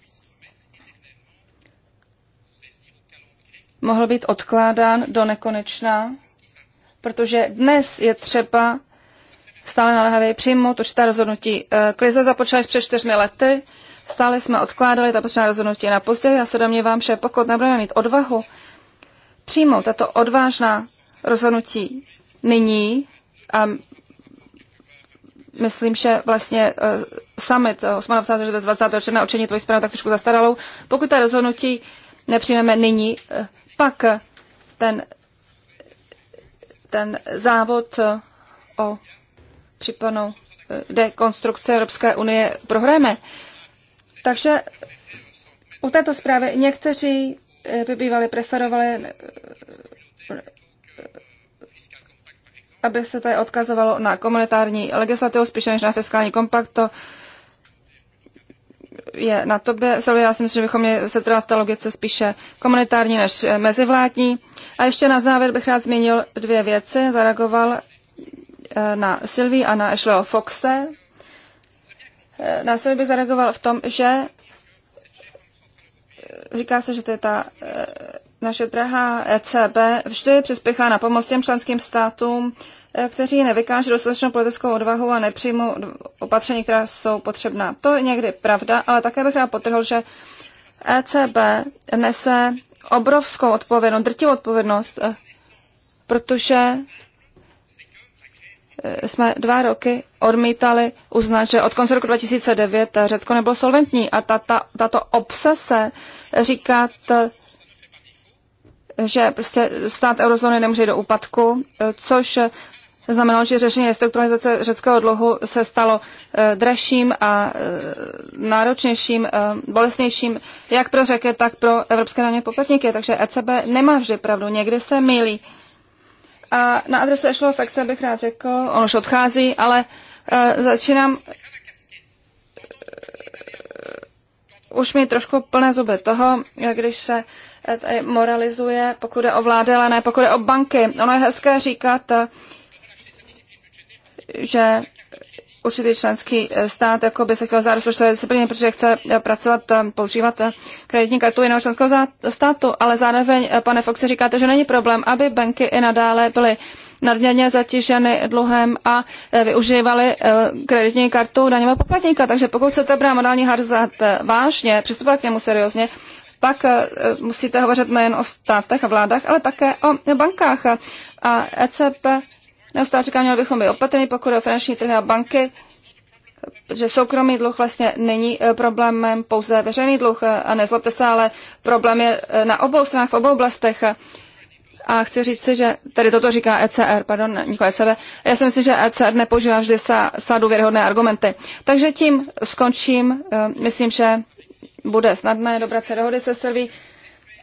mohl být odkládán do nekonečna protože dnes je třeba stále naléhavě přijmout určitá rozhodnutí. Eh, krize započala před čtyřmi lety, stále jsme odkládali ta potřebná rozhodnutí na později. Já se domnívám, že pokud nebudeme mít odvahu přijmout tato odvážná rozhodnutí nyní a myslím, že vlastně uh, summit 28. Eh, 20. června učení tvojí správnou tak trošku zastaralou. Pokud ta rozhodnutí nepřijmeme nyní, pak ten ten závod eh, o případnou eh, dekonstrukce Evropské unie prohráme. Takže u této zprávy někteří eh, by bývali preferovali, aby se tady odkazovalo na komunitární legislativu, spíše než na fiskální kompakt. To je na tobě, Silvia, já si myslím, že bychom měli setrvat té logice spíše komunitární než eh, mezivládní. A ještě na závěr bych rád zmínil dvě věci, zareagoval eh, na Silví a na Ashleyho Foxe. Eh, na Silví bych zareagoval v tom, že říká se, že to je ta naše drahá ECB vždy přispěchá na pomoc těm členským státům, Eh, kteří nevykáží dostatečnou politickou odvahu a nepřijmou opatření, která jsou potřebná. To je někdy pravda, ale také bych rád potrhl, že ECB nese obrovskou odpovědnost, drtivou odpovědnost, eh, protože eh, jsme dva roky odmítali uznat, že od konce roku 2009 Řecko nebylo solventní a ta ta tato obsese říkat, že prostě stát eurozóny nemůže do úpadku, což znamenalo, že řešení restrukturalizace řeckého dluhu se stalo eh, dražším a eh, náročnějším, eh, bolestnějším, jak pro řeky, tak pro evropské daně poplatníky. Takže ECB nemá vždy pravdu, někdy se mýlí. A na adresu Ešlo Fexe bych rád řekl, on už odchází, ale začínám už mi trošku plné zuby toho, když se moralizuje, pokud je o vlády, ale ne pokud je o banky. Ono je hezké říkat, že určitý členský eh, stát jako by se chtěl zdát rozpočtové disciplíny, protože chce eh, pracovat, eh, používat kreditní kartu jiného členského státu, ale zároveň, pane Foxe, říkáte, že není problém, aby banky i nadále byly nadměrně zatíženy dluhem a využívali kreditní kartu daňového poplatníka. Takže pokud chcete brát modální hazard vážně, přistupovat k němu seriózně, pak musíte hovořit nejen o státech a vládách, ale také o bankách. A ECB Neustále říkám, měli bychom být opatrní, pokud o finanční trhy a banky, že soukromý dluh vlastně není eh, problémem pouze veřejný dluh eh, a nezlobte se, ale problém je eh, na obou stranách, v obou oblastech. A chci říct si, že tady toto říká ECR, pardon, nikoli ECB. Já si myslím, že ECR nepoužívá vždy sa, sa důvěryhodné argumenty. Takže tím skončím. Myslím, že bude snadné dobrat se dohody se Silví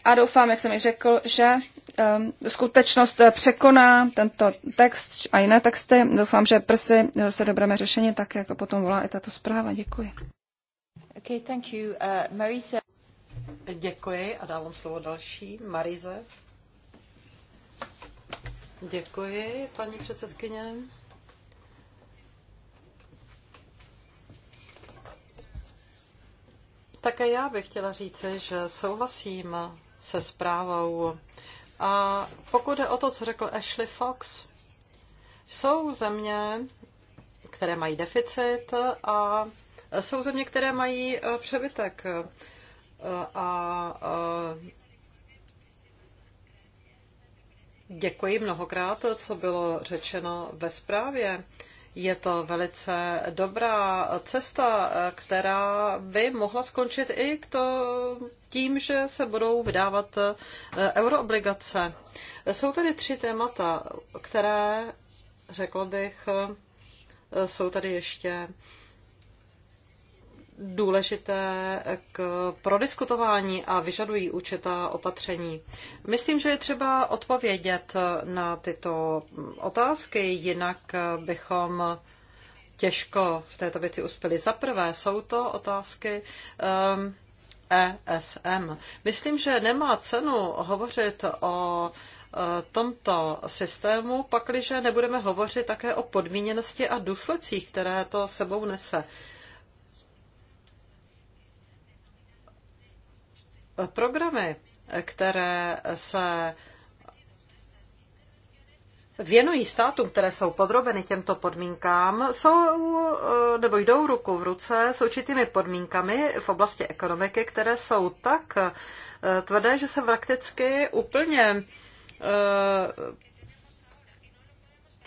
a doufám, jak jsem mi řekl, že Ehm, skutečnost eh, překoná tento text a jiné texty. Doufám, že prsy eh, se dobráme řešení, tak jako potom volá i tato zpráva. Děkuji.
Okay, thank you. Uh, Marisa.
Děkuji a dávám slovo další. Marize. Děkuji, paní předsedkyně. Také já bych chtěla říct, že souhlasím se zprávou a pokud je o to, co řekl Ashley Fox, jsou země, které mají deficit a jsou země, které mají eh, přebytek. Eh, a eh, děkuji mnohokrát, co bylo řečeno ve zprávě. Je to velice dobrá cesta, která by mohla skončit i k to, tím, že se budou vydávat eh, euroobligace. Jsou tady tři témata, které, řekla bych, eh, jsou tady ještě důležité k prodiskutování a vyžadují určitá opatření. Myslím, že je třeba odpovědět na tyto otázky, jinak bychom těžko v této věci uspěli. Za prvé jsou to otázky um, ESM. Myslím, že nemá cenu hovořit o e, tomto systému, pakliže nebudeme hovořit také o podmíněnosti a důsledcích, které to sebou nese. Uh, programy, které se věnují státům, které jsou podrobeny těmto podmínkám, jsou eh, nebo jdou ruku v ruce s určitými podmínkami v oblasti ekonomiky, které jsou tak eh, tvrdé, že se prakticky úplně eh,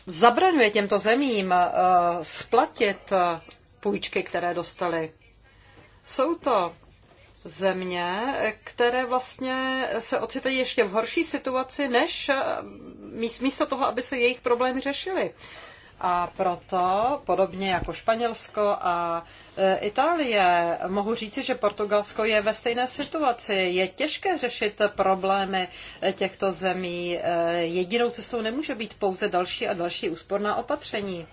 zabraňuje těmto zemím splatit půjčky, které dostali. Jsou to země, které vlastně se ocitají ještě v horší situaci, než eh, místo toho, aby se jejich problémy řešily. A proto, podobně jako Španělsko a eh, Itálie, mohu říci, že Portugalsko je ve stejné situaci. Je těžké řešit problémy eh, těchto zemí. Jedinou cestou nemůže být pouze další a další úsporná opatření.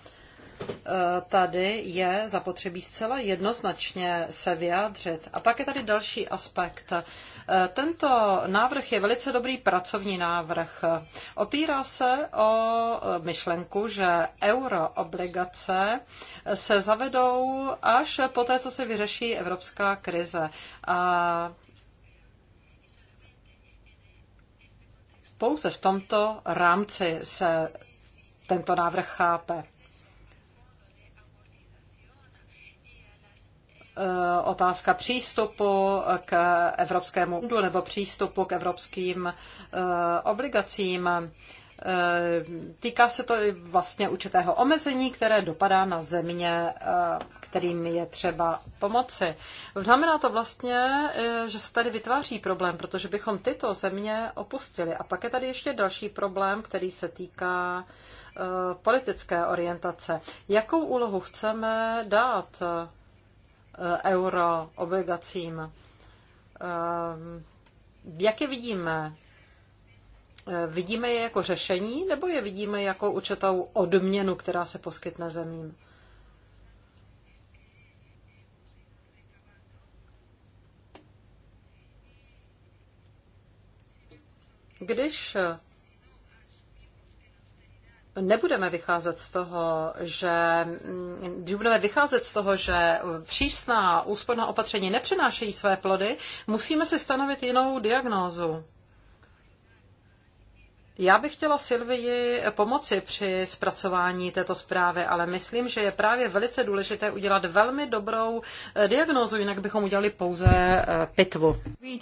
Eh, tady je zapotřebí zcela jednoznačně se vyjádřit. A pak je tady další aspekt. Eh, tento návrh je velice dobrý pracovní návrh. Opírá se o eh, myšlenku, že euroobligace se zavedou až po té, co se vyřeší evropská krize. A pouze v tomto rámci se tento návrh chápe. Eh, otázka přístupu k evropskému fondu nebo přístupu k evropským eh, obligacím. Eh, týká se to i vlastně určitého omezení, které dopadá na země, kterým je třeba pomoci. Znamená to vlastně, že se tady vytváří problém, protože bychom tyto země opustili. A pak je tady ještě další problém, který se týká politické orientace. Jakou úlohu chceme dát Eh, euroobligacím. Eh, jak je vidíme? Eh, vidíme je jako řešení nebo je vidíme jako určitou odměnu, která se poskytne zemím? Když nebudeme vycházet z toho, že mm, budeme vycházet z toho, že přísná úsporná opatření nepřinášejí své plody, musíme si stanovit jinou diagnózu. Já bych chtěla Silvii pomoci při zpracování této zprávy, ale myslím, že je právě velice důležité udělat velmi dobrou eh, diagnózu, jinak bychom udělali pouze eh, pitvu.
Read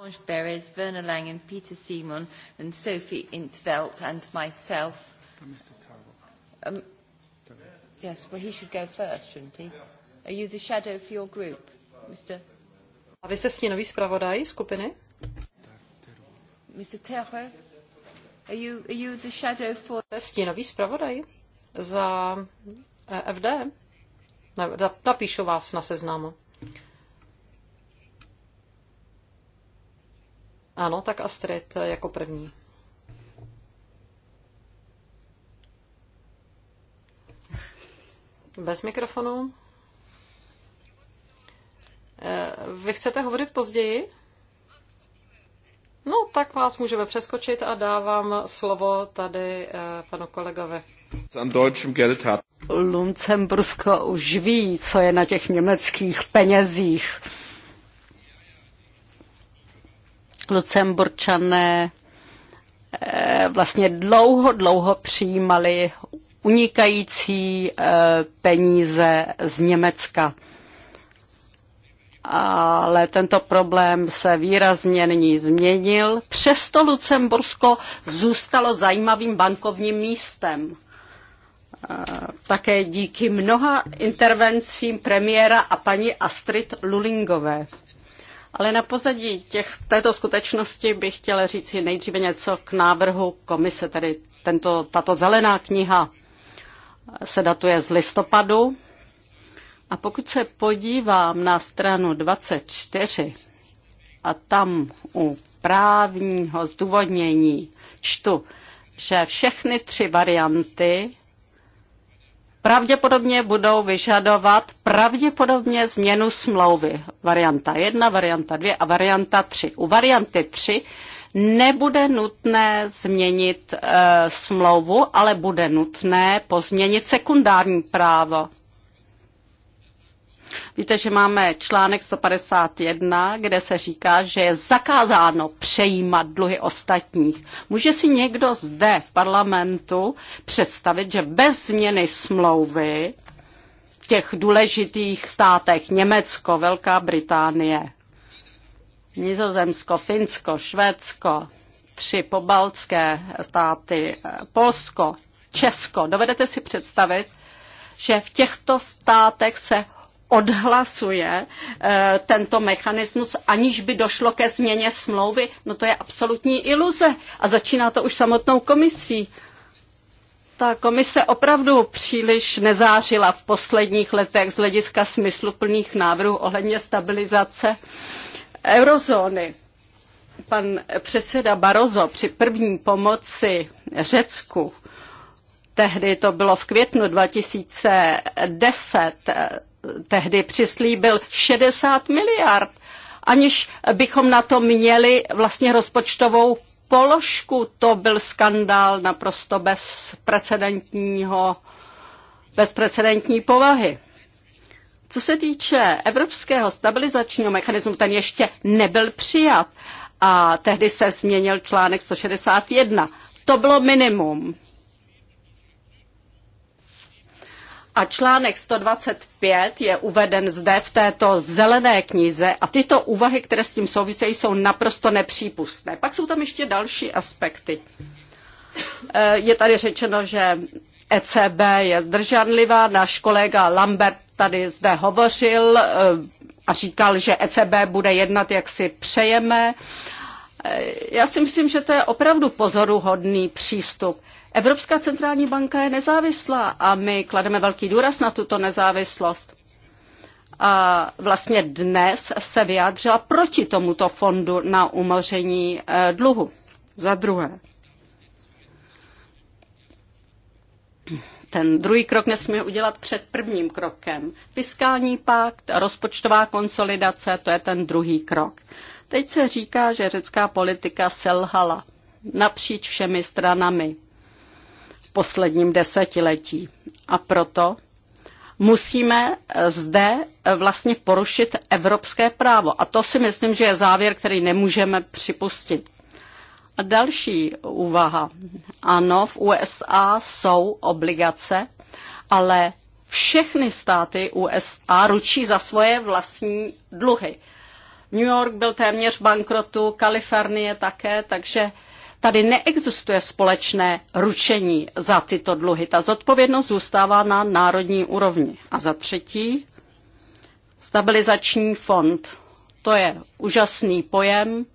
Ange Beres, Werner Langen, Peter Simon and Sophie Intveld and myself. Um, yes, well he should go first, shouldn't he? Are you the shadow for your group, Mr. A vy jste stínový zpravodaj skupiny? Mr. Terre,
are you, are you the shadow for... Stínový zpravodaj za eh, FD? Napíšu vás na seznam. Ano, tak Astrid jako první. Bez mikrofonu. Eh, vy chcete hovorit později? No, tak vás můžeme přeskočit a dávám slovo tady eh, panu kolegovi.
Lucembursko už ví, co je na těch německých penězích. Lucemburčané eh, vlastně dlouho, dlouho přijímali unikající eh, peníze z Německa. Ale tento problém se výrazně nyní změnil. Přesto Lucembursko zůstalo zajímavým bankovním místem. Eh, také díky mnoha intervencím premiéra a paní Astrid Lulingové. Ale na pozadí těch, této skutečnosti bych chtěla říct si nejdříve něco k návrhu komise, tedy tento, tato zelená kniha se datuje z listopadu. A pokud se podívám na stranu 24 a tam u právního zdůvodnění čtu, že všechny tři varianty pravděpodobně budou vyžadovat pravděpodobně změnu smlouvy. Varianta 1, varianta 2 a varianta 3. U varianty 3 nebude nutné změnit e, smlouvu, ale bude nutné pozměnit sekundární právo. Víte, že máme článek 151, kde se říká, že je zakázáno přejímat dluhy ostatních. Může si někdo zde v parlamentu představit, že bez změny smlouvy v těch důležitých státech Německo, Velká Británie, Nizozemsko, Finsko, Švédsko, tři pobaltské státy, Polsko, Česko. Dovedete si představit, že v těchto státech se odhlasuje eh, tento mechanismus, aniž by došlo ke změně smlouvy, no to je absolutní iluze. A začíná to už samotnou komisí. Ta komise opravdu příliš nezářila v posledních letech z hlediska smysluplných návrhů ohledně stabilizace eurozóny. Pan předseda Barozo při první pomoci Řecku tehdy to bylo v květnu 2010, tehdy přislíbil 60 miliard, aniž bychom na to měli vlastně rozpočtovou položku. To byl skandál naprosto bezprecedentního, bezprecedentní povahy. Co se týče evropského stabilizačního mechanismu, ten ještě nebyl přijat a tehdy se změnil článek 161. To bylo minimum. a článek 125 je uveden zde v této zelené knize a tyto úvahy, které s tím souvisejí, jsou naprosto nepřípustné. Pak jsou tam ještě další aspekty. E, je tady řečeno, že ECB je zdržanlivá, náš kolega Lambert tady zde hovořil e, a říkal, že ECB bude jednat, jak si přejeme. E, já si myslím, že to je opravdu pozoruhodný přístup. Evropská centrální banka je nezávislá a my klademe velký důraz na tuto nezávislost. A vlastně dnes se vyjádřila proti tomuto fondu na umoření eh, dluhu. Za druhé. Ten druhý krok nesmíme udělat před prvním krokem. Fiskální pakt, rozpočtová konsolidace, to je ten druhý krok. Teď se říká, že řecká politika selhala napříč všemi stranami posledním desetiletí. A proto musíme zde vlastně porušit evropské právo. A to si myslím, že je závěr, který nemůžeme připustit. A další úvaha. Ano, v USA jsou obligace, ale všechny státy USA ručí za svoje vlastní dluhy. New York byl téměř bankrotu, Kalifornie také, takže Tady neexistuje společné ručení za tyto dluhy. Ta zodpovědnost zůstává na národní úrovni. A za třetí, stabilizační fond. To je úžasný pojem.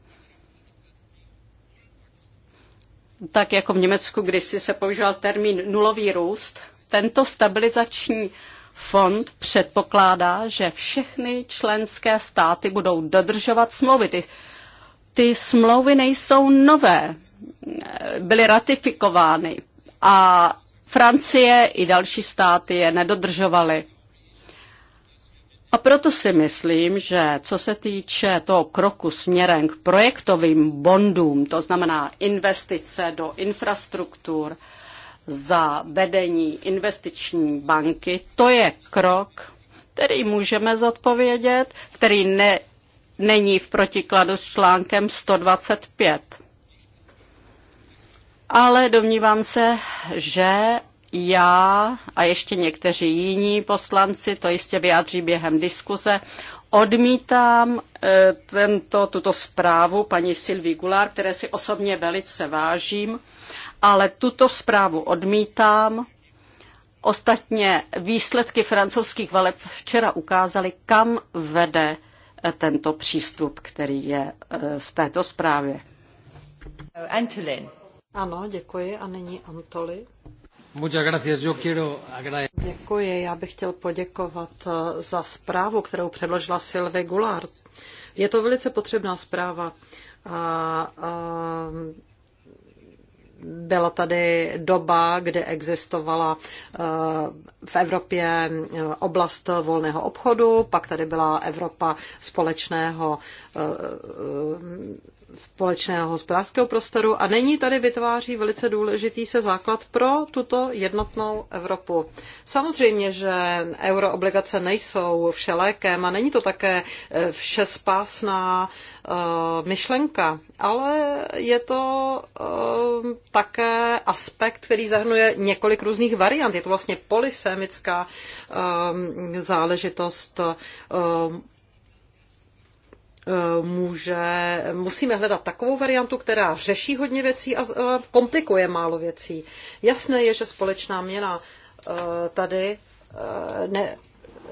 Tak jako v Německu kdysi se používal termín nulový růst, tento stabilizační Fond předpokládá, že všechny členské státy budou dodržovat smlouvy. Ty, ty smlouvy nejsou nové byly ratifikovány a Francie i další státy je nedodržovaly. A proto si myslím, že co se týče toho kroku směrem k projektovým bondům, to znamená investice do infrastruktur za vedení investiční banky, to je krok, který můžeme zodpovědět, který ne, není v protikladu s článkem 125 ale domnívám se, že já a ještě někteří jiní poslanci, to jistě vyjádří během diskuze, odmítám eh, tento, tuto zprávu paní Sylvie Gulár, které si osobně velice vážím, ale tuto zprávu odmítám. Ostatně výsledky francouzských voleb včera ukázaly, kam vede eh, tento přístup, který je eh, v této zprávě. Antolin.
Ano, děkuji. A nyní Antoli. Děkuji. Já bych chtěl poděkovat eh, za zprávu, kterou předložila Sylvie Goulart. Je to velice potřebná zpráva. A, a, byla tady doba, kdy existovala eh, v Evropě eh, oblast volného obchodu, pak tady byla Evropa společného společného hospodářského prostoru a není tady vytváří velice důležitý se základ pro tuto jednotnou Evropu. Samozřejmě, že euroobligace nejsou všelékem a není to také eh, všespásná uh, myšlenka, ale je to uh, také aspekt, který zahrnuje několik různých variant. Je to vlastně polysémická um, záležitost um, E, může, musíme hledat takovou variantu, která řeší hodně věcí a e, komplikuje málo věcí. Jasné je, že společná měna e, tady ne,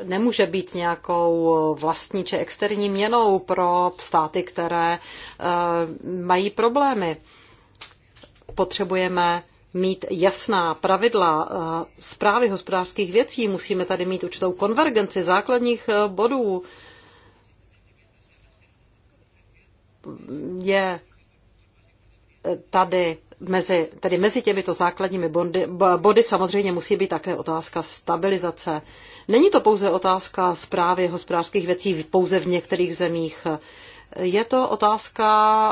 nemůže být nějakou vlastní či externí měnou pro státy, které mají problémy. Potřebujeme mít jasná pravidla zprávy hospodářských věcí, musíme tady mít určitou konvergenci základních bodů, je tady mezi, tedy mezi těmito základními body, body samozřejmě musí být také otázka stabilizace. Není to pouze otázka zprávy hospodářských věcí pouze v některých zemích. Je to otázka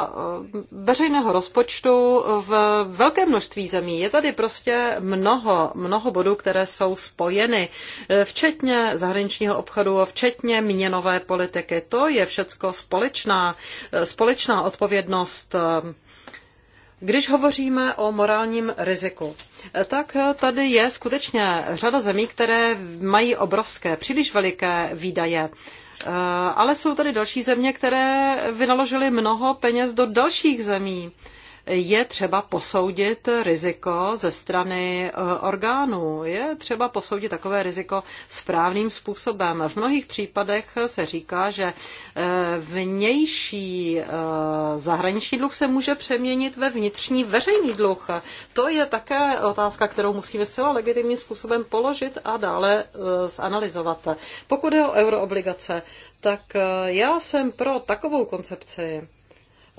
eh, veřejného rozpočtu v velké množství zemí. Je tady prostě mnoho, mnoho bodů, které jsou spojeny, eh, včetně zahraničního obchodu, včetně měnové politiky. To je všecko společná, eh, společná odpovědnost když hovoříme o morálním riziku, tak tady je skutečně řada zemí, které mají obrovské, příliš veliké výdaje. Eh, ale jsou tady další země, které vynaložily mnoho peněz do dalších zemí je třeba posoudit riziko ze strany e, orgánů. Je třeba posoudit takové riziko správným způsobem. V mnohých případech se říká, že e, vnější e, zahraniční dluh se může přeměnit ve vnitřní veřejný dluh. To je také otázka, kterou musíme zcela legitimním způsobem položit a dále zanalizovat. Pokud je o euroobligace, tak já jsem pro takovou koncepci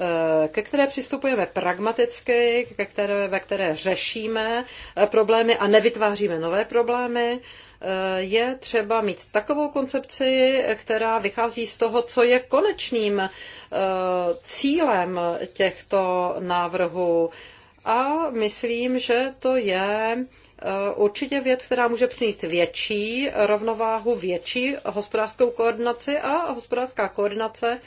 Eh, ke které přistupujeme pragmaticky, ke které, ve které řešíme eh, problémy a nevytváříme nové problémy, eh, je třeba mít takovou koncepci, která vychází z toho, co je konečným cílem těchto návrhů. A myslím, že to je určitě věc, která může přinést větší rovnováhu, větší hospodářskou koordinaci a hospodářská koordinace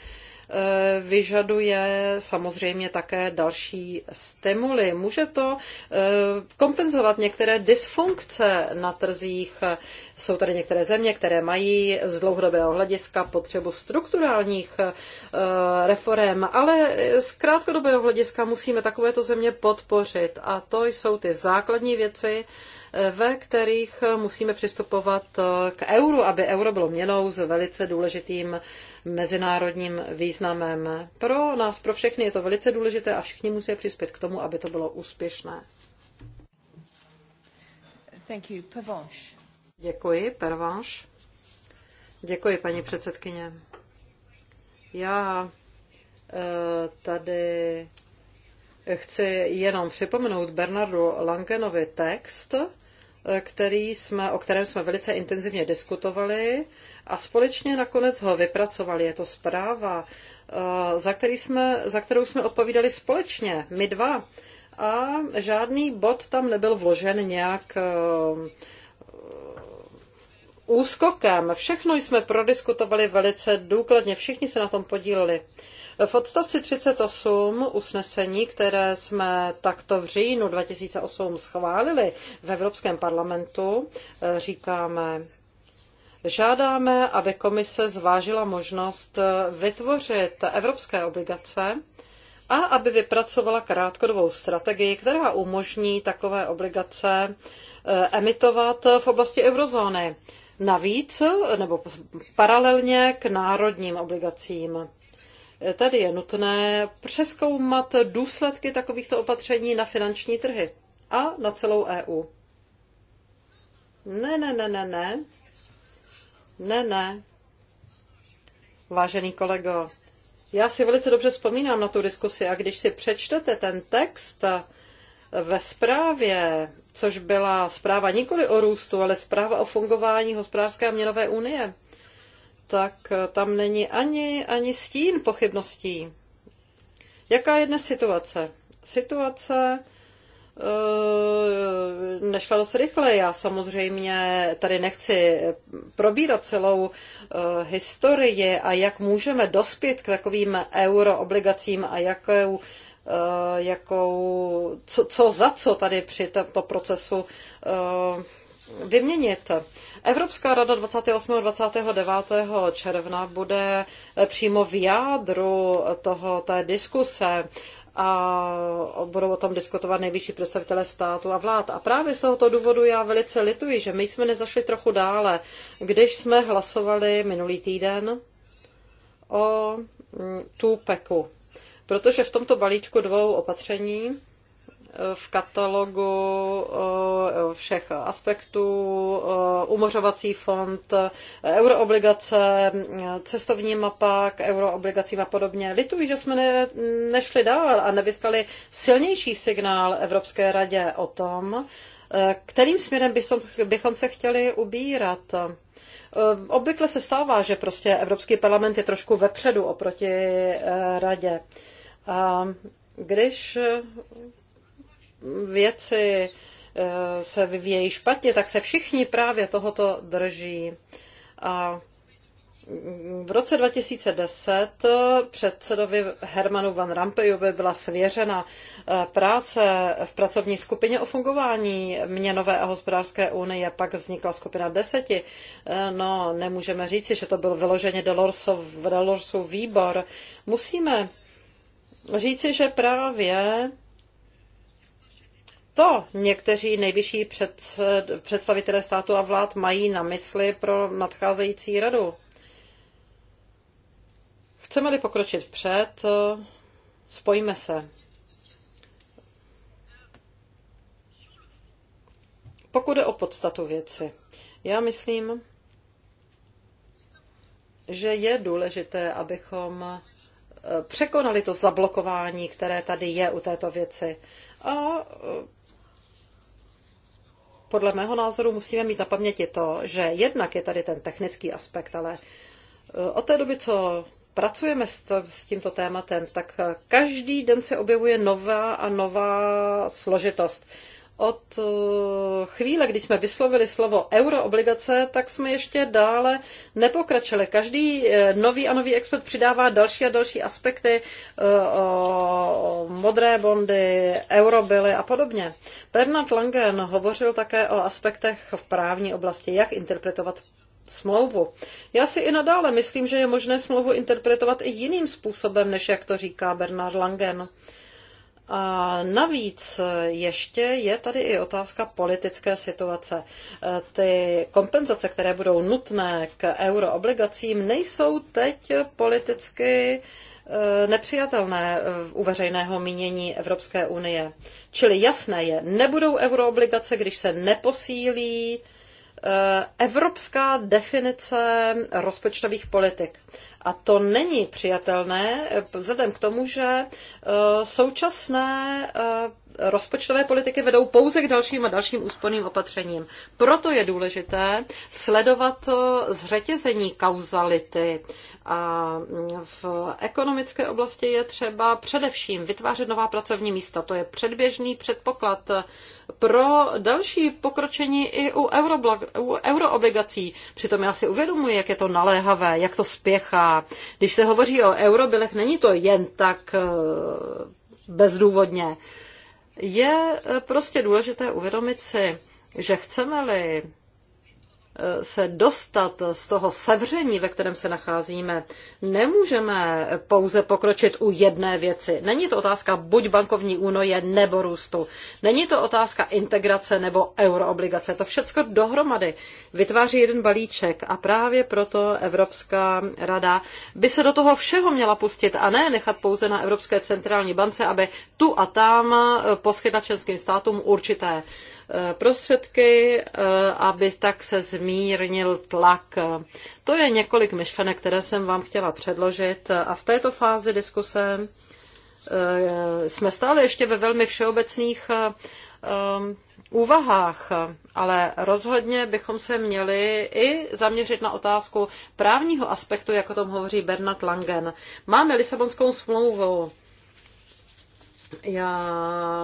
Eh, vyžaduje samozřejmě také další stimuly. Může to eh, kompenzovat některé dysfunkce na trzích. Jsou tady některé země, které mají z dlouhodobého hlediska potřebu strukturálních eh, reform, ale z krátkodobého hlediska musíme takovéto země podpořit. A to jsou ty základní věci, ve kterých musíme přistupovat eh, k euru, aby euro bylo měnou s velice důležitým mezinárodním významem. Pro nás, pro všechny je to velice důležité a všichni musí přispět k tomu, aby to bylo úspěšné.
Thank you. Děkuji,
Pervanš. Děkuji, paní předsedkyně. Já eh, tady chci jenom připomenout Bernardu Langenovi text, který jsme, o kterém jsme velice intenzivně diskutovali a společně nakonec ho vypracovali. Je to zpráva, eh, za, který jsme, za kterou jsme odpovídali společně, my dva. A žádný bod tam nebyl vložen nějak eh, úskokem. Všechno jsme prodiskutovali velice důkladně, všichni se na tom podíleli. V odstavci 38 usnesení, které jsme takto v říjnu 2008 schválili v Evropském parlamentu, eh, říkáme, žádáme, aby komise zvážila možnost eh, vytvořit evropské obligace a aby vypracovala krátkodobou strategii, která umožní takové obligace eh, emitovat v oblasti eurozóny. Navíc nebo paralelně k národním obligacím. Tady je nutné přeskoumat důsledky takovýchto opatření na finanční trhy a na celou EU. Ne, ne, ne, ne, ne. Ne, ne. Vážený kolego, já si velice dobře vzpomínám na tu diskusi a když si přečtete ten text ve zprávě, což byla zpráva nikoli o růstu, ale zpráva o fungování hospodářské a měnové unie, tak eh, tam není ani, ani stín pochybností. Jaká je dnes situace? Situace eh, nešla dost rychle. Já samozřejmě tady nechci probírat celou eh, historii a jak můžeme dospět k takovým euroobligacím a jakou, jakou co, co za co tady při tomto procesu vyměnit. Evropská rada 28. a 29. června bude eh, přímo v jádru toho, té diskuse a budou o tom diskutovat nejvyšší představitelé státu a vlád. A právě z tohoto důvodu já velice lituji, že my jsme nezašli trochu dále, když jsme hlasovali minulý týden o mm, peku. Protože v tomto balíčku dvou opatření v katalogu eh, všech aspektů, eh, umořovací fond, eh, euroobligace, cestovní mapa k euroobligacím a podobně. Lituji, že jsme ne, nešli dál a nevyslali silnější signál Evropské radě o tom, kterým směrem bychom, bychom se chtěli ubírat. Obvykle se stává, že prostě Evropský parlament je trošku vepředu oproti radě. A když věci eh, se vyvíjejí špatně, tak se všichni právě tohoto drží. A v roce 2010 předsedovi Hermanu Van Rampejovi byla svěřena eh, práce v pracovní skupině o fungování měnové a hospodářské unie, pak vznikla skupina deseti. Eh, no, nemůžeme říci, že to byl vyloženě Delorsův výbor. Musíme říci, že právě to někteří nejvyšší před, představitelé státu a vlád mají na mysli pro nadcházející radu. Chceme-li pokročit vpřed, spojíme se. Pokud jde o podstatu věci, já myslím, že je důležité, abychom eh, překonali to zablokování, které tady je u této věci. A e, podle mého názoru musíme mít na paměti to, že jednak je tady ten technický aspekt, ale e, od té doby, co pracujeme s, s tímto tématem, tak e, každý den se objevuje nová a nová složitost od eh, chvíle, kdy jsme vyslovili slovo euroobligace, tak jsme ještě dále nepokračovali. Každý eh, nový a nový expert přidává další a další aspekty eh, o modré bondy, eurobily a podobně. Bernard Langen hovořil také o aspektech v právní oblasti, jak interpretovat smlouvu. Já si i nadále myslím, že je možné smlouvu interpretovat i jiným způsobem, než jak to říká Bernard Langen. A navíc ještě je tady i otázka politické situace. E, ty kompenzace, které budou nutné k euroobligacím, nejsou teď politicky e, nepřijatelné u veřejného mínění Evropské unie. Čili jasné je, nebudou euroobligace, když se neposílí e, evropská definice rozpočtových politik. A to není přijatelné eh, vzhledem k tomu, že eh, současné eh, rozpočtové politiky vedou pouze k dalším a dalším úsporným opatřením. Proto je důležité sledovat zřetězení kauzality. A mm, v ekonomické oblasti je třeba především vytvářet nová pracovní místa. To je předběžný předpoklad pro další pokročení i u, euroobligací. Přitom já si uvědomuji, jak je to naléhavé, jak to spěchá když se hovoří o eurobilech, není to jen tak eh, bezdůvodně. Je eh, prostě důležité uvědomit si, že chceme-li se dostat z toho sevření, ve kterém se nacházíme, nemůžeme pouze pokročit u jedné věci. Není to otázka buď bankovní únoje nebo růstu. Není to otázka integrace nebo euroobligace. To všechno dohromady vytváří jeden balíček a právě proto Evropská rada by se do toho všeho měla pustit a ne nechat pouze na Evropské centrální bance, aby tu a tam poskytla členským státům určité Eh, prostředky, eh, aby tak se zmírnil tlak. To je několik myšlenek, které jsem vám chtěla předložit a v této fázi diskuse eh, jsme stále ještě ve velmi všeobecných úvahách, ale rozhodně bychom se měli i zaměřit na otázku právního aspektu, jak o tom hovoří Bernard Langen. Máme Lisabonskou smlouvu, já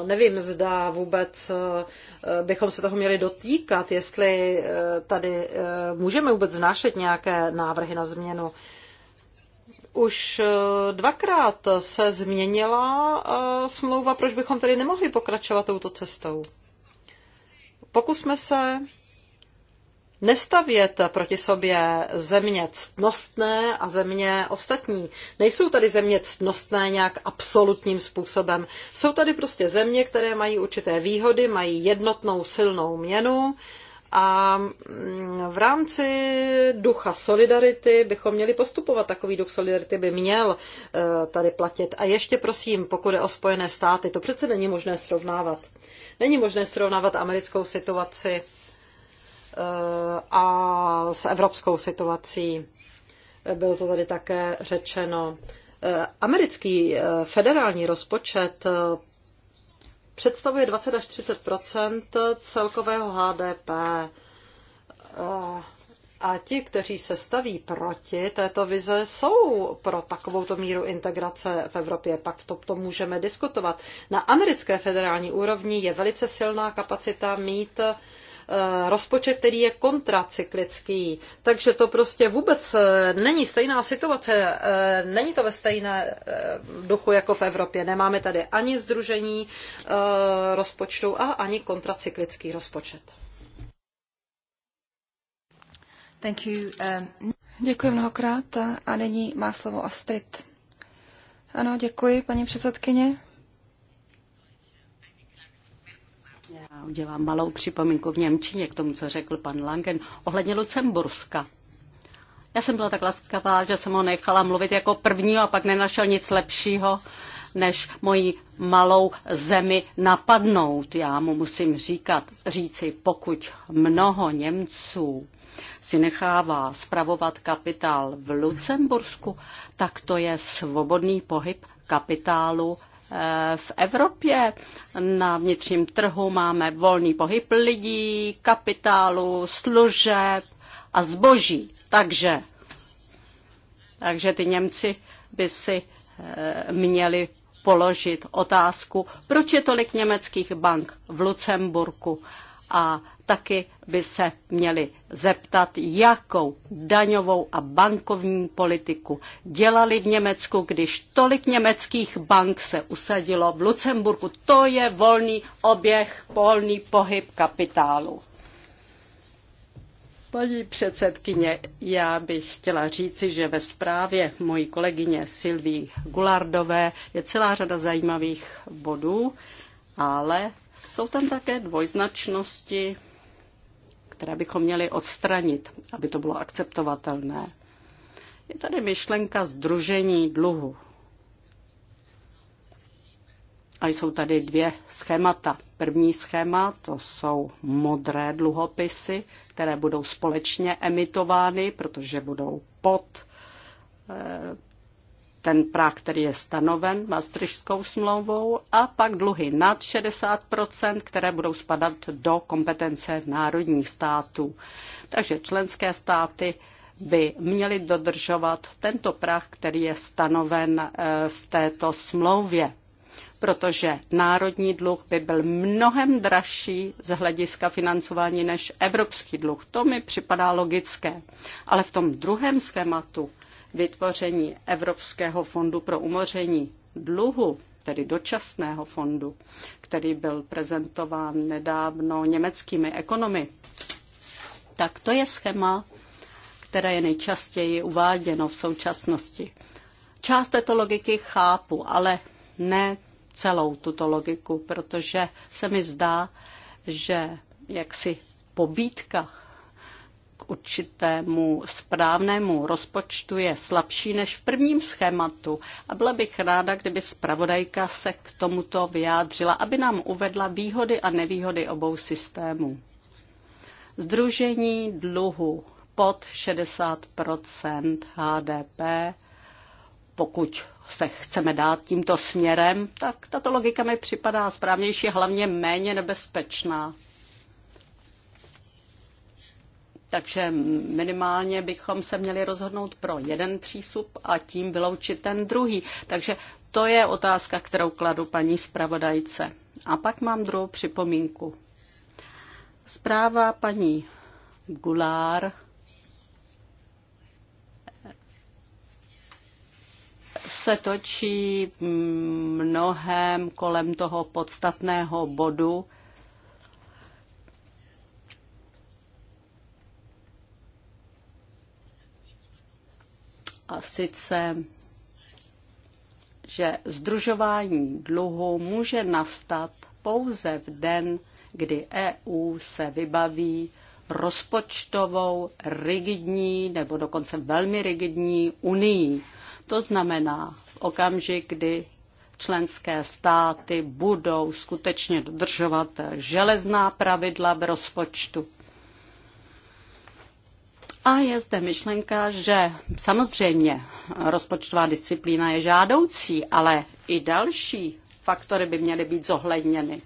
nevím, zda vůbec eh, bychom se toho měli dotýkat, jestli eh, tady eh, můžeme vůbec vnášet nějaké návrhy na změnu. Už dvakrát se změnila smlouva, proč bychom tedy nemohli pokračovat touto cestou. Pokusme se nestavět proti sobě země ctnostné a země ostatní. Nejsou tady země ctnostné nějak absolutním způsobem. Jsou tady prostě země, které mají určité výhody, mají jednotnou silnou měnu, a mm, v rámci ducha solidarity bychom měli postupovat. Takový duch solidarity by měl e, tady platit. A ještě prosím, pokud je o Spojené státy, to přece není možné srovnávat. Není možné srovnávat americkou situaci Eh, a s evropskou situací. Bylo to tady také řečeno. Eh, americký eh, federální rozpočet představuje 20 až 30 celkového HDP. A ti, kteří se staví proti této vize, jsou pro takovouto míru integrace v Evropě. Pak to, to můžeme diskutovat. Na americké federální úrovni je velice silná kapacita mít Eh, rozpočet, který je kontracyklický. Takže to prostě vůbec eh, není stejná situace, eh, není to ve stejné duchu jako v Evropě. Nemáme tady ani združení rozpočtu a ani kontracyklický rozpočet.
Thank you. Um... Děkuji mnohokrát a nyní má slovo Astrid. Ano, děkuji, paní předsedkyně.
udělám malou připomínku v Němčině k tomu, co řekl pan Langen ohledně Lucemburska. Já jsem byla tak laskavá, že jsem ho nechala mluvit jako prvního a pak nenašel nic lepšího, než moji malou zemi napadnout. Já mu musím říkat, říci, pokud mnoho Němců si nechává spravovat kapitál v Lucembursku, tak to je svobodný pohyb kapitálu v Evropě. Na vnitřním trhu máme volný pohyb lidí, kapitálu, služeb a zboží. Takže, takže ty Němci by si eh, měli položit otázku, proč je tolik německých bank v Lucemburku a taky by se měli zeptat, jakou daňovou a bankovní politiku dělali v Německu, když tolik německých bank se usadilo v Lucemburku. To je volný oběh, volný pohyb kapitálu. Paní předsedkyně, já bych chtěla říci, že ve zprávě mojí kolegyně Silví Gulardové je celá řada zajímavých bodů, ale jsou tam také dvojznačnosti, které bychom měli odstranit, aby to bylo akceptovatelné. Je tady myšlenka združení dluhu. A jsou tady dvě schémata. První schéma to jsou modré dluhopisy, které budou společně emitovány, protože budou pod eh, ten práh, který je stanoven Maastrichtskou smlouvou, a pak dluhy nad 60 které budou spadat do kompetence národních států. Takže členské státy by měly dodržovat tento práh, který je stanoven eh, v této smlouvě protože národní dluh by byl mnohem dražší z hlediska financování než evropský dluh. To mi připadá logické. Ale v tom druhém schématu vytvoření Evropského fondu pro umoření dluhu, tedy dočasného fondu, který byl prezentován nedávno německými ekonomy, tak to je schéma, které je nejčastěji uváděno v současnosti. Část této logiky chápu, ale ne celou tuto logiku, protože se mi zdá, že jaksi pobítka určitému správnému rozpočtu je slabší než v prvním schématu. A byla bych ráda, kdyby zpravodajka se k tomuto vyjádřila, aby nám uvedla výhody a nevýhody obou systémů. Združení dluhu pod 60 HDP, pokud se chceme dát tímto směrem, tak tato logika mi připadá správnější, hlavně méně nebezpečná. Takže minimálně bychom se měli rozhodnout pro jeden přístup a tím vyloučit ten druhý. Takže to je otázka, kterou kladu paní zpravodajce. A pak mám druhou připomínku. Zpráva paní Gulár se točí mm, mnohem kolem toho podstatného bodu, a sice, že združování dluhu může nastat pouze v den, kdy EU se vybaví rozpočtovou, rigidní nebo dokonce velmi rigidní unii. To znamená v okamžik, kdy členské státy budou skutečně dodržovat železná pravidla v rozpočtu. A je zde myšlenka, že samozřejmě rozpočtová disciplína je žádoucí, ale i další faktory by měly být zohledněny.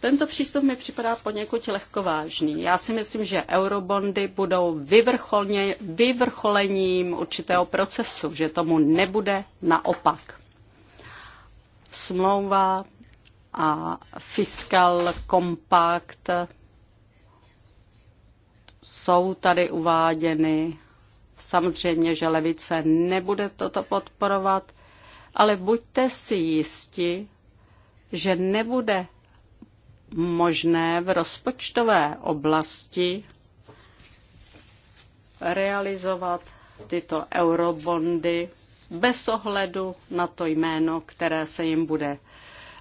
Tento přístup mi připadá poněkud lehkovážný. Já si myslím, že eurobondy budou vyvrcholně, vyvrcholením určitého procesu, že tomu nebude naopak. Smlouva a fiskal kompakt jsou tady uváděny. Samozřejmě, že levice nebude toto podporovat, ale buďte si jisti, že nebude možné v rozpočtové oblasti realizovat tyto eurobondy bez ohledu na to jméno, které se jim bude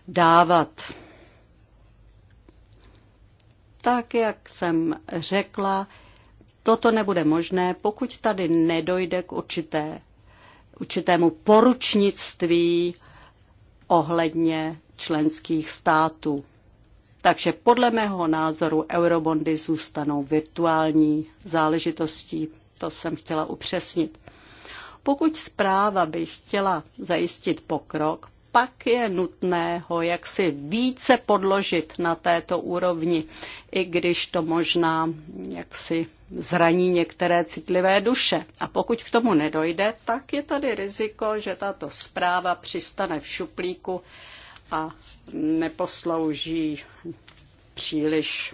dávat tak jak jsem řekla, toto nebude možné, pokud tady nedojde k určité, určitému poručnictví ohledně členských států. Takže podle mého názoru eurobondy zůstanou virtuální záležitostí. To jsem chtěla upřesnit. Pokud zpráva by chtěla zajistit pokrok, pak je nutné ho jaksi více podložit na této úrovni, i když to možná jaksi zraní některé citlivé duše. A pokud k tomu nedojde, tak je tady riziko, že tato zpráva přistane v šuplíku a neposlouží příliš.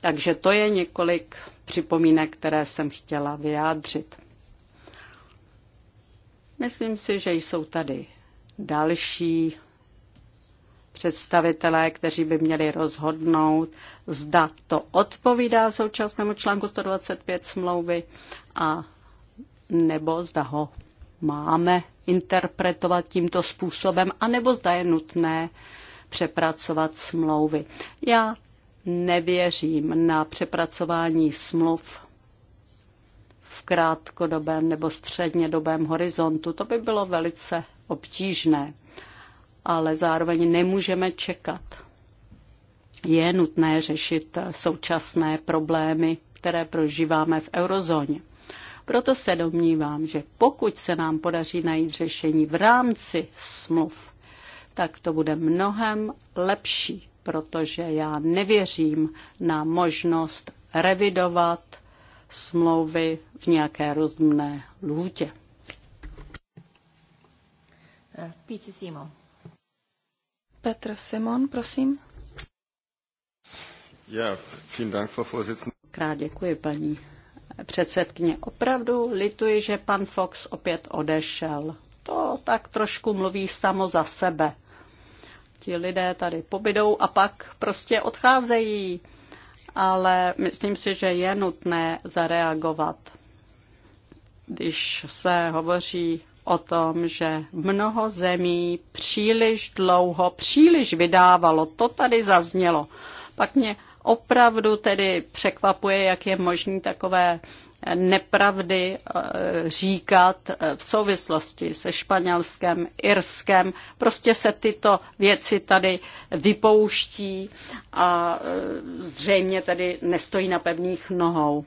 Takže to je několik připomínek, které jsem chtěla vyjádřit. Myslím si, že jsou tady další představitelé, kteří by měli rozhodnout, zda to odpovídá současnému článku 125 smlouvy a nebo zda ho máme interpretovat tímto způsobem, anebo zda je nutné přepracovat smlouvy. Já nevěřím na přepracování smluv v krátkodobém nebo střednědobém horizontu. To by bylo velice obtížné, ale zároveň nemůžeme čekat. Je nutné řešit současné problémy, které prožíváme v eurozóně. Proto se domnívám, že pokud se nám podaří najít řešení v rámci smluv, tak to bude mnohem lepší, protože já nevěřím na možnost revidovat smlouvy v nějaké rozumné lhůtě.
Petr Simon. Petr Simon, prosím.
Já, vielen Dank, Frau
Krát děkuji,
paní předsedkyně. Opravdu lituji, že pan Fox opět odešel. To tak trošku mluví samo za sebe. Ti lidé tady pobydou a pak prostě odcházejí. Ale myslím si, že je nutné zareagovat. Když se hovoří o tom, že mnoho zemí příliš dlouho, příliš vydávalo. To tady zaznělo. Pak mě opravdu tedy překvapuje, jak je možné takové nepravdy eh, říkat eh, v souvislosti se španělském, irském. Prostě se tyto věci tady vypouští a eh, zřejmě tady nestojí na pevných nohou.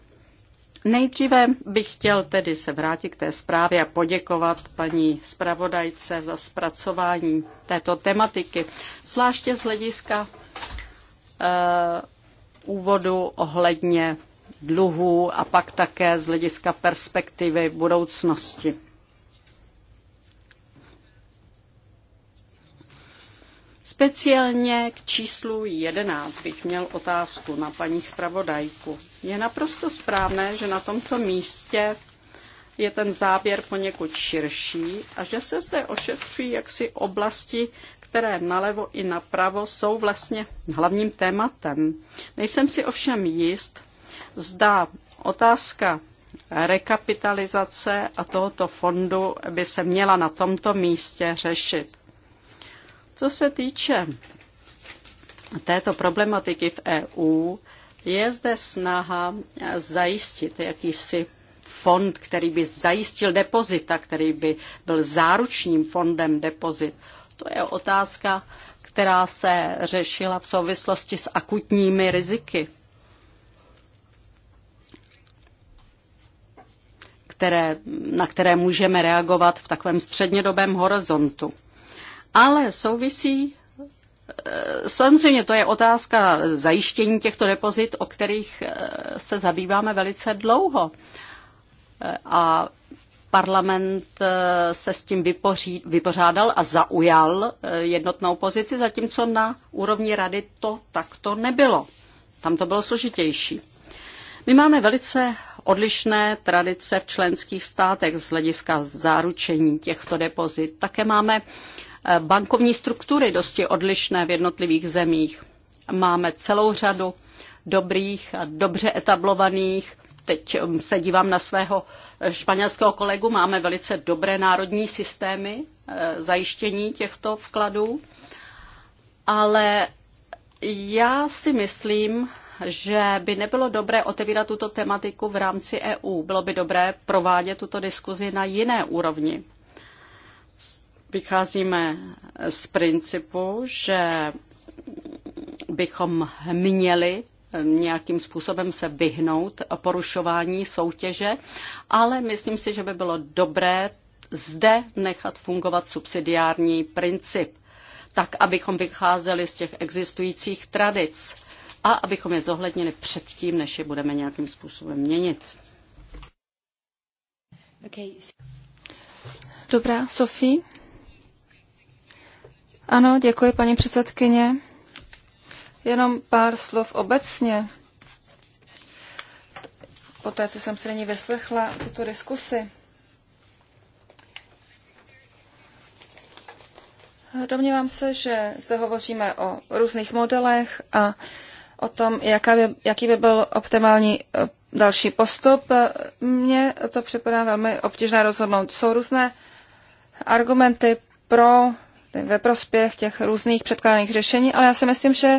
Nejdříve bych chtěl tedy se vrátit k té zprávě a poděkovat paní zpravodajce za zpracování této tematiky, zvláště z hlediska uh, úvodu ohledně dluhů a pak také z hlediska perspektivy budoucnosti. Speciálně k číslu 11 bych měl otázku na paní zpravodajku. Je naprosto správné, že na tomto místě je ten záběr poněkud širší a že se zde ošetřují jaksi oblasti, které nalevo i napravo jsou vlastně hlavním tématem. Nejsem si ovšem jist, zda otázka rekapitalizace a tohoto fondu by se měla na tomto místě řešit. Co se týče této problematiky v EU, je zde snaha zajistit jakýsi fond, který by zajistil depozita, který by byl záručním fondem depozit. To je otázka, která se řešila v souvislosti s akutními riziky, které, na které můžeme reagovat v takovém střednědobém horizontu ale souvisí eh, Samozřejmě to je otázka zajištění těchto depozit, o kterých eh, se zabýváme velice dlouho. Eh, a parlament se s tím vypoří, vypořádal a zaujal jednotnou pozici, zatímco na úrovni rady to takto nebylo. Tam to bylo složitější. My máme velice odlišné tradice v členských státech z hlediska záručení těchto depozit. Také máme uh, bankovní struktury dosti odlišné v jednotlivých zemích. Máme celou řadu dobrých a dobře etablovaných. Teď um, se dívám na svého španělského kolegu. Máme velice dobré národní systémy eh, zajištění těchto vkladů. Ale já si myslím, že by nebylo dobré otevírat tuto tematiku v rámci EU. Bylo by dobré provádět tuto diskuzi na jiné úrovni. Vycházíme z principu, že bychom měli nějakým způsobem se vyhnout porušování soutěže, ale myslím si, že by bylo dobré zde nechat fungovat subsidiární princip, tak abychom vycházeli z těch existujících tradic a abychom je zohlednili předtím, než je budeme nějakým způsobem měnit.
Dobrá, Sofie. Ano, děkuji, paní předsedkyně. Jenom pár slov obecně. Po té, co jsem se nyní vyslechla tuto diskusi. Domnívám se, že zde hovoříme o různých modelech a o tom, jaká by, jaký by byl optimální eh, další postup. Mně to připadá velmi obtížné rozhodnout. Jsou různé argumenty pro ve prospěch těch různých předkládaných řešení, ale já si myslím, že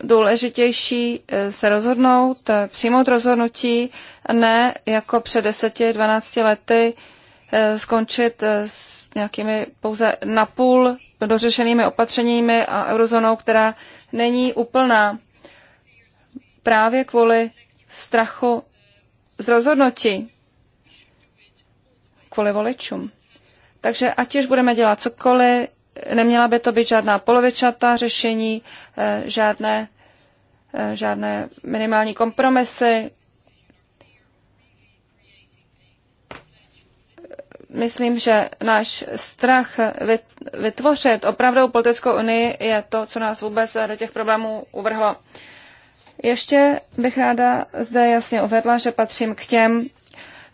důležitější e, se rozhodnout, e, přijmout rozhodnutí, ne jako před 10-12 lety e, skončit s nějakými pouze napůl dořešenými opatřeními a eurozónou, která není úplná právě kvůli strachu z rozhodnutí, kvůli voličům. Takže ať už budeme dělat cokoliv, neměla by to být žádná polovičatá řešení, eh, žádné, eh, žádné minimální kompromisy. Myslím, že náš strach vytvořit opravdu politickou unii je to, co nás vůbec do těch problémů uvrhlo. Ještě bych ráda zde jasně uvedla, že patřím k těm,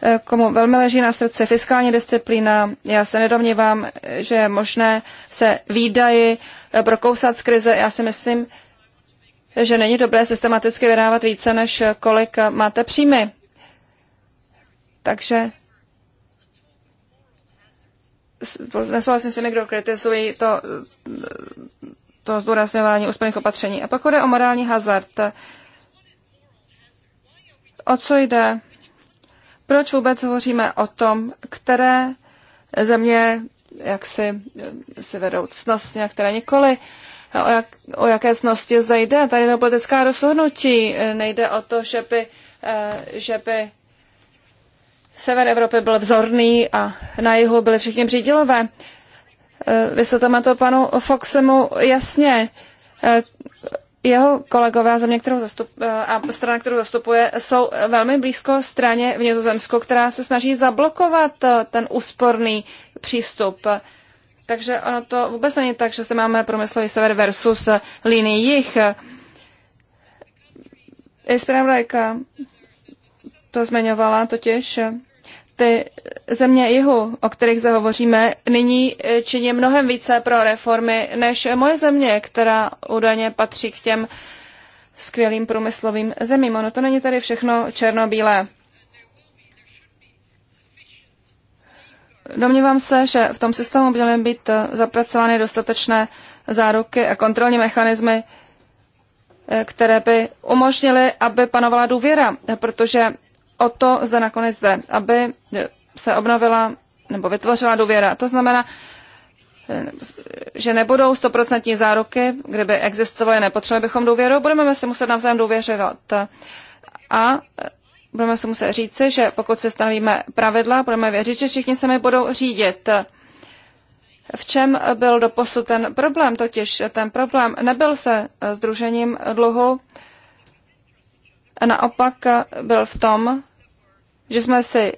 Eh, komu velmi leží na srdce fiskální disciplína. Já se nedomnívám, že je možné se výdaji eh, prokousat z krize. Já si myslím, že není dobré systematicky vydávat více, než kolik máte příjmy. Takže nesouhlasím s těmi, kdo kritizují to, to zdůrazňování úspěšných opatření. A pokud jde o morální hazard, o co jde? Proč vůbec hovoříme o tom, které země jak si, si vedou cnost, a které nikoli? O, jak, o jaké cnosti zde jde? Tady jde politická rozhodnutí. Nejde o to, že by, eh, že by sever Evropy byl vzorný a na jihu byli všichni eh, Vy se to panu Foxemu jasně. Eh, jeho kolegové země, kterou zastup, eh, a strana, kterou zastupuje, jsou velmi blízko straně v Nizozemsku, která se snaží zablokovat eh, ten úsporný přístup. Takže ono to vůbec není tak, že se máme promyslový sever versus eh, linii jich. Spravodajka to zmiňovala totiž, ty země jihu, o kterých se hovoříme, nyní eh, činí mnohem více pro reformy než moje země, která údajně patří k těm skvělým průmyslovým zemím. Ono to není tady všechno černobílé. Domnívám se, že v tom systému měly být eh, zapracovány dostatečné záruky a kontrolní mechanismy, eh, které by umožnily, aby panovala důvěra, protože o to zde nakonec jde, aby se obnovila nebo vytvořila důvěra. To znamená, že nebudou stoprocentní záruky, kdyby existovaly, nepotřebovali bychom důvěru, budeme si muset navzájem důvěřovat. A budeme si muset říci, že pokud se stanovíme pravidla, budeme věřit, že všichni se mi budou řídit. V čem byl doposud ten problém? Totiž ten problém nebyl se združením dluhu, naopak byl v tom, že jsme si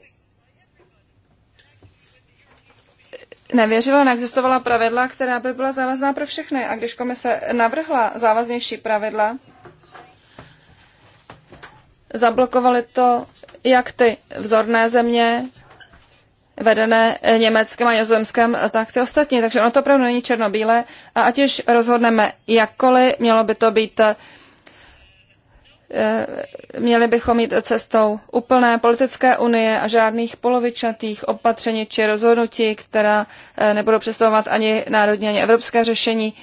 nevěřila, neexistovala pravidla, která by byla závazná pro všechny. A když komise navrhla závaznější pravidla, zablokovali to jak ty vzorné země, vedené Německem a Nizozemskem, tak ty ostatní. Takže ono to opravdu není černobílé. A ať už rozhodneme jakkoliv, mělo by to být Eh, měli bychom jít cestou úplné politické unie a žádných polovičatých opatření či rozhodnutí, která eh, nebudou představovat ani národní, ani evropské řešení.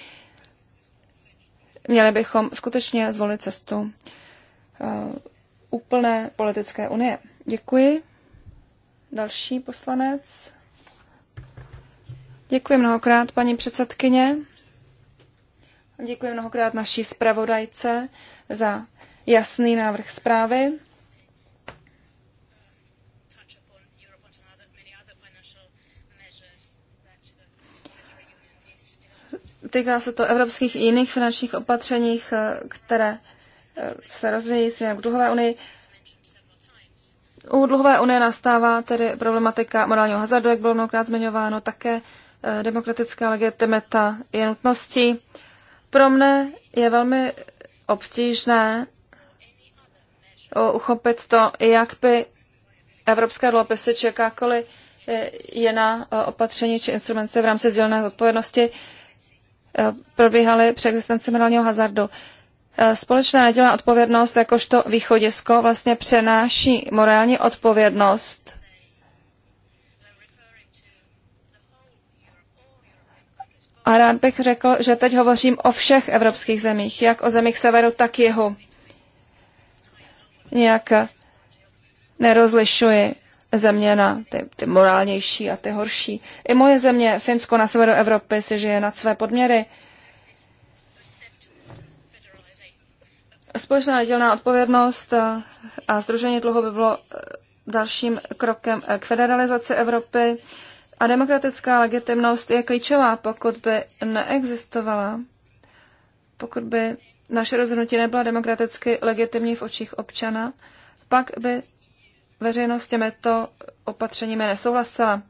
Měli bychom skutečně zvolit cestu eh, úplné politické unie. Děkuji. Další poslanec. Děkuji mnohokrát, paní předsedkyně. Děkuji mnohokrát naší zpravodajce za jasný návrh zprávy. Týká se to evropských i jiných finančních opatřeních, eh, které eh, se rozvíjí směrem k dluhové unii. U dluhové unie nastává tedy problematika morálního hazardu, jak bylo mnohokrát zmiňováno, také eh, demokratická legitimita je nutností. Pro mne je velmi obtížné uchopit to, jak by evropské dluhopisy či jakákoliv e, jiná e, opatření či instrumence v rámci sdílené odpovědnosti e, probíhaly při existenci medálního hazardu. Společná nedělá odpovědnost jakožto východisko vlastně přenáší morální odpovědnost A rád bych řekl, že teď hovořím o všech evropských zemích, jak o zemích severu, tak jihu nějak nerozlišuji země na ty, ty morálnější a ty horší. I moje země, Finsko na severu Evropy, si žije nad své podměry. Společná dělná odpovědnost a, a združení dlouho by bylo dalším krokem k federalizaci Evropy. A demokratická legitimnost je klíčová, pokud by neexistovala, pokud by naše rozhodnutí nebyla demokraticky legitimní v očích občana, pak by veřejnost těmito opatřeními nesouhlasila.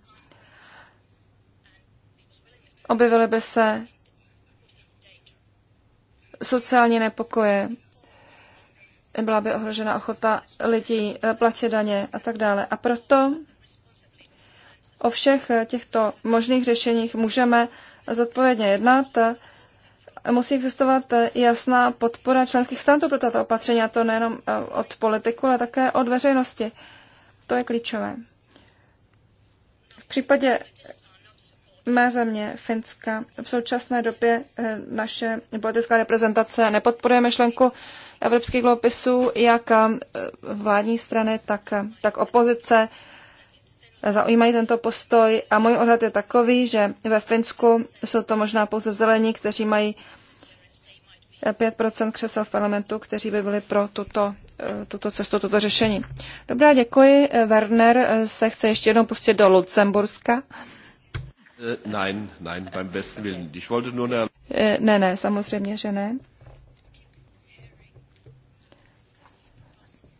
Objevily by se sociální nepokoje, byla by ohrožena ochota lidí eh, platit daně a tak dále. A proto o všech eh, těchto možných řešeních můžeme zodpovědně jednat musí existovat eh, jasná podpora členských států pro tato opatření, a to nejenom eh, od politiku, ale také od veřejnosti. To je klíčové. V případě mé země, Finska, v současné době eh, naše politická reprezentace nepodporuje myšlenku evropských dluhopisů, jak vládní strany, tak, tak opozice zaujímají tento postoj a můj odhad je takový, že ve Finsku jsou to možná pouze zelení, kteří mají 5% eh, křesel v parlamentu, kteří by byli pro tuto, eh, tuto cestu, toto řešení. Dobrá, děkuji. Eh, Werner se chce ještě jednou pustit do Lucemburska.
Nein, nein, beim besten Willen. Ich wollte nur
Ne, ne, samozřejmě, že ne.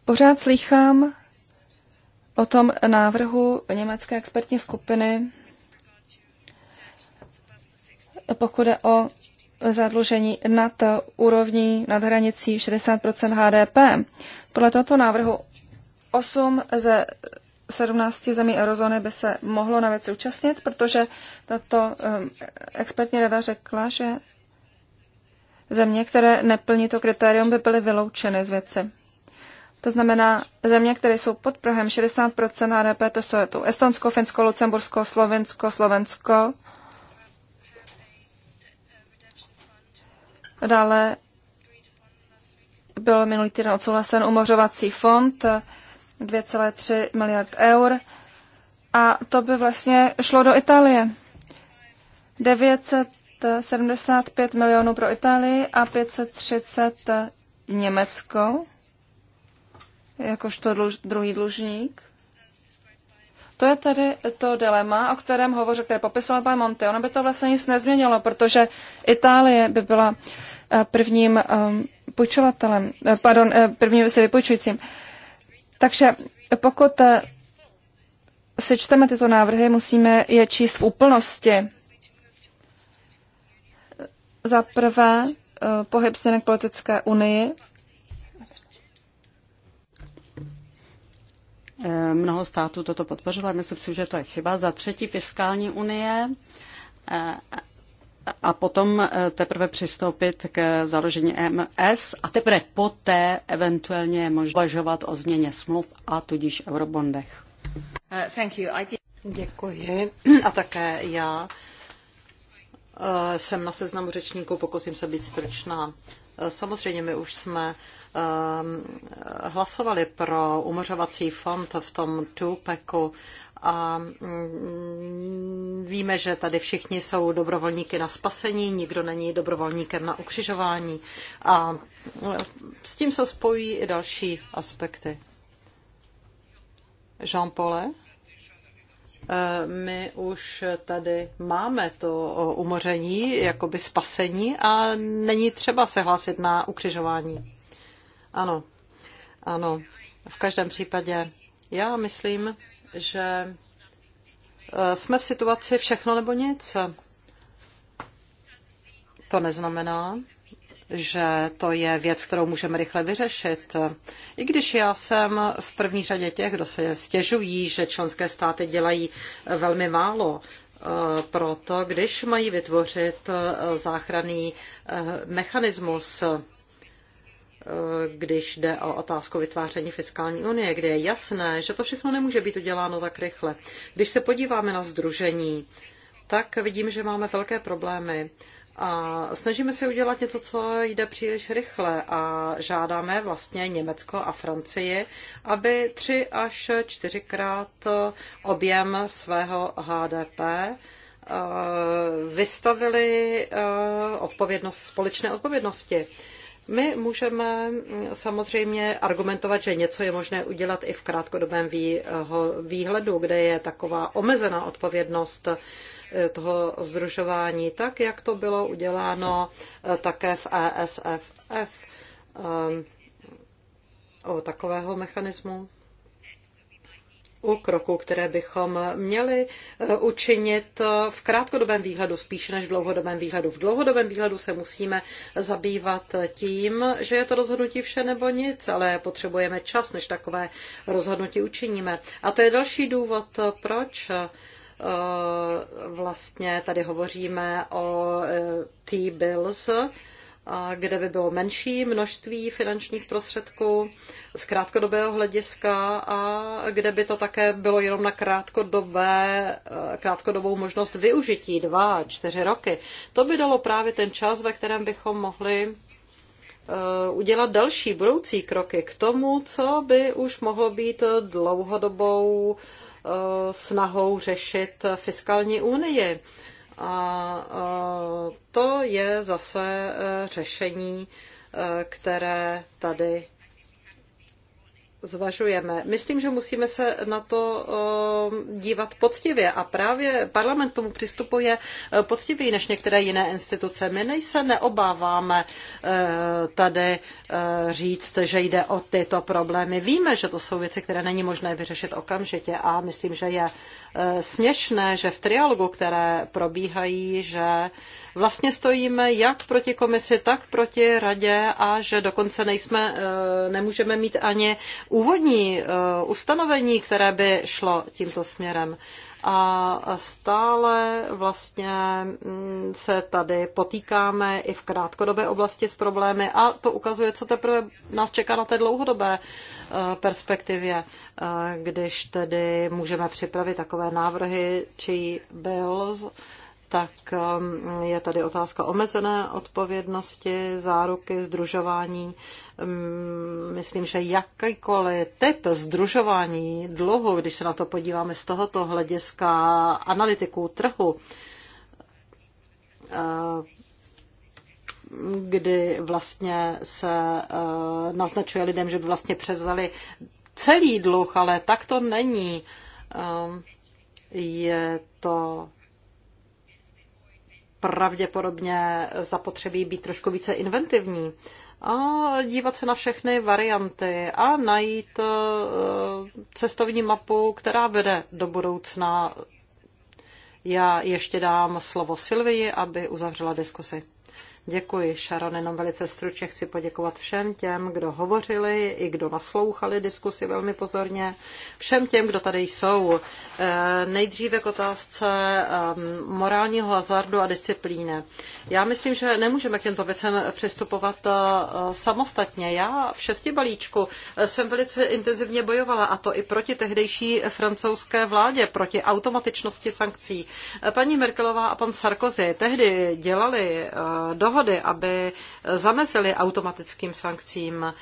Pořád slychám o tom návrhu německé expertní skupiny, pokud je o zadlužení nad úrovní, nad hranicí 60 HDP. Podle tohoto návrhu 8 ze 17 zemí eurozóny by se mohlo na věci účastnit, protože tato um, expertní rada řekla, že země, které neplní to kritérium, by byly vyloučeny z věci. To znamená, země, které jsou pod Prahem 60% HDP, to jsou tu Estonsko, Finsko, Lucembursko, Slovinsko, Slovensko. Dále byl minulý týden odsouhlasen umořovací fond 2,3 miliard eur a to by vlastně šlo do Itálie. 975 milionů pro Itálii a 530 Německou jakožto dluž, druhý dlužník. To je tedy to dilema, o kterém hovořil, které popisoval pan Monte. Ono by to vlastně nic nezměnilo, protože Itálie by byla eh, prvním ehm, půjčovatelem, eh, pardon, eh, prvním si vypůjčujícím. Takže pokud si čteme tyto návrhy, musíme je číst v úplnosti. Za prvé, pohyb k politické unii,
Eh, mnoho států toto podpořilo, ale myslím si, že to je chyba. Za třetí fiskální unie eh, a potom eh, teprve přistoupit k založení MS a teprve poté eventuálně možná uvažovat o změně smluv a tudíž eurobondech.
Uh, thank you. I Děkuji. A také
já uh, jsem na seznamu řečníků, pokusím se být stručná. Samozřejmě my už jsme Um, hlasovali pro umořovací fond v tom tupeku a mm, víme, že tady všichni jsou dobrovolníky na spasení, nikdo není dobrovolníkem na ukřižování a mm, s tím se spojí i další aspekty. Jean-Paul? Eh, my už tady máme to umoření, jakoby spasení a není třeba se hlásit na ukřižování. Ano, ano. V každém případě já myslím, že eh, jsme v situaci všechno nebo nic. To neznamená, že to je věc, kterou můžeme rychle vyřešit. I když já jsem v první řadě těch, kdo se stěžují, že členské státy dělají eh, velmi málo eh, proto, když mají vytvořit záchranný mechanismus Eh, když jde o otázku vytváření fiskální unie, kde je jasné, že to všechno nemůže být uděláno tak rychle. Když se podíváme na združení, tak vidím, že máme velké problémy. A snažíme se udělat něco, co jde příliš rychle a žádáme vlastně Německo a Francii, aby tři až čtyřikrát objem svého HDP eh, vystavili eh, odpovědnost, společné odpovědnosti. My můžeme mm, samozřejmě argumentovat, že něco je možné udělat i v krátkodobém výhledu, kde je taková omezená odpovědnost e, toho združování, tak jak to bylo uděláno e, také v ESFF e, o takového mechanismu u kroku, které bychom měli eh, učinit eh, v krátkodobém výhledu spíše než v dlouhodobém výhledu. V dlouhodobém výhledu se musíme zabývat tím, že je to rozhodnutí vše nebo nic, ale potřebujeme čas, než takové rozhodnutí učiníme. A to je další důvod, eh, proč vlastně tady hovoříme o T-bills, a kde by bylo menší množství finančních prostředků z krátkodobého hlediska a kde by to také bylo jenom na krátkodobé, eh, krátkodobou možnost využití dva, čtyři roky. To by dalo právě ten čas, ve kterém bychom mohli eh, udělat další budoucí kroky k tomu, co by už mohlo být dlouhodobou eh, snahou řešit fiskální unii. A to je zase e, řešení, e, které tady zvažujeme. Myslím, že musíme se na to dívat poctivě a právě parlament tomu přistupuje e, poctivěji než některé jiné instituce. My nejse neobáváme e, tady e, říct, že jde o tyto problémy. Víme, že to jsou věci, které není možné vyřešit okamžitě a myslím, že je směšné, že v trialogu, které probíhají, že vlastně stojíme jak proti komisi, tak proti radě a že dokonce nejsme, nemůžeme mít ani úvodní eh, ustanovení, které by šlo tímto směrem. A stále vlastně mm, se tady potýkáme i v krátkodobé oblasti s problémy a to ukazuje, co teprve nás čeká na té dlouhodobé eh, perspektivě, eh, když tedy můžeme připravit takové návrhy, či byl tak um, je tady otázka omezené odpovědnosti, záruky, združování. Um, myslím, že jakýkoliv typ združování dluhu, když se na to podíváme z tohoto hlediska analytiků trhu, uh, kdy vlastně se uh, naznačuje lidem, že by vlastně převzali celý dluh, ale tak to není. Um, je to pravděpodobně zapotřebí být trošku více inventivní a dívat se na všechny varianty a najít eh, cestovní mapu, která vede do budoucna. Já ještě dám slovo Silvii, aby uzavřela diskusi. Děkuji, Sharon, jenom velice stručně chci poděkovat všem těm, kdo hovořili, i kdo naslouchali diskusi velmi pozorně, všem těm, kdo tady jsou. Eh, nejdříve k otázce ehm, morálního hazardu a disciplíny. Já myslím, že nemůžeme k těmto věcem přistupovat eh, samostatně. Já v šesti balíčku eh, jsem velice intenzivně bojovala, a to i proti tehdejší francouzské vládě, proti automatičnosti sankcí. Paní Merkelová a pan Sarkozy tehdy dělali do dohody, aby zamezili automatickým sankcím.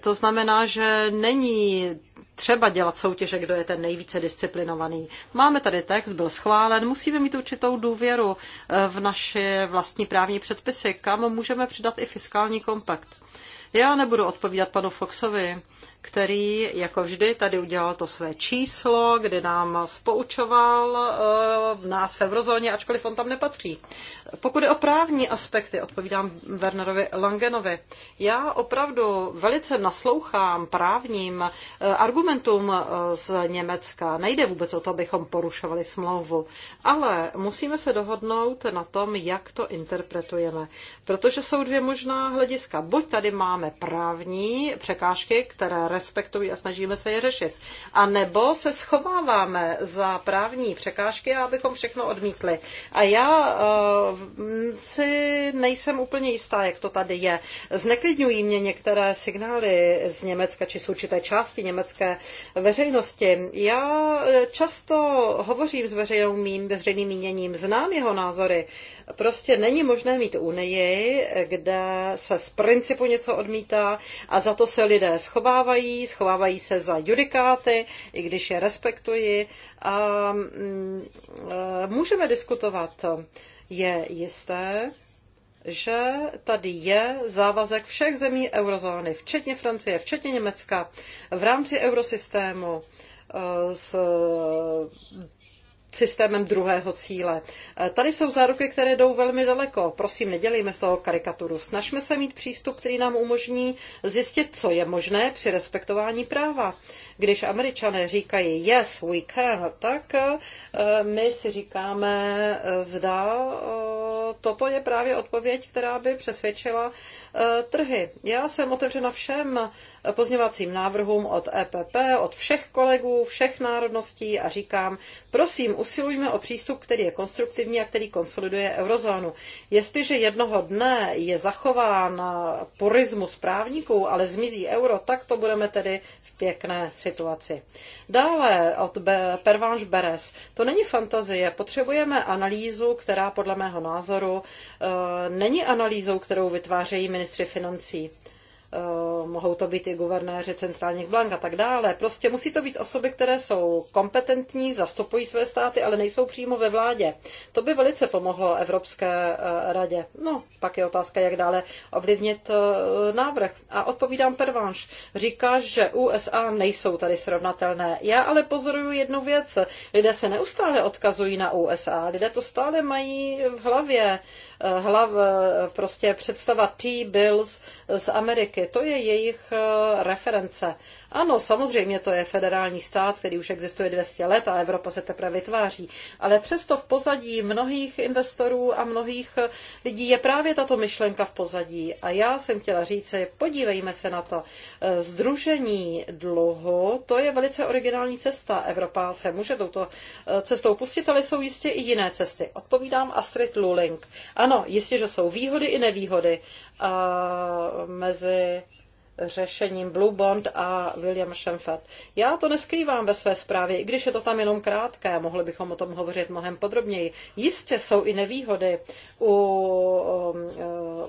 To znamená, že není třeba dělat soutěže, kdo je ten nejvíce disciplinovaný. Máme tady text, byl schválen, musíme mít určitou důvěru eh, v naše vlastní právní předpisy, kam můžeme přidat i fiskální kompakt. Já nebudu odpovídat panu Foxovi který jako vždy tady udělal to své číslo, kde nám spoučoval v eh, nás v eurozóně, ačkoliv on tam nepatří. Pokud je o právní aspekty, odpovídám Wernerovi Langenovi, já opravdu velice naslouchám právním eh, argumentům eh, z Německa. Nejde vůbec o to, abychom porušovali smlouvu, ale musíme se dohodnout na tom, jak to interpretujeme. Protože jsou dvě možná hlediska. Buď tady máme právní překážky, které respektují a snažíme se je řešit. A nebo se schováváme za právní překážky, abychom všechno odmítli. A já eh, si nejsem úplně jistá, jak to tady je. Zneklidňují mě některé signály z Německa či z určité části německé veřejnosti. Já eh, často hovořím s veřejnou mým, veřejným míněním, znám jeho názory. Prostě není možné mít unii, kde se z principu něco odmítá a za to se lidé schovávají skrývají, schovávají se za judikáty, i když je respektuji. A mm, eh, můžeme diskutovat. Je jisté, že tady je závazek všech zemí eurozóny, včetně Francie, včetně Německa, v rámci eurosystému eh, s systémem druhého cíle. E, tady jsou záruky, které jdou velmi daleko. Prosím, nedělejme z toho karikaturu. Snažme se mít přístup, který nám umožní zjistit, co je možné při respektování práva. Když američané říkají yes, we can, tak eh, my si říkáme, eh, zda eh, toto je právě odpověď, která by přesvědčila trhy. Já jsem otevřena všem pozněvacím návrhům od EPP, od všech kolegů, všech národností a říkám, prosím, usilujme o přístup, který je konstruktivní a který konsoliduje eurozónu. Jestliže jednoho dne je zachován purismus právníků, ale zmizí euro, tak to budeme tedy v pěkné situaci situaci. Dále od Pervanš Beres. To není fantazie, potřebujeme analýzu, která podle mého názoru eh, není analýzou, kterou vytvářejí ministři financí. Eh, mohou to být i guvernéři centrálních bank a tak dále. Prostě musí to být osoby, které jsou kompetentní, zastupují své státy, ale nejsou přímo ve vládě. To by velice pomohlo Evropské eh, radě. No, pak je otázka, jak dále ovlivnit eh, návrh. A odpovídám pervanš. Říká, že USA nejsou tady srovnatelné. Já ale pozoruju jednu věc. Lidé se neustále odkazují na USA. Lidé to stále mají v hlavě Eh, hlav, eh, prostě představa T-bills z Ameriky. To je jejich eh, reference. Ano, samozřejmě to je federální stát, který už existuje 200 let a Evropa se teprve vytváří, ale přesto v pozadí mnohých investorů a mnohých lidí je právě tato myšlenka v pozadí. A já jsem chtěla říci, podívejme se na to. Združení dluhu, to je velice originální cesta. Evropa se může touto eh, cestou pustit, ale jsou jistě i jiné cesty. Odpovídám Astrid Luling. Ano, jistě, že jsou výhody i nevýhody a mezi řešením Blue Bond a William Schemfeld. Já to neskrývám ve své zprávě, i když je to tam jenom krátké, mohli bychom o tom hovořit mnohem podrobněji. Jistě jsou i nevýhody u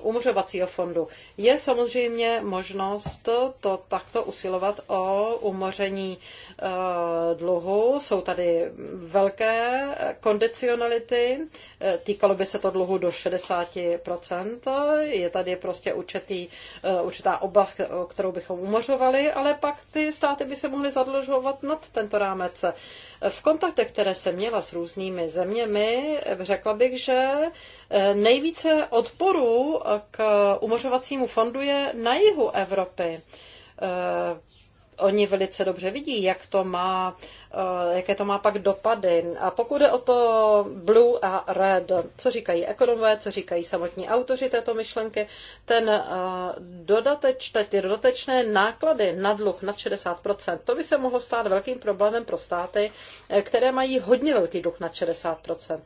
umořovacího uh, fondu. Je samozřejmě možnost to takto usilovat o umoření uh, Eh, dluhu. Jsou tady velké kondicionality, eh, týkalo by se to dluhu do 60%, je tady prostě určitý, eh, určitá oblast, kterou bychom umožovali, ale pak ty státy by se mohly zadlužovat nad tento rámec. V kontaktech, které jsem měla s různými zeměmi, řekla bych, že nejvíce odporu k umožovacímu fondu je na jihu Evropy oni velice dobře vidí, jak to má, eh, jaké to má pak dopady. A pokud je o to blue a red, co říkají ekonomové, co říkají samotní autoři této myšlenky, ten eh, dodateč, ty dodatečné náklady na dluh nad 60%, to by se mohlo stát velkým problémem pro státy, eh, které mají hodně velký dluh nad 60%.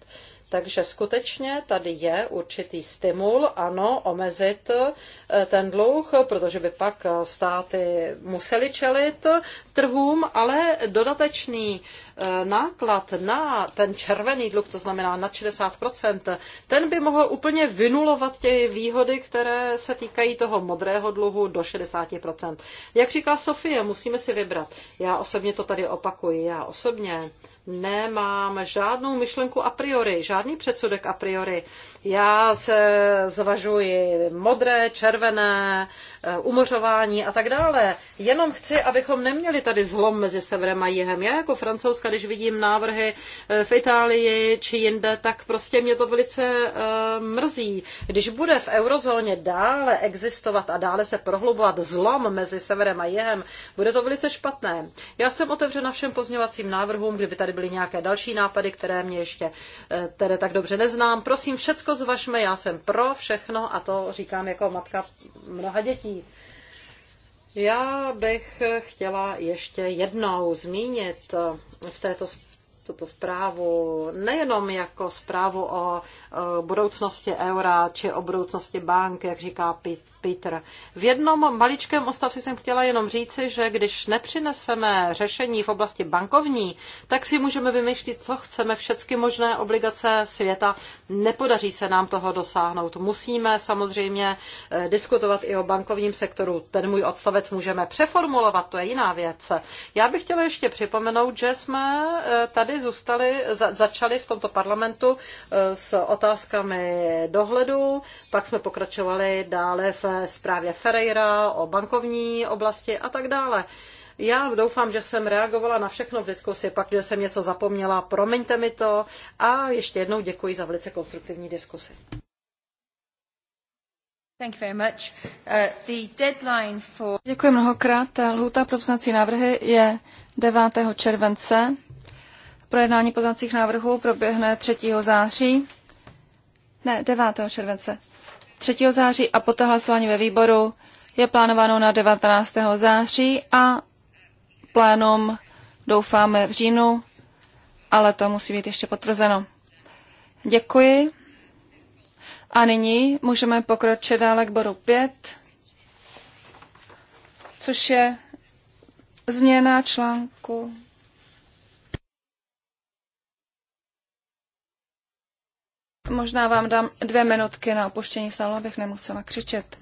Takže skutečně tady je určitý stimul, ano, omezit eh, ten dluh, protože by pak eh, státy museli čelit trhům, ale dodatečný Eh, náklad na ten červený dluh, to znamená na 60%, ten by mohl úplně vynulovat ty výhody, které se týkají toho modrého dluhu do 60%. Jak říká Sofie, musíme si vybrat. Já osobně to tady opakuji. Já osobně nemám žádnou myšlenku a priori, žádný předsudek a priori. Já se zvažuji modré, červené, eh, umořování a tak dále. Jenom chci, abychom neměli tady zlom mezi severem a jihem. Já jako francouzská Španělska, když vidím návrhy eh, v Itálii či jinde, tak prostě mě to velice eh, mrzí. Když bude v eurozóně dále existovat a dále se prohlubovat zlom mezi severem a jihem, bude to velice špatné. Já jsem otevřena všem pozměňovacím návrhům, kdyby tady byly nějaké další nápady, které mě ještě eh, tedy tak dobře neznám. Prosím, všecko zvažme, já jsem pro všechno a to říkám jako matka mnoha dětí. Já bych chtěla ještě jednou zmínit v této tuto zprávu nejenom jako zprávu o e, budoucnosti eura či o budoucnosti bank, jak říká Peter. V jednom maličkém ostavci jsem chtěla jenom říci, že když nepřineseme řešení v oblasti bankovní, tak si můžeme vymýšlet, co chceme, všechny možné obligace světa. Nepodaří se nám toho dosáhnout. Musíme samozřejmě eh, diskutovat i o bankovním sektoru. Ten můj odstavec můžeme přeformulovat, to je jiná věc. Já bych chtěla ještě připomenout, že jsme eh, tady zůstali, za, začali v tomto parlamentu eh, s otázkami dohledu, pak jsme pokračovali dále v zprávě Ferreira o bankovní oblasti a tak dále. Já doufám, že jsem reagovala na všechno v diskusi, pak, že jsem něco zapomněla, promiňte mi to a ještě jednou děkuji za velice konstruktivní diskusi.
Thank you very much. Uh,
the deadline for... Děkuji mnohokrát. Lhůta pro poznací návrhy je 9. července. Projednání poznacích návrhů proběhne 3. září. Ne, 9. července. 3. září a poté hlasování ve výboru je plánováno na 19. září a plénum doufáme v říjnu, ale to musí být ještě potvrzeno. Děkuji. A nyní můžeme pokročit dále k bodu 5, což je změna článku Možná vám dám dvě minutky na opuštění sálu, abych nemusela křičet.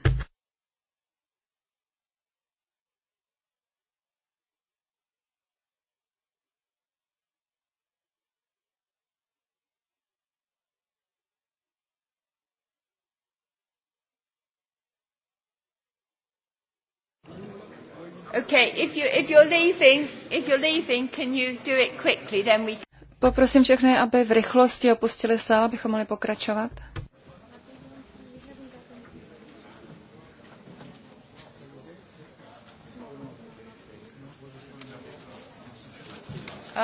Okay, if you if you're leaving, if you're leaving, can you do it quickly? Then we.
Poprosím všechny, aby v rychlosti opustili sál, abychom mohli pokračovat.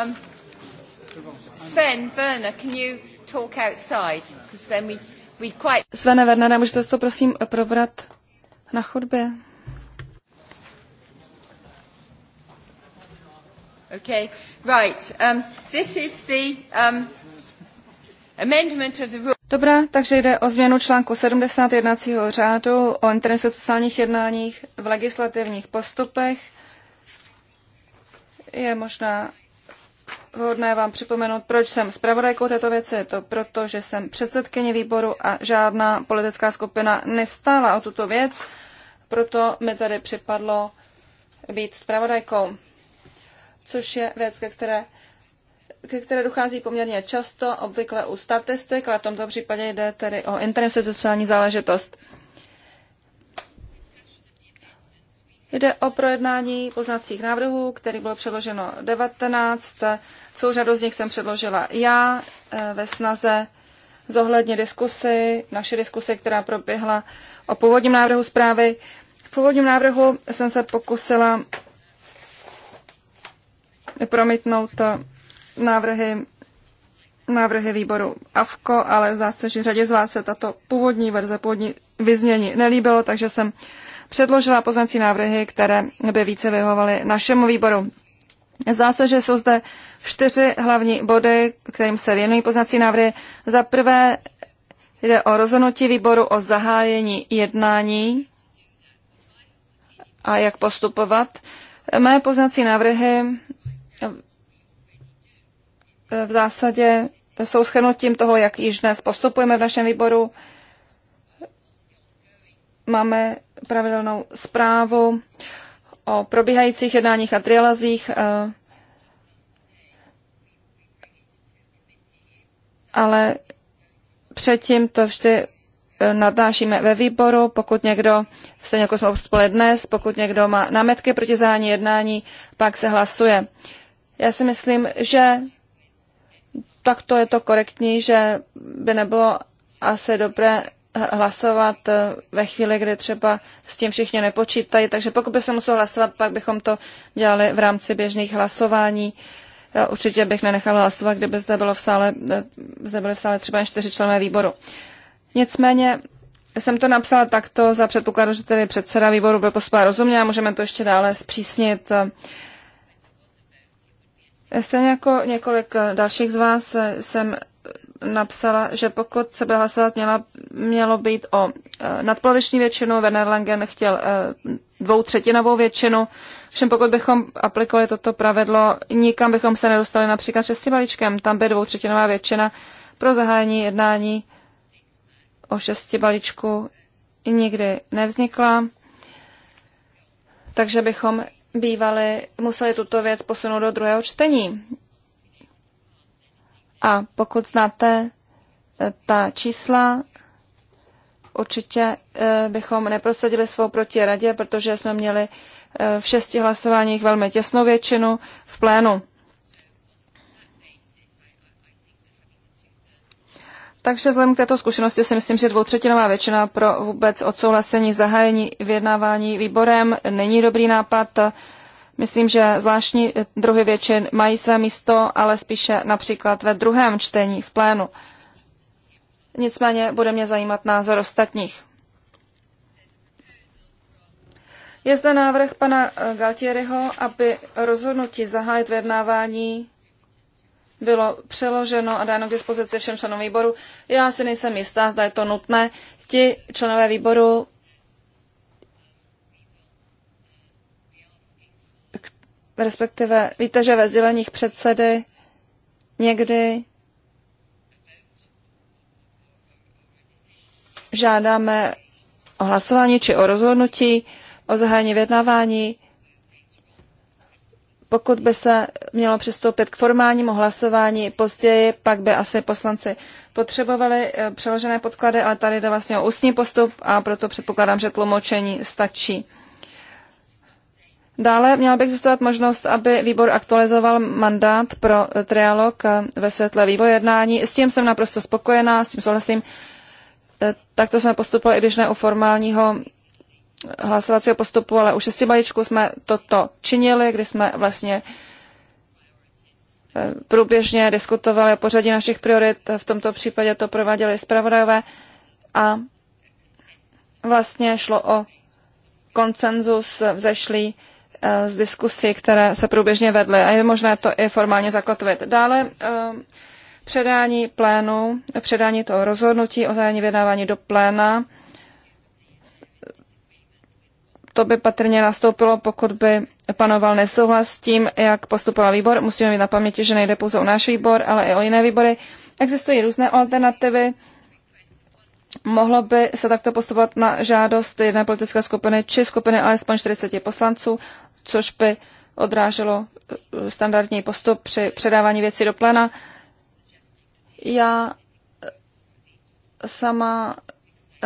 Um, Sven, Werner, can you talk outside? Because then we, we quite... Svene,
Werner, můžete to prosím probrat na chodbě?
Okay, right. Um, this is the um, amendment of the rule.
Dobrá, takže jde o změnu článku 70 jednacího řádu o sociálních jednáních v legislativních postupech. Je možná vhodné vám připomenout, proč jsem zpravodajkou této věci. Je to proto, že jsem předsedkyně výboru a žádná politická skupina nestála o tuto věc. Proto mi tady připadlo být zpravodajkou což je věc, ke které, ke které dochází poměrně často, obvykle u statistik, ale v tomto případě jde tedy o interinstitucionální záležitost. Jde o projednání poznacích návrhů, který bylo předloženo 19. Svou řadu z nich jsem předložila já eh, ve snaze zohledně diskusy, naše diskuse, která proběhla o původním návrhu zprávy. V původním návrhu jsem se pokusila promítnout návrhy, návrhy výboru AFKO, ale zase, že řadě z vás se tato původní verze, původní vyznění nelíbilo, takže jsem předložila poznací návrhy, které by více vyhovovaly našemu výboru. Zdá se, že jsou zde čtyři hlavní body, kterým se věnují poznací návrhy. Za prvé jde o rozhodnutí výboru o zahájení jednání a jak postupovat. Mé poznací návrhy v zásadě jsou schrnutím toho, jak již dnes postupujeme v našem výboru. Máme pravidelnou zprávu o probíhajících jednáních a trialazích, eh, ale předtím to vždy eh, nadnášíme ve výboru, pokud někdo, stejně jako jsme postupovali dnes, pokud někdo má námetky proti zání jednání, pak se hlasuje. Já si myslím, že takto je to korektní, že by nebylo asi dobré hlasovat ve chvíli, kdy třeba s tím všichni nepočítají. Takže pokud by se muselo hlasovat, pak bychom to dělali v rámci běžných hlasování. Já určitě bych nenechala hlasovat, kdyby zde, bylo v sále, zde byly v sále třeba jen čtyři členové výboru. Nicméně jsem to napsala takto za předpokladu, že tedy předseda výboru byl postupovat rozumně a můžeme to ještě dále zpřísnit. Stejně jako několik dalších z vás jsem napsala, že pokud se by hlasovat měla, mělo být o eh, nadpoloviční většinu, Werner Langen chtěl eh, dvou třetinovou většinu. Všem pokud bychom aplikovali toto pravidlo, nikam bychom se nedostali například šesti balíčkem. Tam by dvou třetinová většina pro zahájení jednání o šesti balíčku nikdy nevznikla. Takže bychom bývali museli tuto věc posunout do druhého čtení. A pokud znáte eh, ta čísla, určitě eh, bychom neprosadili svou proti radě, protože jsme měli eh, v šesti hlasováních velmi těsnou většinu v plénu. Takže vzhledem k této zkušenosti si myslím, že dvoutřetinová většina pro vůbec odsouhlasení zahájení vyjednávání výborem není dobrý nápad. Myslím, že zvláštní druhy většin mají své místo, ale spíše například ve druhém čtení v plénu. Nicméně bude mě zajímat názor ostatních. Je zde návrh pana Galtieriho, aby rozhodnutí zahájit vyjednávání bylo přeloženo a dáno k dispozici všem členům výboru. Já si nejsem jistá, zda je to nutné. Ti členové výboru, respektive víte, že ve sděleních předsedy někdy žádáme o hlasování či o rozhodnutí, o zahájení vyjednávání pokud by se mělo přistoupit k formálnímu hlasování později, pak by asi poslanci potřebovali eh, přeložené podklady, ale tady jde vlastně o ústní postup a proto předpokládám, že tlumočení stačí. Dále měla by existovat možnost, aby výbor aktualizoval mandát pro eh, trialog eh, ve světle vývoje jednání. S tím jsem naprosto spokojená, s tím souhlasím. Takto jsme postupovali, i když ne u formálního hlasovacího postupu, ale u šesti balíčků jsme toto činili, kdy jsme vlastně e, průběžně diskutovali o pořadí našich priorit, v tomto případě to prováděli zpravodajové a vlastně šlo o koncenzus vzešlý e, z diskusí, které se průběžně vedly a je možné to i formálně zakotvit. Dále e, předání plénu, předání toho rozhodnutí o zájemní vydávání do pléna to by patrně nastoupilo, pokud by panoval nesouhlas s tím, jak postupoval výbor. Musíme mít na paměti, že nejde pouze o náš výbor, ale i o jiné výbory. Existují různé alternativy. Mohlo by se takto postupovat na žádost jedné politické skupiny či skupiny alespoň 40 poslanců, což by odráželo eh, standardní postup při předávání věcí do plena. Já sama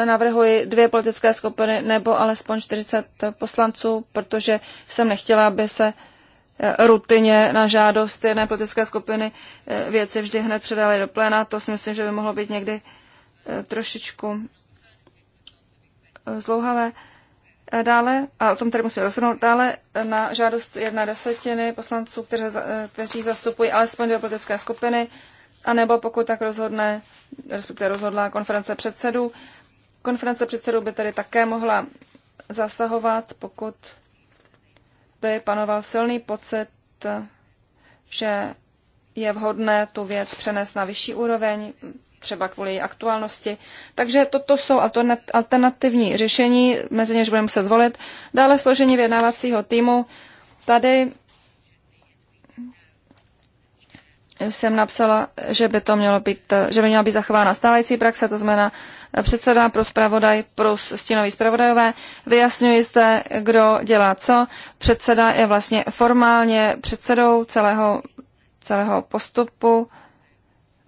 navrhuji dvě politické skupiny nebo alespoň 40 poslanců, protože jsem nechtěla, aby se eh, rutině na žádost jedné politické skupiny eh, věci vždy hned předaly do pléna. To si myslím, že by mohlo být někdy eh, trošičku zlouhavé. Dále, a o tom tady musíme rozhodnout, dále na žádost jedné desetiny poslanců, kteří, kteří zastupují alespoň dvě politické skupiny, anebo pokud tak rozhodne, respektive rozhodla konference předsedů, Konference předsedů by tedy také mohla zasahovat, pokud by panoval silný pocit, že je vhodné tu věc přenést na vyšší úroveň, třeba kvůli její aktuálnosti. Takže toto jsou alternativní řešení, mezi něž budeme muset zvolit. Dále složení vyjednávacího týmu. Tady jsem napsala, že by to mělo být, eh, že by měla být zachována stávající praxe, to znamená eh, předseda pro zpravodaj plus stínový zpravodajové. Vyjasňuji zde, kdo dělá co. Předseda je vlastně formálně předsedou celého, celého postupu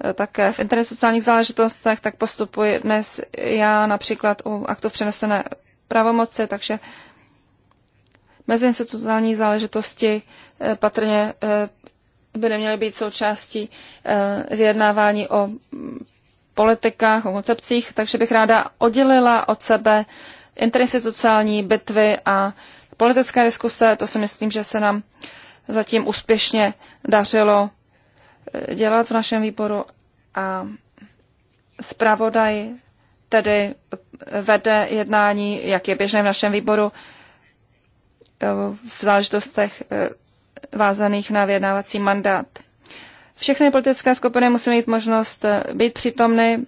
eh, také v internet sociálních záležitostech, tak postupuji dnes já například u aktu přenesené pravomoci, takže meziinstitucionální záležitosti patrně by neměly být součástí eh, vyjednávání o politikách, o koncepcích, takže bych ráda oddělila od sebe interinstitucionální bitvy a politické diskuse. To si myslím, že se nám zatím úspěšně dařilo eh, dělat v našem výboru a zpravodaj tedy vede jednání, jak je běžné v našem výboru, eh, v záležitostech vázaných na vyjednávací mandát. Všechny politické skupiny musí mít možnost eh, být přítomny,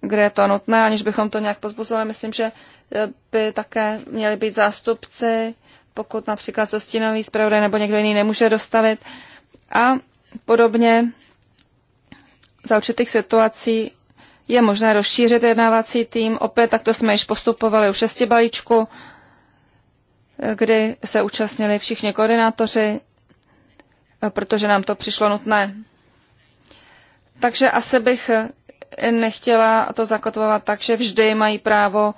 kde je to nutné, aniž bychom to nějak pozbuzovali. Myslím, že eh, by také měli být zástupci, pokud například se stínový zpravodaj nebo někdo jiný nemůže dostavit. A podobně za určitých situací je možné rozšířit jednávací tým. Opět takto jsme již postupovali u šesti balíčku kdy se účastnili všichni koordinátoři, protože nám to přišlo nutné. Takže asi bych nechtěla to zakotvovat tak, že vždy mají právo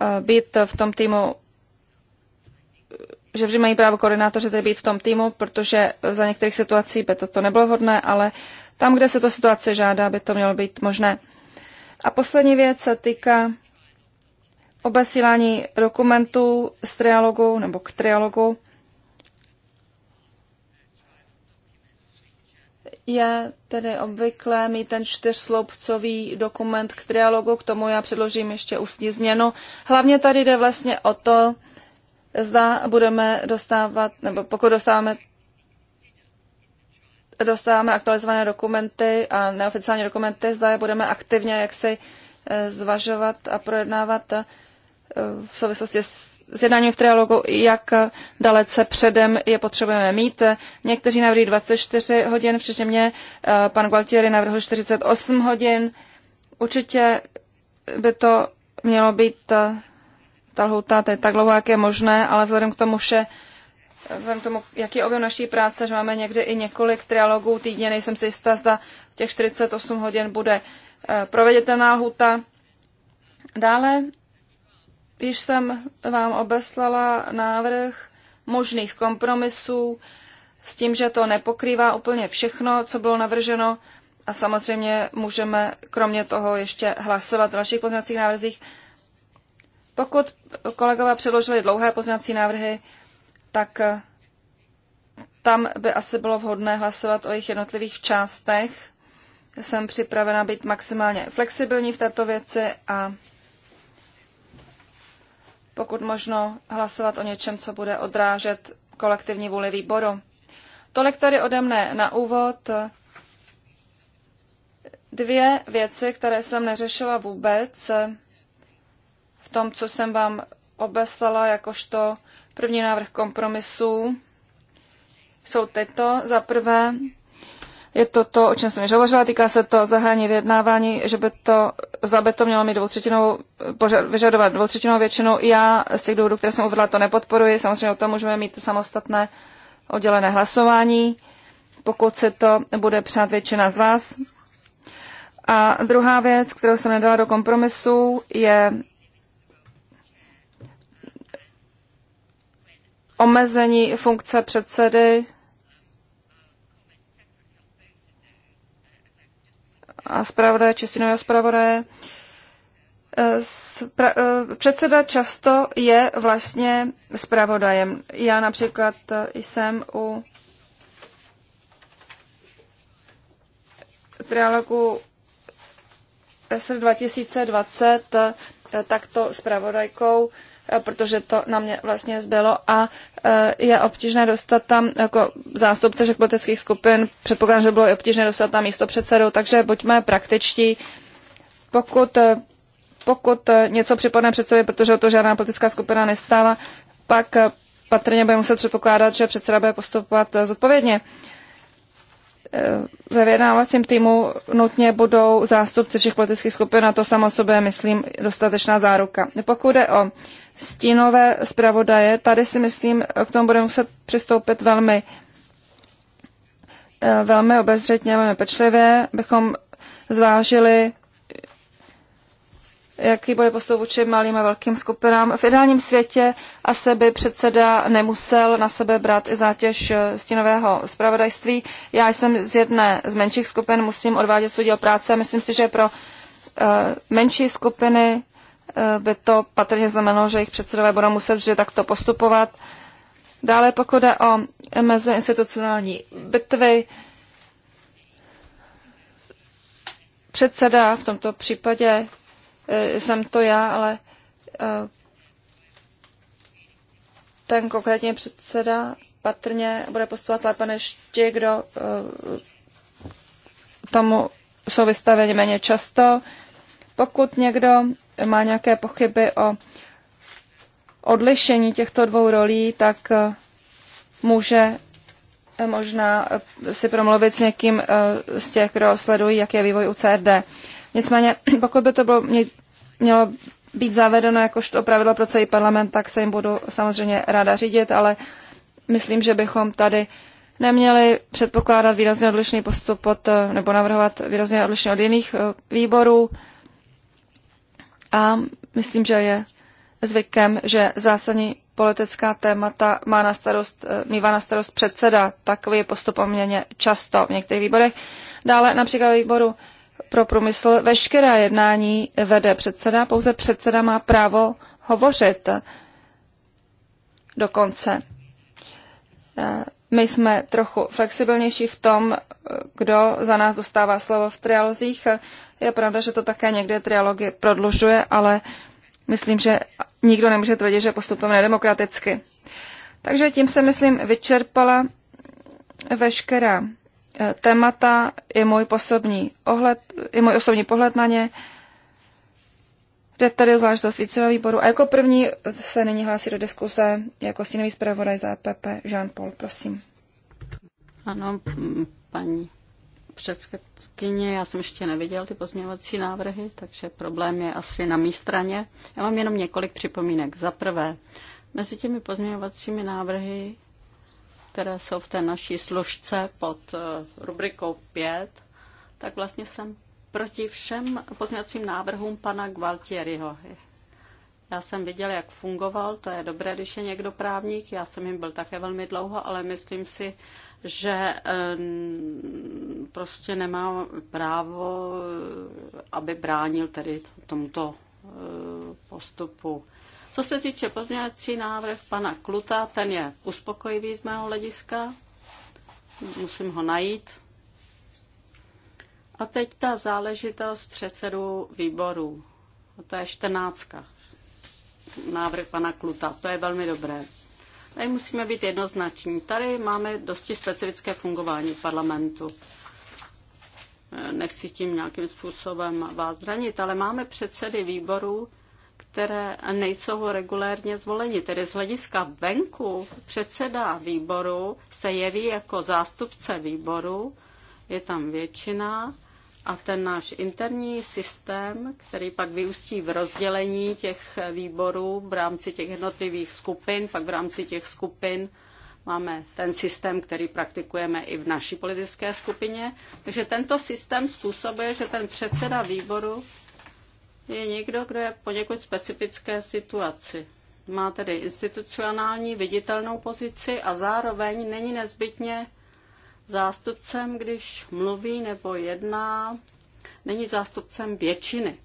eh, být v tom týmu že vždy mají právo koordinátoři tedy být v tom týmu, protože za některých situací by toto nebylo vhodné, ale tam, kde se to situace žádá, by to mělo být možné. A poslední věc se týká obesílání dokumentů s trialogu nebo k trialogu je tedy obvyklé mít ten čtyřsloupcový dokument k trialogu, k tomu já předložím ještě ústní změnu. Hlavně tady jde vlastně o to, zda budeme dostávat, nebo pokud dostáváme dostáváme aktualizované dokumenty a neoficiální dokumenty, zda je budeme aktivně jaksi eh, zvažovat a projednávat. Eh, v souvislosti s s jednáním v trialogu, jak dalece předem je potřebujeme mít. Někteří navrhují 24 hodin, včetně mě eh, pan Gualtieri navrhl 48 hodin. Určitě by to mělo být eh, ta lhouta, to je tak dlouho, jak je možné, ale vzhledem k tomu, vše, vzhledem k tomu, jaký je objem naší práce, že máme někdy i několik trialogů týdně, nejsem si jistá, zda těch 48 hodin bude proveditelná lhuta. Dále Již jsem vám obeslala návrh možných kompromisů s tím, že to nepokrývá úplně všechno, co bylo navrženo a samozřejmě můžeme kromě toho ještě hlasovat o dalších pozměňovacích návrzích. Pokud kolegové předložili dlouhé pozměňovací návrhy, tak eh, tam by asi bylo vhodné hlasovat o jejich jednotlivých částech. Jsem připravena být maximálně flexibilní v této věci a pokud možno hlasovat o něčem, co bude odrážet kolektivní vůli výboru. Tolik tady ode mne na úvod. Dvě věci, které jsem neřešila vůbec v tom, co jsem vám obeslala jakožto první návrh kompromisů, jsou tyto. Za prvé, je to to, o čem jsem již hovořila, týká se to zahájení vyjednávání, že by to, za by to mělo mít dvoutřetinou, vyžadovat dvoutřetinou většinu. Já z těch důvodů, které jsem uvedla, to nepodporuji. Samozřejmě o tom můžeme mít samostatné oddělené hlasování, pokud se to bude přát většina z vás. A druhá věc, kterou jsem nedala do kompromisu, je omezení funkce předsedy a zpravodaje, čistinové zpravodaje. E, spra- e, předseda často je vlastně zpravodajem. Já například jsem u trialogu SR 2020 e, takto zpravodajkou Eh, protože to na mě vlastně zbylo a eh, je obtížné dostat tam jako zástupce všech politických skupin. Předpokládám, že bylo i obtížné dostat tam místo předsedu, takže buďme praktičtí. Pokud, eh, pokud něco připadne předsedovi, protože o to žádná politická skupina nestála, pak patrně bude muset předpokládat, že předseda bude postupovat zodpovědně ve vyjednávacím týmu nutně budou zástupci všech politických skupin a to samo sobě, myslím, dostatečná záruka. Pokud jde o stínové zpravodaje. Tady si myslím, k tomu budeme muset přistoupit velmi, eh, velmi obezřetně, velmi pečlivě, bychom zvážili, jaký bude postup vůči malým a velkým skupinám. V ideálním světě asi by předseda nemusel na sebe brát i zátěž eh, stínového zpravodajství. Já jsem z jedné z menších skupin, musím odvádět svůj díl práce a myslím si, že pro eh, menší skupiny Eh, by to patrně znamenalo, že jejich předsedové budou muset vždy takto postupovat. Dále pokud jde o meziinstitucionální bitvy, předseda v tomto případě eh, jsem to já, ale eh, ten konkrétně předseda patrně bude postupovat lépe než ti, kdo tomu jsou vystaveni méně často. Pokud někdo má nějaké pochyby o odlišení těchto dvou rolí, tak eh, může eh, možná eh, si promluvit s někým z těch, kdo sledují, jak je vývoj u CRD. Nicméně, (clears throat) pokud by to bylo, mělo být zavedeno jakožto pravidlo pro celý parlament, tak se jim budu samozřejmě ráda řídit, ale myslím, že bychom tady neměli předpokládat výrazně odlišný postup od, nebo navrhovat výrazně odlišný od jiných výborů. A myslím, že je zvykem, že zásadní politická témata má na starost, eh, mývá na starost předseda. Takový je postup poměrně často v některých výborech. Dále například výboru pro průmysl veškerá jednání vede předseda, pouze předseda má právo hovořit dokonce. Eh, my jsme trochu flexibilnější v tom, eh, kdo za nás dostává slovo v trialozích. Je pravda, že to také někde trialogy prodlužuje, ale myslím, že nikdo nemůže tvrdit, že postupujeme nedemokraticky. Takže tím se, myslím, vyčerpala veškerá eh, témata, je můj osobní, ohled, je můj osobní pohled na ně. Jde tady o záležitost víceho výboru. A jako první se nyní hlásí do diskuse jako stínový zpravodaj za PP Jean-Paul, prosím.
Ano, paní předsedkyně, já jsem ještě neviděl ty pozměňovací návrhy, takže problém je asi na mý straně. Já mám jenom několik připomínek. Za prvé, mezi těmi pozměňovacími návrhy, které jsou v té naší složce pod eh, rubrikou 5, tak vlastně jsem proti všem pozměňovacím návrhům pana Gualtieriho. Já jsem viděl, jak fungoval, to je dobré, když je někdo právník, já jsem jim byl také velmi dlouho, ale myslím si, že eh, prostě nemá právo, eh, aby bránil tedy tomuto eh, postupu. Co se týče pozměňovací návrh pana Kluta, ten je uspokojivý z mého hlediska. Musím ho najít. A teď ta záležitost předsedů výborů. To je 14. Návrh pana Kluta. To je velmi dobré. Tady musíme být jednoznační. Tady máme dosti specifické fungování parlamentu. Nechci tím nějakým způsobem vás zranit, ale máme předsedy výborů, které nejsou regulérně zvoleni. Tedy z hlediska venku předseda výboru se jeví jako zástupce výboru, je tam většina a ten náš interní systém, který pak vyústí v rozdělení těch výborů v rámci těch jednotlivých skupin, pak v rámci těch skupin máme ten systém, který praktikujeme i v naší politické skupině. Takže tento systém způsobuje, že ten předseda výboru je někdo, kdo je poněkud specifické situaci. Má tedy institucionální viditelnou pozici a zároveň není nezbytně zástupcem, když mluví nebo jedná, není zástupcem většiny.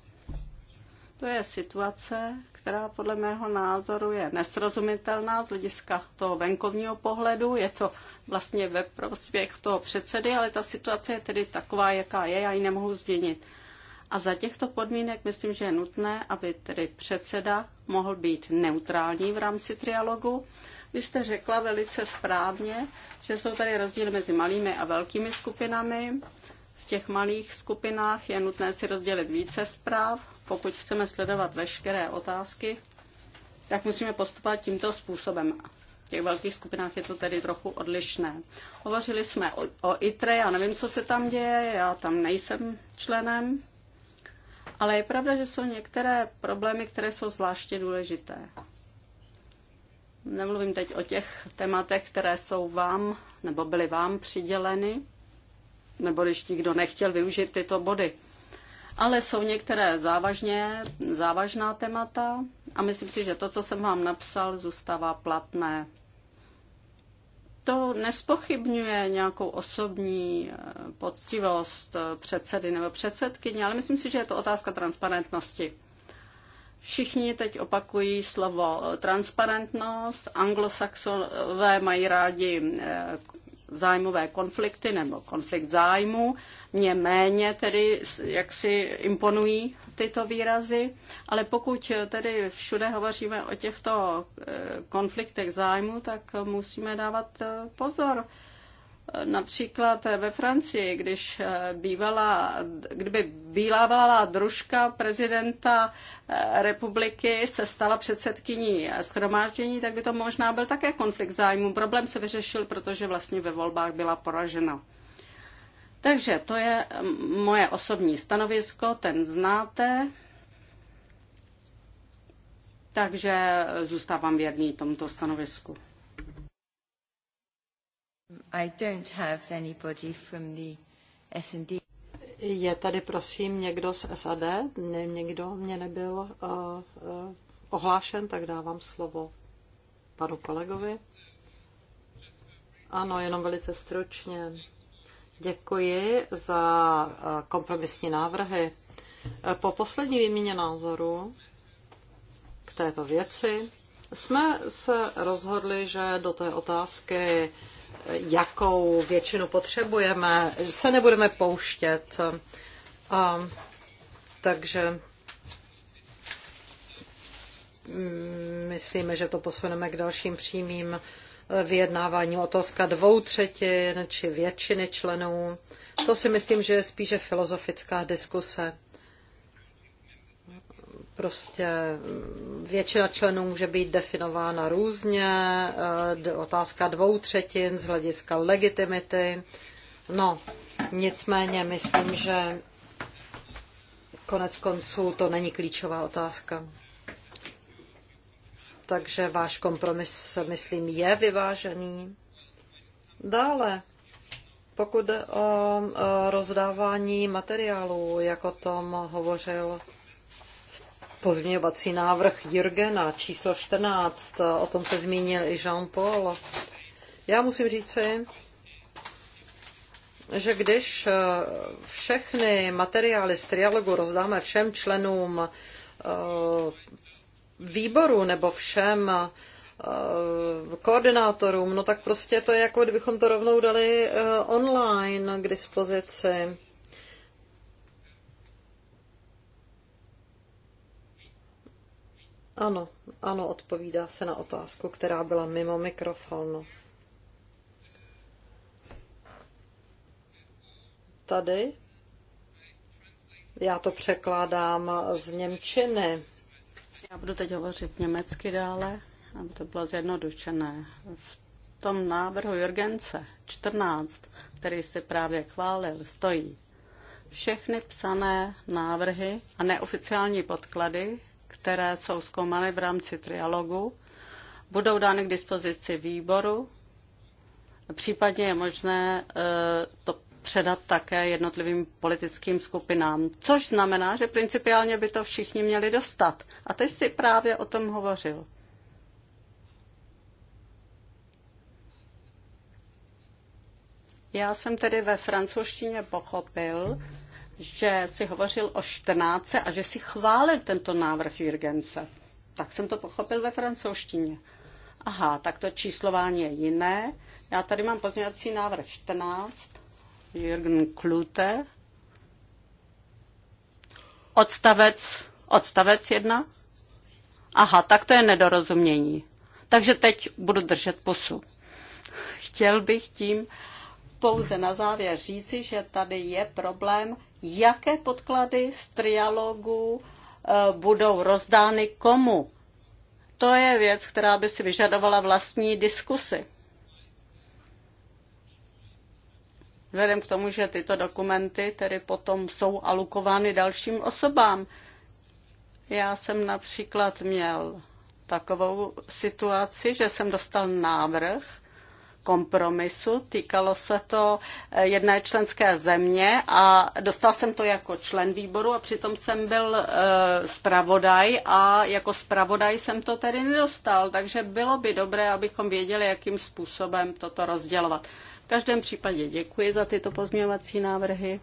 To je situace, která podle mého názoru je nesrozumitelná z hlediska toho venkovního pohledu. Je to vlastně ve prospěch toho předsedy, ale ta situace je tedy taková, jaká je, já ji nemohu změnit. A za těchto podmínek myslím, že je nutné, aby tedy předseda mohl být neutrální v rámci trialogu vy jste řekla velice správně, že jsou tady rozdíly mezi malými a velkými skupinami. V těch malých skupinách je nutné si rozdělit více zpráv. Pokud chceme sledovat veškeré otázky, tak musíme postupovat tímto způsobem. V těch velkých skupinách je to tedy trochu odlišné. Hovořili jsme o, o ITRE, já nevím, co se tam děje, já tam nejsem členem, ale je pravda, že jsou některé problémy, které jsou zvláště důležité. Nemluvím teď o těch tématech, které jsou vám nebo byly vám přiděleny, nebo když nikdo nechtěl využít tyto body. Ale jsou některé závažně, závažná témata a myslím si, že to, co jsem vám napsal, zůstává platné. To nespochybňuje nějakou osobní eh, poctivost eh, předsedy nebo předsedkyně, ale myslím si, že je to otázka transparentnosti. Všichni teď opakují slovo transparentnost, anglosaxové mají rádi eh, zájmové konflikty nebo konflikt zájmu. Mně méně tedy, jak si imponují tyto výrazy, ale pokud tedy všude hovoříme o těchto eh, konfliktech zájmu, tak musíme dávat eh, pozor. Například ve Francii, když eh, bývala, kdyby bývalá družka prezidenta eh, republiky se stala předsedkyní schromáždění, tak by to možná byl také konflikt zájmu. Problém se vyřešil, protože vlastně ve volbách byla poražena. Takže to je mm, moje osobní stanovisko, ten znáte. Takže zůstávám věrný tomuto stanovisku.
Je tady prosím někdo
z SAD? Ne, někdo mě nebyl uh, uh, ohlášen, tak dávám slovo panu kolegovi. Ano, jenom velice stručně. Děkuji za eh, kompromisní návrhy. Po poslední výměně názoru k této věci jsme se rozhodli, že do té otázky jakou většinu potřebujeme, se nebudeme pouštět. A, takže mm, myslíme, že to posuneme k dalším přímým eh, vyjednáváním otázka dvou třetin či většiny členů. To si myslím, že je spíše filozofická diskuse. Prostě mm, většina členů může být definována různě, eh, otázka dvou třetin z hlediska legitimity. No, nicméně myslím, že konec konců to není klíčová otázka. Takže váš kompromis, myslím, je vyvážený. Dále, pokud o eh, rozdávání materiálu jak o tom hovořil pozměňovací návrh Jurgena číslo 14, o tom se zmínil i Jean-Paul. Já musím říci, že když eh, všechny materiály z trialogu rozdáme všem členům eh, výboru nebo všem eh, koordinátorům, no tak prostě to je jako kdybychom to rovnou dali online k dispozici. Ano, ano, odpovídá se na otázku, která byla mimo mikrofon. Tady já to
překládám z Němčiny. Já budu teď hovořit německy dále, aby to bylo zjednodušené. V tom návrhu Jurgence 14, který si právě chválil, stojí všechny psané návrhy a neoficiální podklady které jsou zkoumány v rámci trialogu, budou dány k dispozici výboru. Případně je možné e, to předat také jednotlivým politickým skupinám, což znamená, že principiálně by to všichni měli dostat. A teď si právě o tom hovořil. Já jsem tedy ve francouzštině pochopil, že si hovořil o 14 a že si chválil tento návrh Jürgense. Tak jsem to pochopil ve francouzštině. Aha, tak to číslování je jiné. Já tady mám pozměňovací návrh 14, Jürgen Klute, odstavec, odstavec 1. Aha, tak to je nedorozumění. Takže teď budu držet pusu. Chtěl bych tím pouze na závěr říci, že tady je problém jaké podklady z trialogu eh, budou rozdány komu. To je věc, která by si vyžadovala vlastní diskusy. Vzhledem k tomu, že tyto dokumenty tedy potom jsou alukovány dalším osobám. Já jsem například měl takovou situaci, že jsem dostal návrh kompromisu. Týkalo se to eh, jedné členské země a dostal jsem to jako člen výboru a přitom jsem byl eh, zpravodaj a jako zpravodaj jsem to tedy nedostal, takže bylo by dobré, abychom věděli, jakým způsobem toto rozdělovat. V každém případě děkuji za tyto pozměňovací návrhy.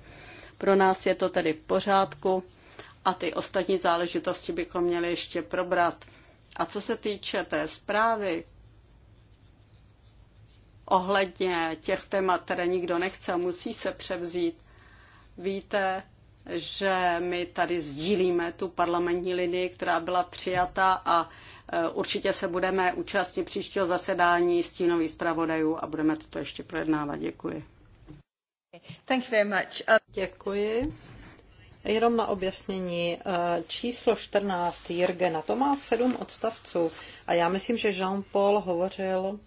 Pro nás je to tedy v pořádku a ty ostatní záležitosti bychom měli ještě probrat. A co se týče té zprávy, ohledně těch témat, které nikdo nechce a musí se převzít. Víte, že my tady sdílíme tu parlamentní linii, která byla přijata a e, určitě se budeme účastnit příštího zasedání stínových zpravodajů a budeme toto ještě projednávat. Děkuji.
Thank you very much. Uh, Děkuji. Jenom na objasnění. E, číslo 14 Jirgena, to má sedm odstavců a já myslím, že Jean-Paul hovořil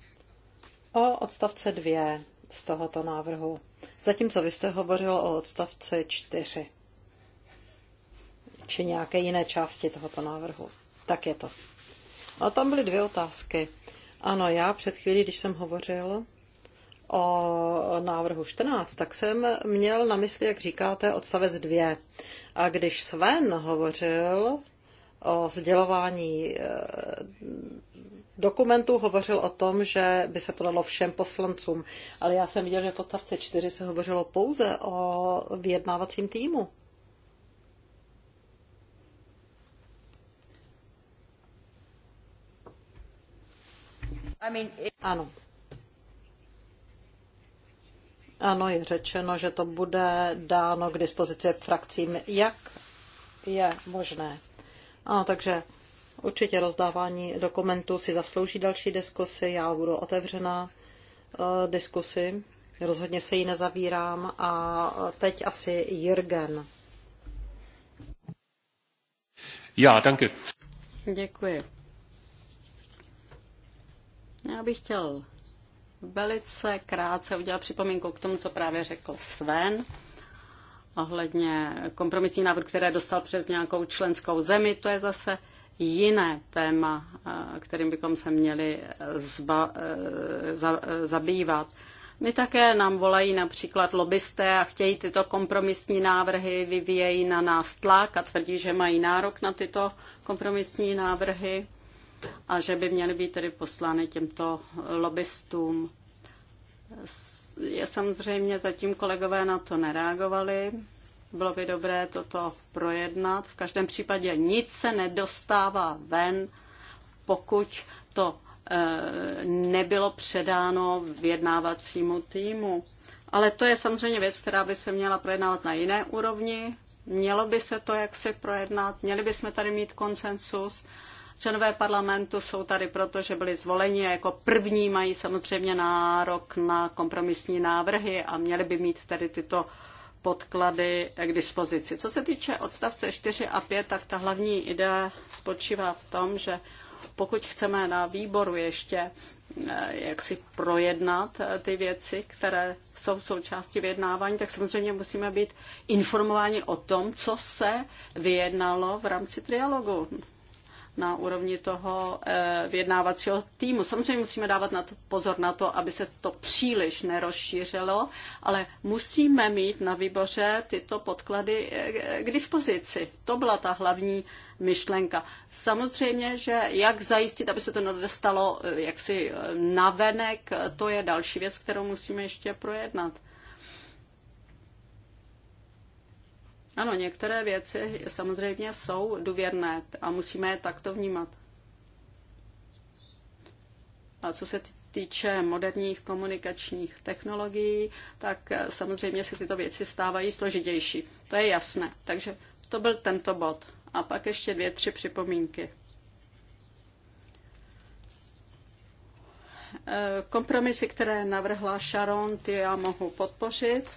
o odstavce 2 z tohoto návrhu, zatímco vy jste hovořil o odstavci 4 či nějaké jiné části tohoto návrhu. Tak je to. A tam byly dvě otázky. Ano, já před chvílí, když jsem hovořil o návrhu 14, tak jsem měl na mysli, jak říkáte, odstavec 2. A když Sven hovořil o sdělování eh, dokumentu hovořil o tom, že by se to dalo všem poslancům, ale já jsem viděl, že v odstavce 4 se hovořilo pouze o vyjednávacím týmu. Ano. Ano, je řečeno, že to bude dáno k dispozici frakcím, jak je možné. Ano, takže Určitě rozdávání dokumentů si zaslouží další diskusy, já budu otevřená eh, diskusy, rozhodně se ji nezavírám a teď asi Jürgen.
Já, danke.
Děkuji. Já bych chtěl velice krátce udělat připomínku k tomu, co právě řekl Sven ohledně kompromisní návrh, které dostal přes nějakou členskou zemi. To je zase uh, jiné téma, eh, kterým bychom se měli zba, eh, za, eh, zabývat. My také nám volají například lobbysté a chtějí tyto kompromisní návrhy, vyvíjejí na nás tlak a tvrdí, že mají nárok na tyto kompromisní návrhy a že by měly být tedy poslány těmto lobbystům. Je samozřejmě zatím kolegové na to nereagovali, bylo by dobré toto projednat. V každém případě nic se nedostává ven, pokud to eh, nebylo předáno vyjednávacímu týmu. Ale to je samozřejmě věc, která by se měla projednávat na jiné úrovni. Mělo by se to jaksi projednat, měli bychom tady mít konsensus. Členové parlamentu jsou tady proto, že byli zvoleni a jako první mají samozřejmě nárok na kompromisní návrhy a měli by mít tady tyto podklady k dispozici. Co se týče odstavce 4 a 5, tak ta hlavní idea spočívá v tom, že pokud chceme na výboru ještě eh, jak si projednat eh, ty věci, které jsou součástí vyjednávání, tak samozřejmě musíme být informováni o tom, co se vyjednalo v rámci trialogu na úrovni toho eh, vyjednávacího týmu. Samozřejmě musíme dávat na to pozor na to, aby se to příliš nerozšířilo, ale musíme mít na výboře tyto podklady eh, k dispozici. To byla ta hlavní myšlenka. Samozřejmě, že jak zajistit, aby se to nedostalo eh, jaksi navenek, to je další věc, kterou musíme ještě projednat. Ano, některé věci samozřejmě jsou důvěrné a musíme je takto vnímat. A co se týče moderních komunikačních technologií, tak eh, samozřejmě se tyto věci stávají složitější. To je jasné. Takže to byl tento bod. A pak ještě dvě, tři připomínky. Eh, kompromisy, které navrhla Sharon, ty já mohu podpořit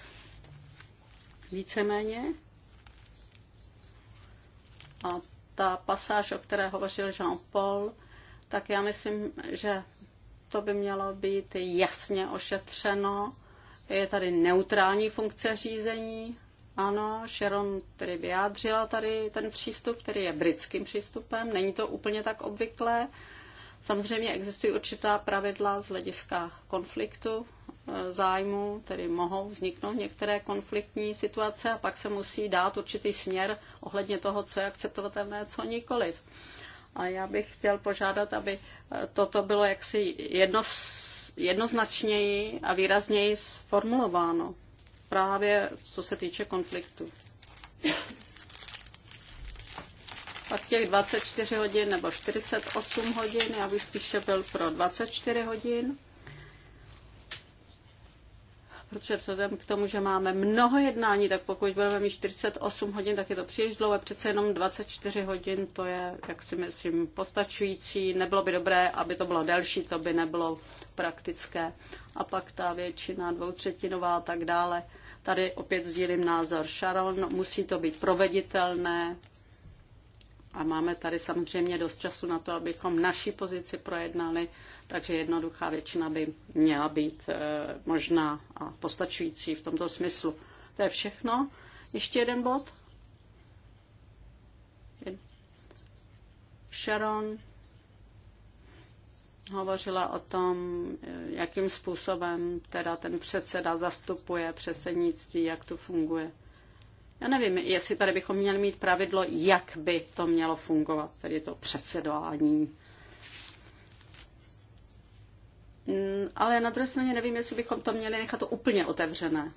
víceméně. A ta pasáž, o které hovořil Jean-Paul, tak já myslím, že to by mělo být jasně ošetřeno. Je tady neutrální funkce řízení. Ano, Sharon tedy vyjádřila tady ten přístup, který je britským přístupem. Není to úplně tak obvyklé. Samozřejmě existují určitá pravidla z hlediska konfliktu zájmu, tedy mohou vzniknout některé konfliktní situace a pak se musí dát určitý směr ohledně toho, co je akceptovatelné, co nikoliv. A já bych chtěl požádat, aby eh, toto bylo jaksi jedno, jednoznačněji a výrazněji sformulováno, právě co se týče konfliktu. Pak těch 24 hodin nebo 48 hodin, já bych spíše byl pro 24 hodin protože vzhledem k tomu, že máme mnoho jednání, tak pokud budeme mít 48 hodin, tak je to příliš dlouhé, přece jenom 24 hodin, to je, jak si myslím, postačující. Nebylo by dobré, aby to bylo delší, to by nebylo praktické. A pak ta většina dvoutřetinová a tak dále. Tady opět sdílím názor Sharon, musí to být proveditelné, a máme tady samozřejmě dost času na to, abychom naši pozici projednali, takže jednoduchá většina by měla být eh, možná a postačující v tomto smyslu. To je všechno. Ještě jeden bod. Sharon hovořila o tom, eh, jakým způsobem teda ten předseda zastupuje předsednictví, jak to funguje. Já nevím, jestli tady bychom měli mít pravidlo, jak by to mělo fungovat, tedy to předsedování. Mm, ale na druhé straně nevím, jestli bychom to měli nechat to úplně otevřené.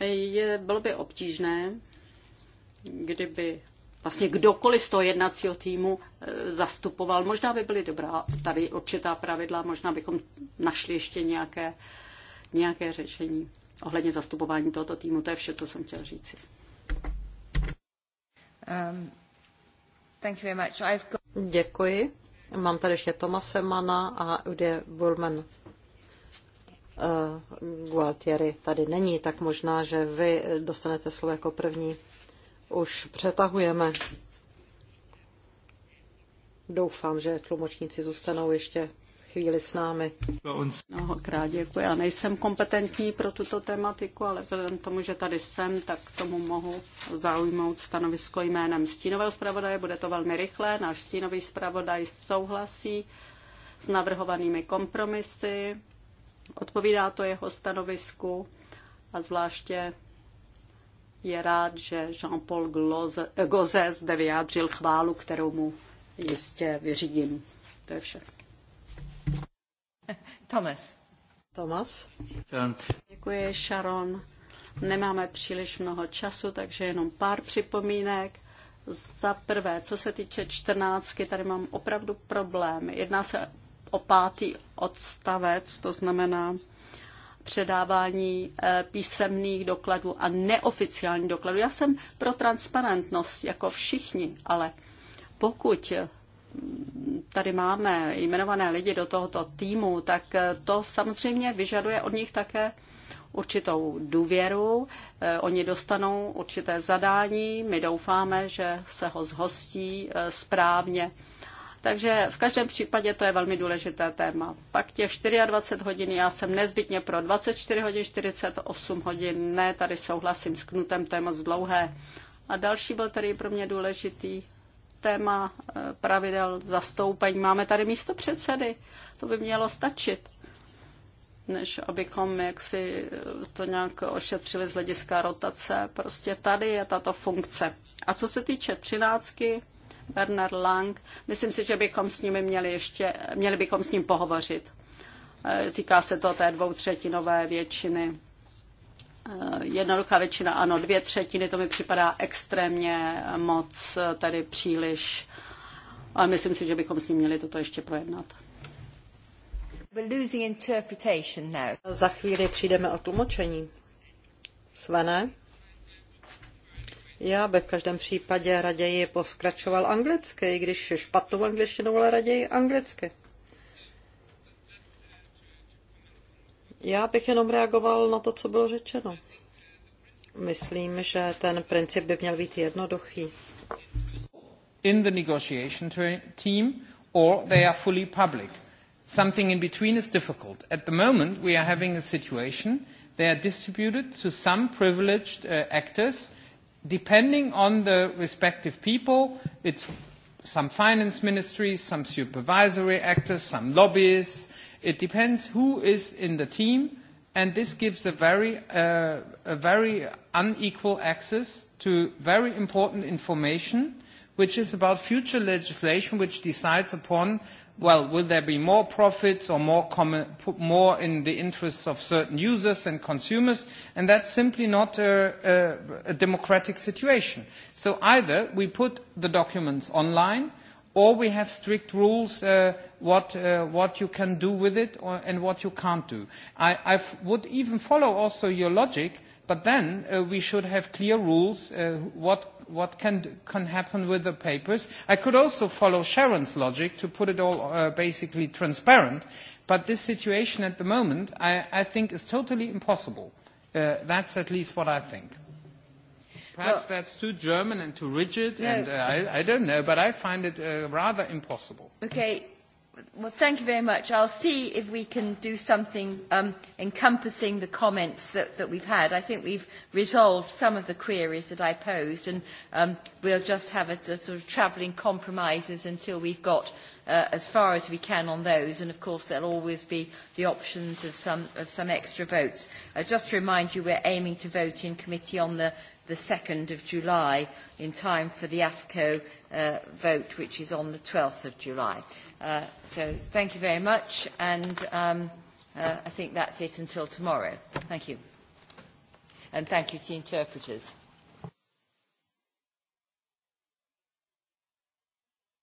Je, bylo by obtížné, kdyby vlastně kdokoliv z toho jednacího týmu eh, zastupoval. Možná by byly dobrá tady určitá pravidla, možná bychom našli ještě nějaké, nějaké řešení ohledně zastupování tohoto týmu. To je vše, co jsem chtěl říci.
Um, thank you very much. I've got... Děkuji. Mám tady ještě Tomase Mana a Ude Bulman. Uh, eh, Gualtieri tady není, tak možná, že vy dostanete slovo jako první už přetahujeme. Doufám, že tlumočníci zůstanou
ještě chvíli s námi. Mnohokrát děkuji. Já nejsem kompetentní pro tuto tematiku, ale vzhledem k tomu, že tady jsem, tak tomu mohu zaujmout stanovisko jménem stínového zpravodaje. Bude to velmi rychlé. Náš stínový zpravodaj souhlasí s navrhovanými kompromisy. Odpovídá to jeho stanovisku a zvláště je rád, že Jean-Paul Goze zde vyjádřil chválu, kterou mu jistě vyřídím. To je vše. Thomas. Thomas. Děkuji, Sharon. Nemáme příliš mnoho času, takže jenom pár připomínek. Za prvé, co se týče čtrnáctky, tady mám opravdu problém. Jedná se o pátý odstavec, to znamená předávání eh, písemných dokladů a neoficiálních dokladů. Já jsem pro transparentnost, jako všichni, ale pokud eh, tady máme jmenované lidi do tohoto týmu, tak eh, to samozřejmě vyžaduje od nich také určitou důvěru. Oni dostanou určité zadání, my doufáme, že se ho zhostí správně. Takže v každém případě to je velmi důležité téma. Pak těch 24 hodin, já jsem nezbytně pro 24 hodin, 48 hodin, ne, tady souhlasím s knutem, to je moc dlouhé. A další byl tady pro mě důležitý téma eh, pravidel zastoupení. Máme tady místo předsedy, to by mělo stačit než abychom jaksi eh, to nějak ošetřili z hlediska rotace. Prostě tady je tato funkce. A co se týče třináctky, Bernard Lang. Myslím si, že bychom s nimi měli ještě, měli bychom s ním pohovořit. E, týká se to té dvoutřetinové většiny. E, jednoduchá většina, ano, dvě třetiny, to mi připadá extrémně moc, e, tedy příliš. Ale myslím si, že bychom s ním měli toto ještě projednat.
Za chvíli přijdeme o tlumočení.
Svené? Já bych v každém případě raději poskračoval anglicky, i když špatnou angličtinou, ale raději anglicky. Já bych jenom reagoval na to, co bylo řečeno. Myslím, že ten princip by měl být jednoduchý.
In the negotiation team or they are fully public. Something in between is difficult. At the moment we are having a situation they are distributed to some privileged uh, actors depending on the respective people, it's some finance ministries, some supervisory actors, some lobbyists. It depends who is in the team, and this gives a very, uh, a very unequal access to very important information, which is about future legislation which decides upon well, will there be more profits or more, common, more in the interests of certain users and consumers? And that's simply not a, a, a democratic situation. So either we put the documents online or we have strict rules uh, what, uh, what you can do with it or, and what you can't do. I I've, would even follow also your logic But then uh, we should have clear rules uh, what, what can, can happen with the papers. I could also follow Sharon's logic to put it all uh, basically transparent, but this situation at the moment I, I think is totally impossible. Uh, that's at least what I think. Perhaps well, that's too German and too rigid, no. and uh, I, I don't know, but I find it uh, rather impossible.
Okay, Well, thank you very much. I'll see if we can do something um, encompassing the comments that, that we've had. I think we've resolved some of the queries that I posed, and um, we'll just have a, a sort of travelling compromises until we've got Uh, as far as we can on those. And of course, there will always be the options of some, of some extra votes. Uh, just to remind you, we're aiming to vote in committee on the, the 2nd of July in time for the AFCO uh, vote, which is on the 12th of July. Uh, so thank you very much. And um, uh, I think that's it until tomorrow. Thank you. And thank you to interpreters.